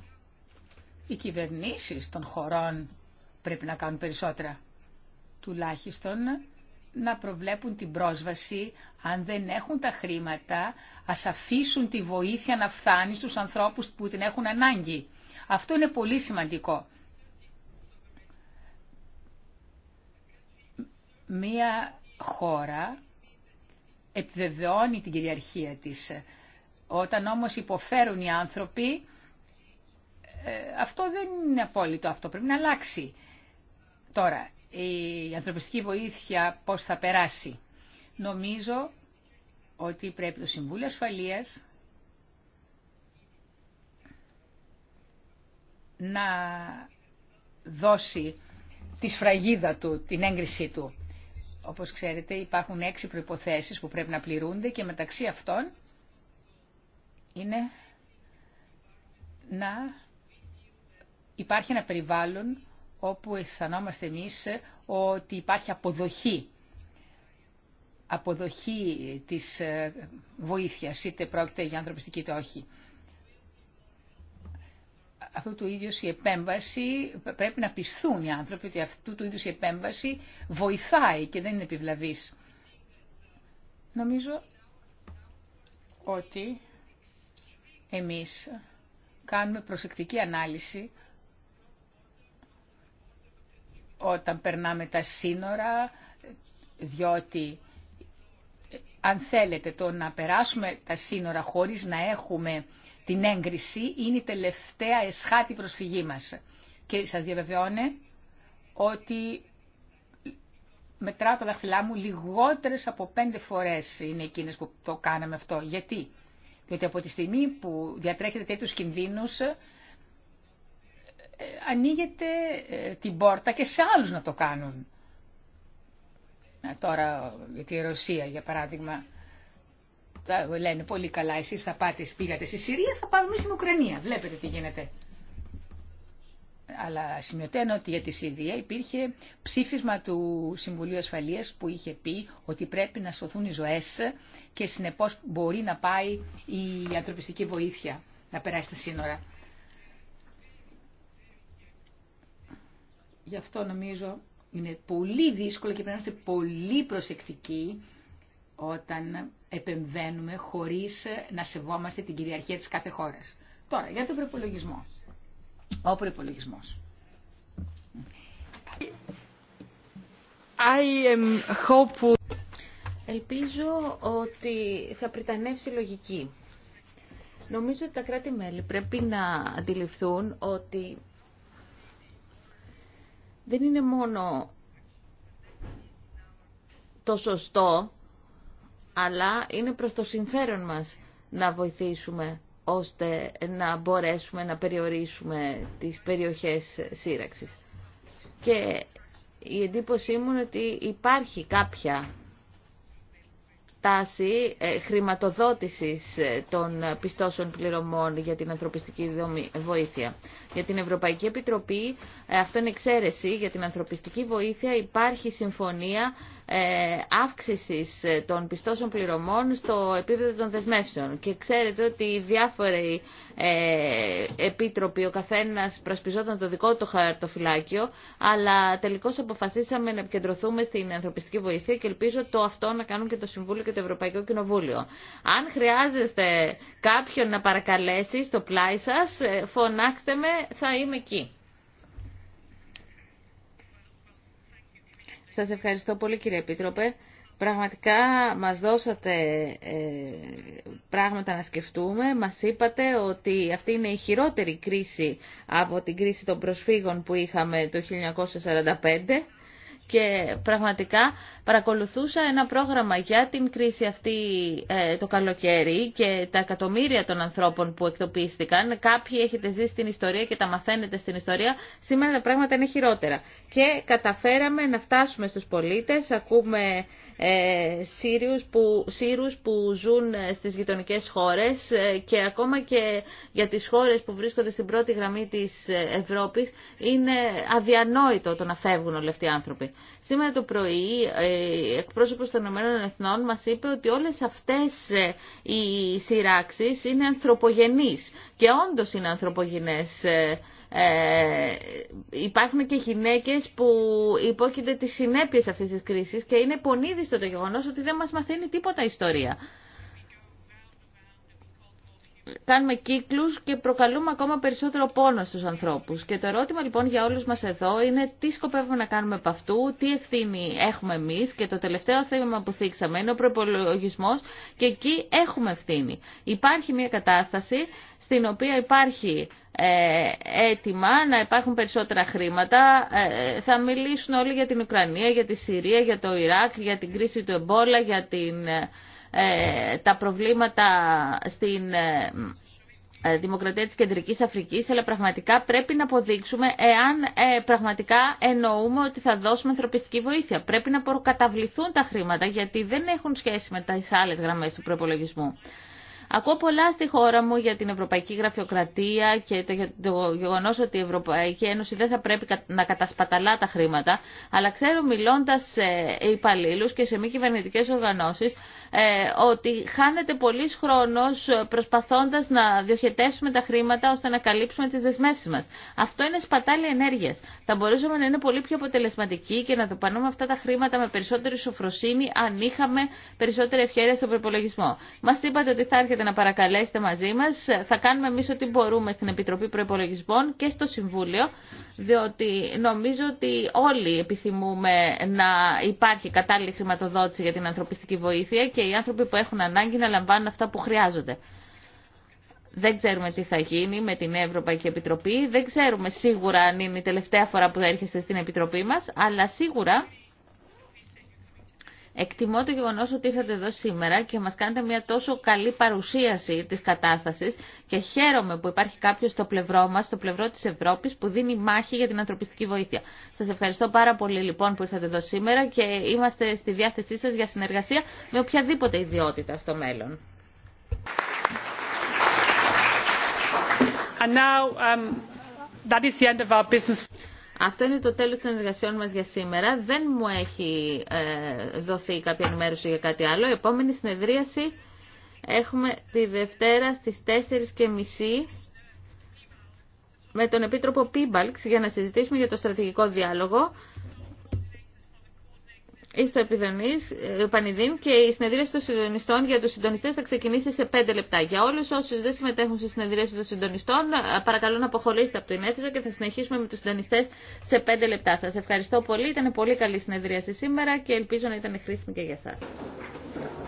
οι κυβερνήσεις των χωρών πρέπει να κάνουν περισσότερα. Τουλάχιστον να προβλέπουν την πρόσβαση, αν δεν έχουν τα χρήματα, ας αφήσουν τη βοήθεια να φτάνει στους ανθρώπους που την έχουν ανάγκη. Αυτό είναι πολύ σημαντικό. Μία χώρα επιβεβαιώνει την κυριαρχία της. Όταν όμως υποφέρουν οι άνθρωποι, ε, αυτό δεν είναι απόλυτο αυτό, πρέπει να αλλάξει. Τώρα, η ανθρωπιστική βοήθεια πώς θα περάσει. Νομίζω ότι πρέπει το Συμβούλιο Ασφαλείας να δώσει τη σφραγίδα του, την έγκρισή του. Όπως ξέρετε υπάρχουν έξι προϋποθέσεις που πρέπει να πληρούνται και μεταξύ αυτών είναι να υπάρχει ένα περιβάλλον όπου αισθανόμαστε εμείς ότι υπάρχει αποδοχή αποδοχή της ε, βοήθειας, είτε πρόκειται για ανθρωπιστική είτε όχι. Αυτού του ίδιου η επέμβαση, πρέπει να πισθούν οι άνθρωποι ότι αυτού του ίδιου η επέμβαση βοηθάει και δεν είναι επιβλαβής. Νομίζω ότι εμείς κάνουμε προσεκτική ανάλυση όταν περνάμε τα σύνορα, διότι αν θέλετε το να περάσουμε τα σύνορα χωρίς να έχουμε την έγκριση είναι η τελευταία εσχάτη προσφυγή μας. Και σας διαβεβαιώνε ότι μετράω τα δάχτυλά μου λιγότερες από πέντε φορές είναι εκείνες που το κάναμε αυτό. Γιατί? Διότι από τη στιγμή που διατρέχετε τέτοιους κινδύνους ανοίγεται ε, την πόρτα και σε άλλους να το κάνουν. Ε, τώρα για ε, τη Ρωσία για παράδειγμα λένε πολύ καλά εσείς θα πάτε, πήγατε στη Συρία, θα πάμε στην Ουκρανία. Βλέπετε τι γίνεται. Αλλά σημειωτένω ότι για τη Συρία υπήρχε ψήφισμα του Συμβουλίου Ασφαλείας που είχε πει ότι πρέπει να σωθούν οι ζωές και συνεπώς μπορεί να πάει η ανθρωπιστική βοήθεια να περάσει τα σύνορα. Γι' αυτό νομίζω είναι πολύ δύσκολο και πρέπει να είμαστε πολύ προσεκτικοί όταν επεμβαίνουμε χωρίς να σεβόμαστε την κυριαρχία της κάθε χώρας. Τώρα, για τον προπολογισμό. Ο προπολογισμό. hopeful. Ελπίζω ότι θα πριτανεύσει η λογική. Νομίζω ότι τα κράτη-μέλη πρέπει να αντιληφθούν ότι δεν είναι μόνο το σωστό, αλλά είναι προς το συμφέρον μας να βοηθήσουμε ώστε να μπορέσουμε να περιορίσουμε τις περιοχές σύραξης. Και η εντύπωσή μου είναι ότι υπάρχει κάποια τάση ε, χρηματοδότησης ε, των πιστώσεων πληρωμών για την ανθρωπιστική βοήθεια. Για την Ευρωπαϊκή Επιτροπή, ε, αυτό είναι εξαίρεση, για την ανθρωπιστική βοήθεια υπάρχει συμφωνία ε, αύξησης ε, των πιστώσεων πληρωμών στο επίπεδο των δεσμεύσεων. Και ξέρετε ότι οι διάφοροι ε, επίτροποι, ο καθένας προσπιζόταν το δικό του χαρτοφυλάκιο, αλλά τελικώς αποφασίσαμε να επικεντρωθούμε στην ανθρωπιστική βοήθεια και ελπίζω το αυτό να κάνουν και το Συμβούλιο και το Ευρωπαϊκό Κοινοβούλιο. Αν χρειάζεστε κάποιον να παρακαλέσει στο πλάι σας, φωνάξτε με, θα είμαι εκεί. Σας ευχαριστώ πολύ κύριε Επίτροπε. Πραγματικά μας δώσατε ε, πράγματα να σκεφτούμε. Μας είπατε ότι αυτή είναι η χειρότερη κρίση από την κρίση των προσφύγων που είχαμε το 1945 και πραγματικά παρακολουθούσα ένα πρόγραμμα για την κρίση αυτή ε, το καλοκαίρι και τα εκατομμύρια των ανθρώπων που εκτοπίστηκαν. Κάποιοι έχετε ζήσει στην ιστορία και τα μαθαίνετε στην ιστορία. Σήμερα τα πράγματα είναι χειρότερα. Και καταφέραμε να φτάσουμε στους πολίτες. Ακούμε ε, Σύριους που, Σύρους που ζουν ε, στις γειτονικές χώρες ε, και ακόμα και για τις χώρες που βρίσκονται στην πρώτη γραμμή της Ευρώπης είναι αδιανόητο το να φεύγουν όλοι αυτοί οι άνθρωποι. Σήμερα το πρωί ε, εκπρόσωπος των ΗΕ Εθνών μας είπε ότι όλες αυτές ε, οι σειράξεις είναι ανθρωπογενείς και όντως είναι ανθρωπογενές. Ε, ε, υπάρχουν και γυναίκες που υπόκεινται τις συνέπειες αυτής της κρίσης και είναι πονίδιστο το γεγονός ότι δεν μας μαθαίνει τίποτα ιστορία κάνουμε κύκλους και προκαλούμε ακόμα περισσότερο πόνο στους ανθρώπους. Και το ερώτημα λοιπόν για όλους μας εδώ είναι τι σκοπεύουμε να κάνουμε από αυτού, τι ευθύνη έχουμε εμείς και το τελευταίο θέμα που θίξαμε είναι ο προπολογισμό και εκεί έχουμε ευθύνη. Υπάρχει μια κατάσταση στην οποία υπάρχει έτοιμα ε, να υπάρχουν περισσότερα χρήματα. Ε, θα μιλήσουν όλοι για την Ουκρανία, για τη Συρία, για το Ιράκ, για την κρίση του εμπόλα, για την... Ε, ε, τα προβλήματα στην ε, ε, Δημοκρατία της Κεντρικής Αφρικής, αλλά πραγματικά πρέπει να αποδείξουμε εάν ε, πραγματικά εννοούμε ότι θα δώσουμε ανθρωπιστική βοήθεια. Πρέπει να προκαταβληθούν τα χρήματα, γιατί δεν έχουν σχέση με τις άλλες γραμμές του προπολογισμού. Ακούω πολλά στη χώρα μου για την Ευρωπαϊκή Γραφειοκρατία και το γεγονό ότι η Ευρωπαϊκή Ένωση δεν θα πρέπει να κατασπαταλά τα χρήματα, αλλά ξέρω μιλώντα σε υπαλλήλου και σε μη κυβερνητικέ οργανώσει ε, ότι χάνεται πολλής χρόνο προσπαθώντα να διοχετεύσουμε τα χρήματα ώστε να καλύψουμε τι δεσμεύσει μα. Αυτό είναι σπατάλη ενέργεια. Θα μπορούσαμε να είναι πολύ πιο αποτελεσματικοί και να δοπανούμε αυτά τα χρήματα με περισσότερη σοφροσύνη αν είχαμε περισσότερη ευχαίρεια στον προπολογισμό. Μα είπατε ότι θα έρχεται να παρακαλέσετε μαζί μα. Θα κάνουμε εμεί ό,τι μπορούμε στην Επιτροπή Προπολογισμών και στο Συμβούλιο, διότι νομίζω ότι όλοι επιθυμούμε να υπάρχει κατάλληλη χρηματοδότηση για την ανθρωπιστική βοήθεια και οι άνθρωποι που έχουν ανάγκη να λαμβάνουν αυτά που χρειάζονται. Δεν ξέρουμε τι θα γίνει με την Ευρωπαϊκή Επιτροπή, δεν ξέρουμε σίγουρα αν είναι η τελευταία φορά που θα έρχεστε στην Επιτροπή μας, αλλά σίγουρα Εκτιμώ το γεγονός ότι ήρθατε εδώ σήμερα και μας κάνετε μια τόσο καλή παρουσίαση της κατάστασης και χαίρομαι που υπάρχει κάποιος στο πλευρό μας, στο πλευρό της Ευρώπης που δίνει μάχη για την ανθρωπιστική βοήθεια. Σας ευχαριστώ πάρα πολύ λοιπόν που ήρθατε εδώ σήμερα και είμαστε στη διάθεσή σας για συνεργασία με οποιαδήποτε ιδιότητα στο μέλλον. And now, um, that is the end of our business. Αυτό είναι το τέλος των εργασιών μας για σήμερα. Δεν μου έχει ε, δοθεί κάποια ενημέρωση για κάτι άλλο. Η επόμενη συνεδρίαση έχουμε τη Δευτέρα στις 4.30 με τον Επίτροπο Πίμπαλξ για να συζητήσουμε για το στρατηγικό διάλογο είστε επανειδήν ε, και η συνεδρίαση των συντονιστών για τους συντονιστέ, θα ξεκινήσει σε πέντε λεπτά. Για όλους όσους δεν συμμετέχουν στη συνεδρίαση των συντονιστών, ε, παρακαλώ να αποχωρήσετε από την αίθουσα και θα συνεχίσουμε με τους συντονιστέ σε πέντε λεπτά. Σας ευχαριστώ πολύ. Ήταν πολύ καλή συνεδρίαση σήμερα και ελπίζω να ήταν χρήσιμη και για σας.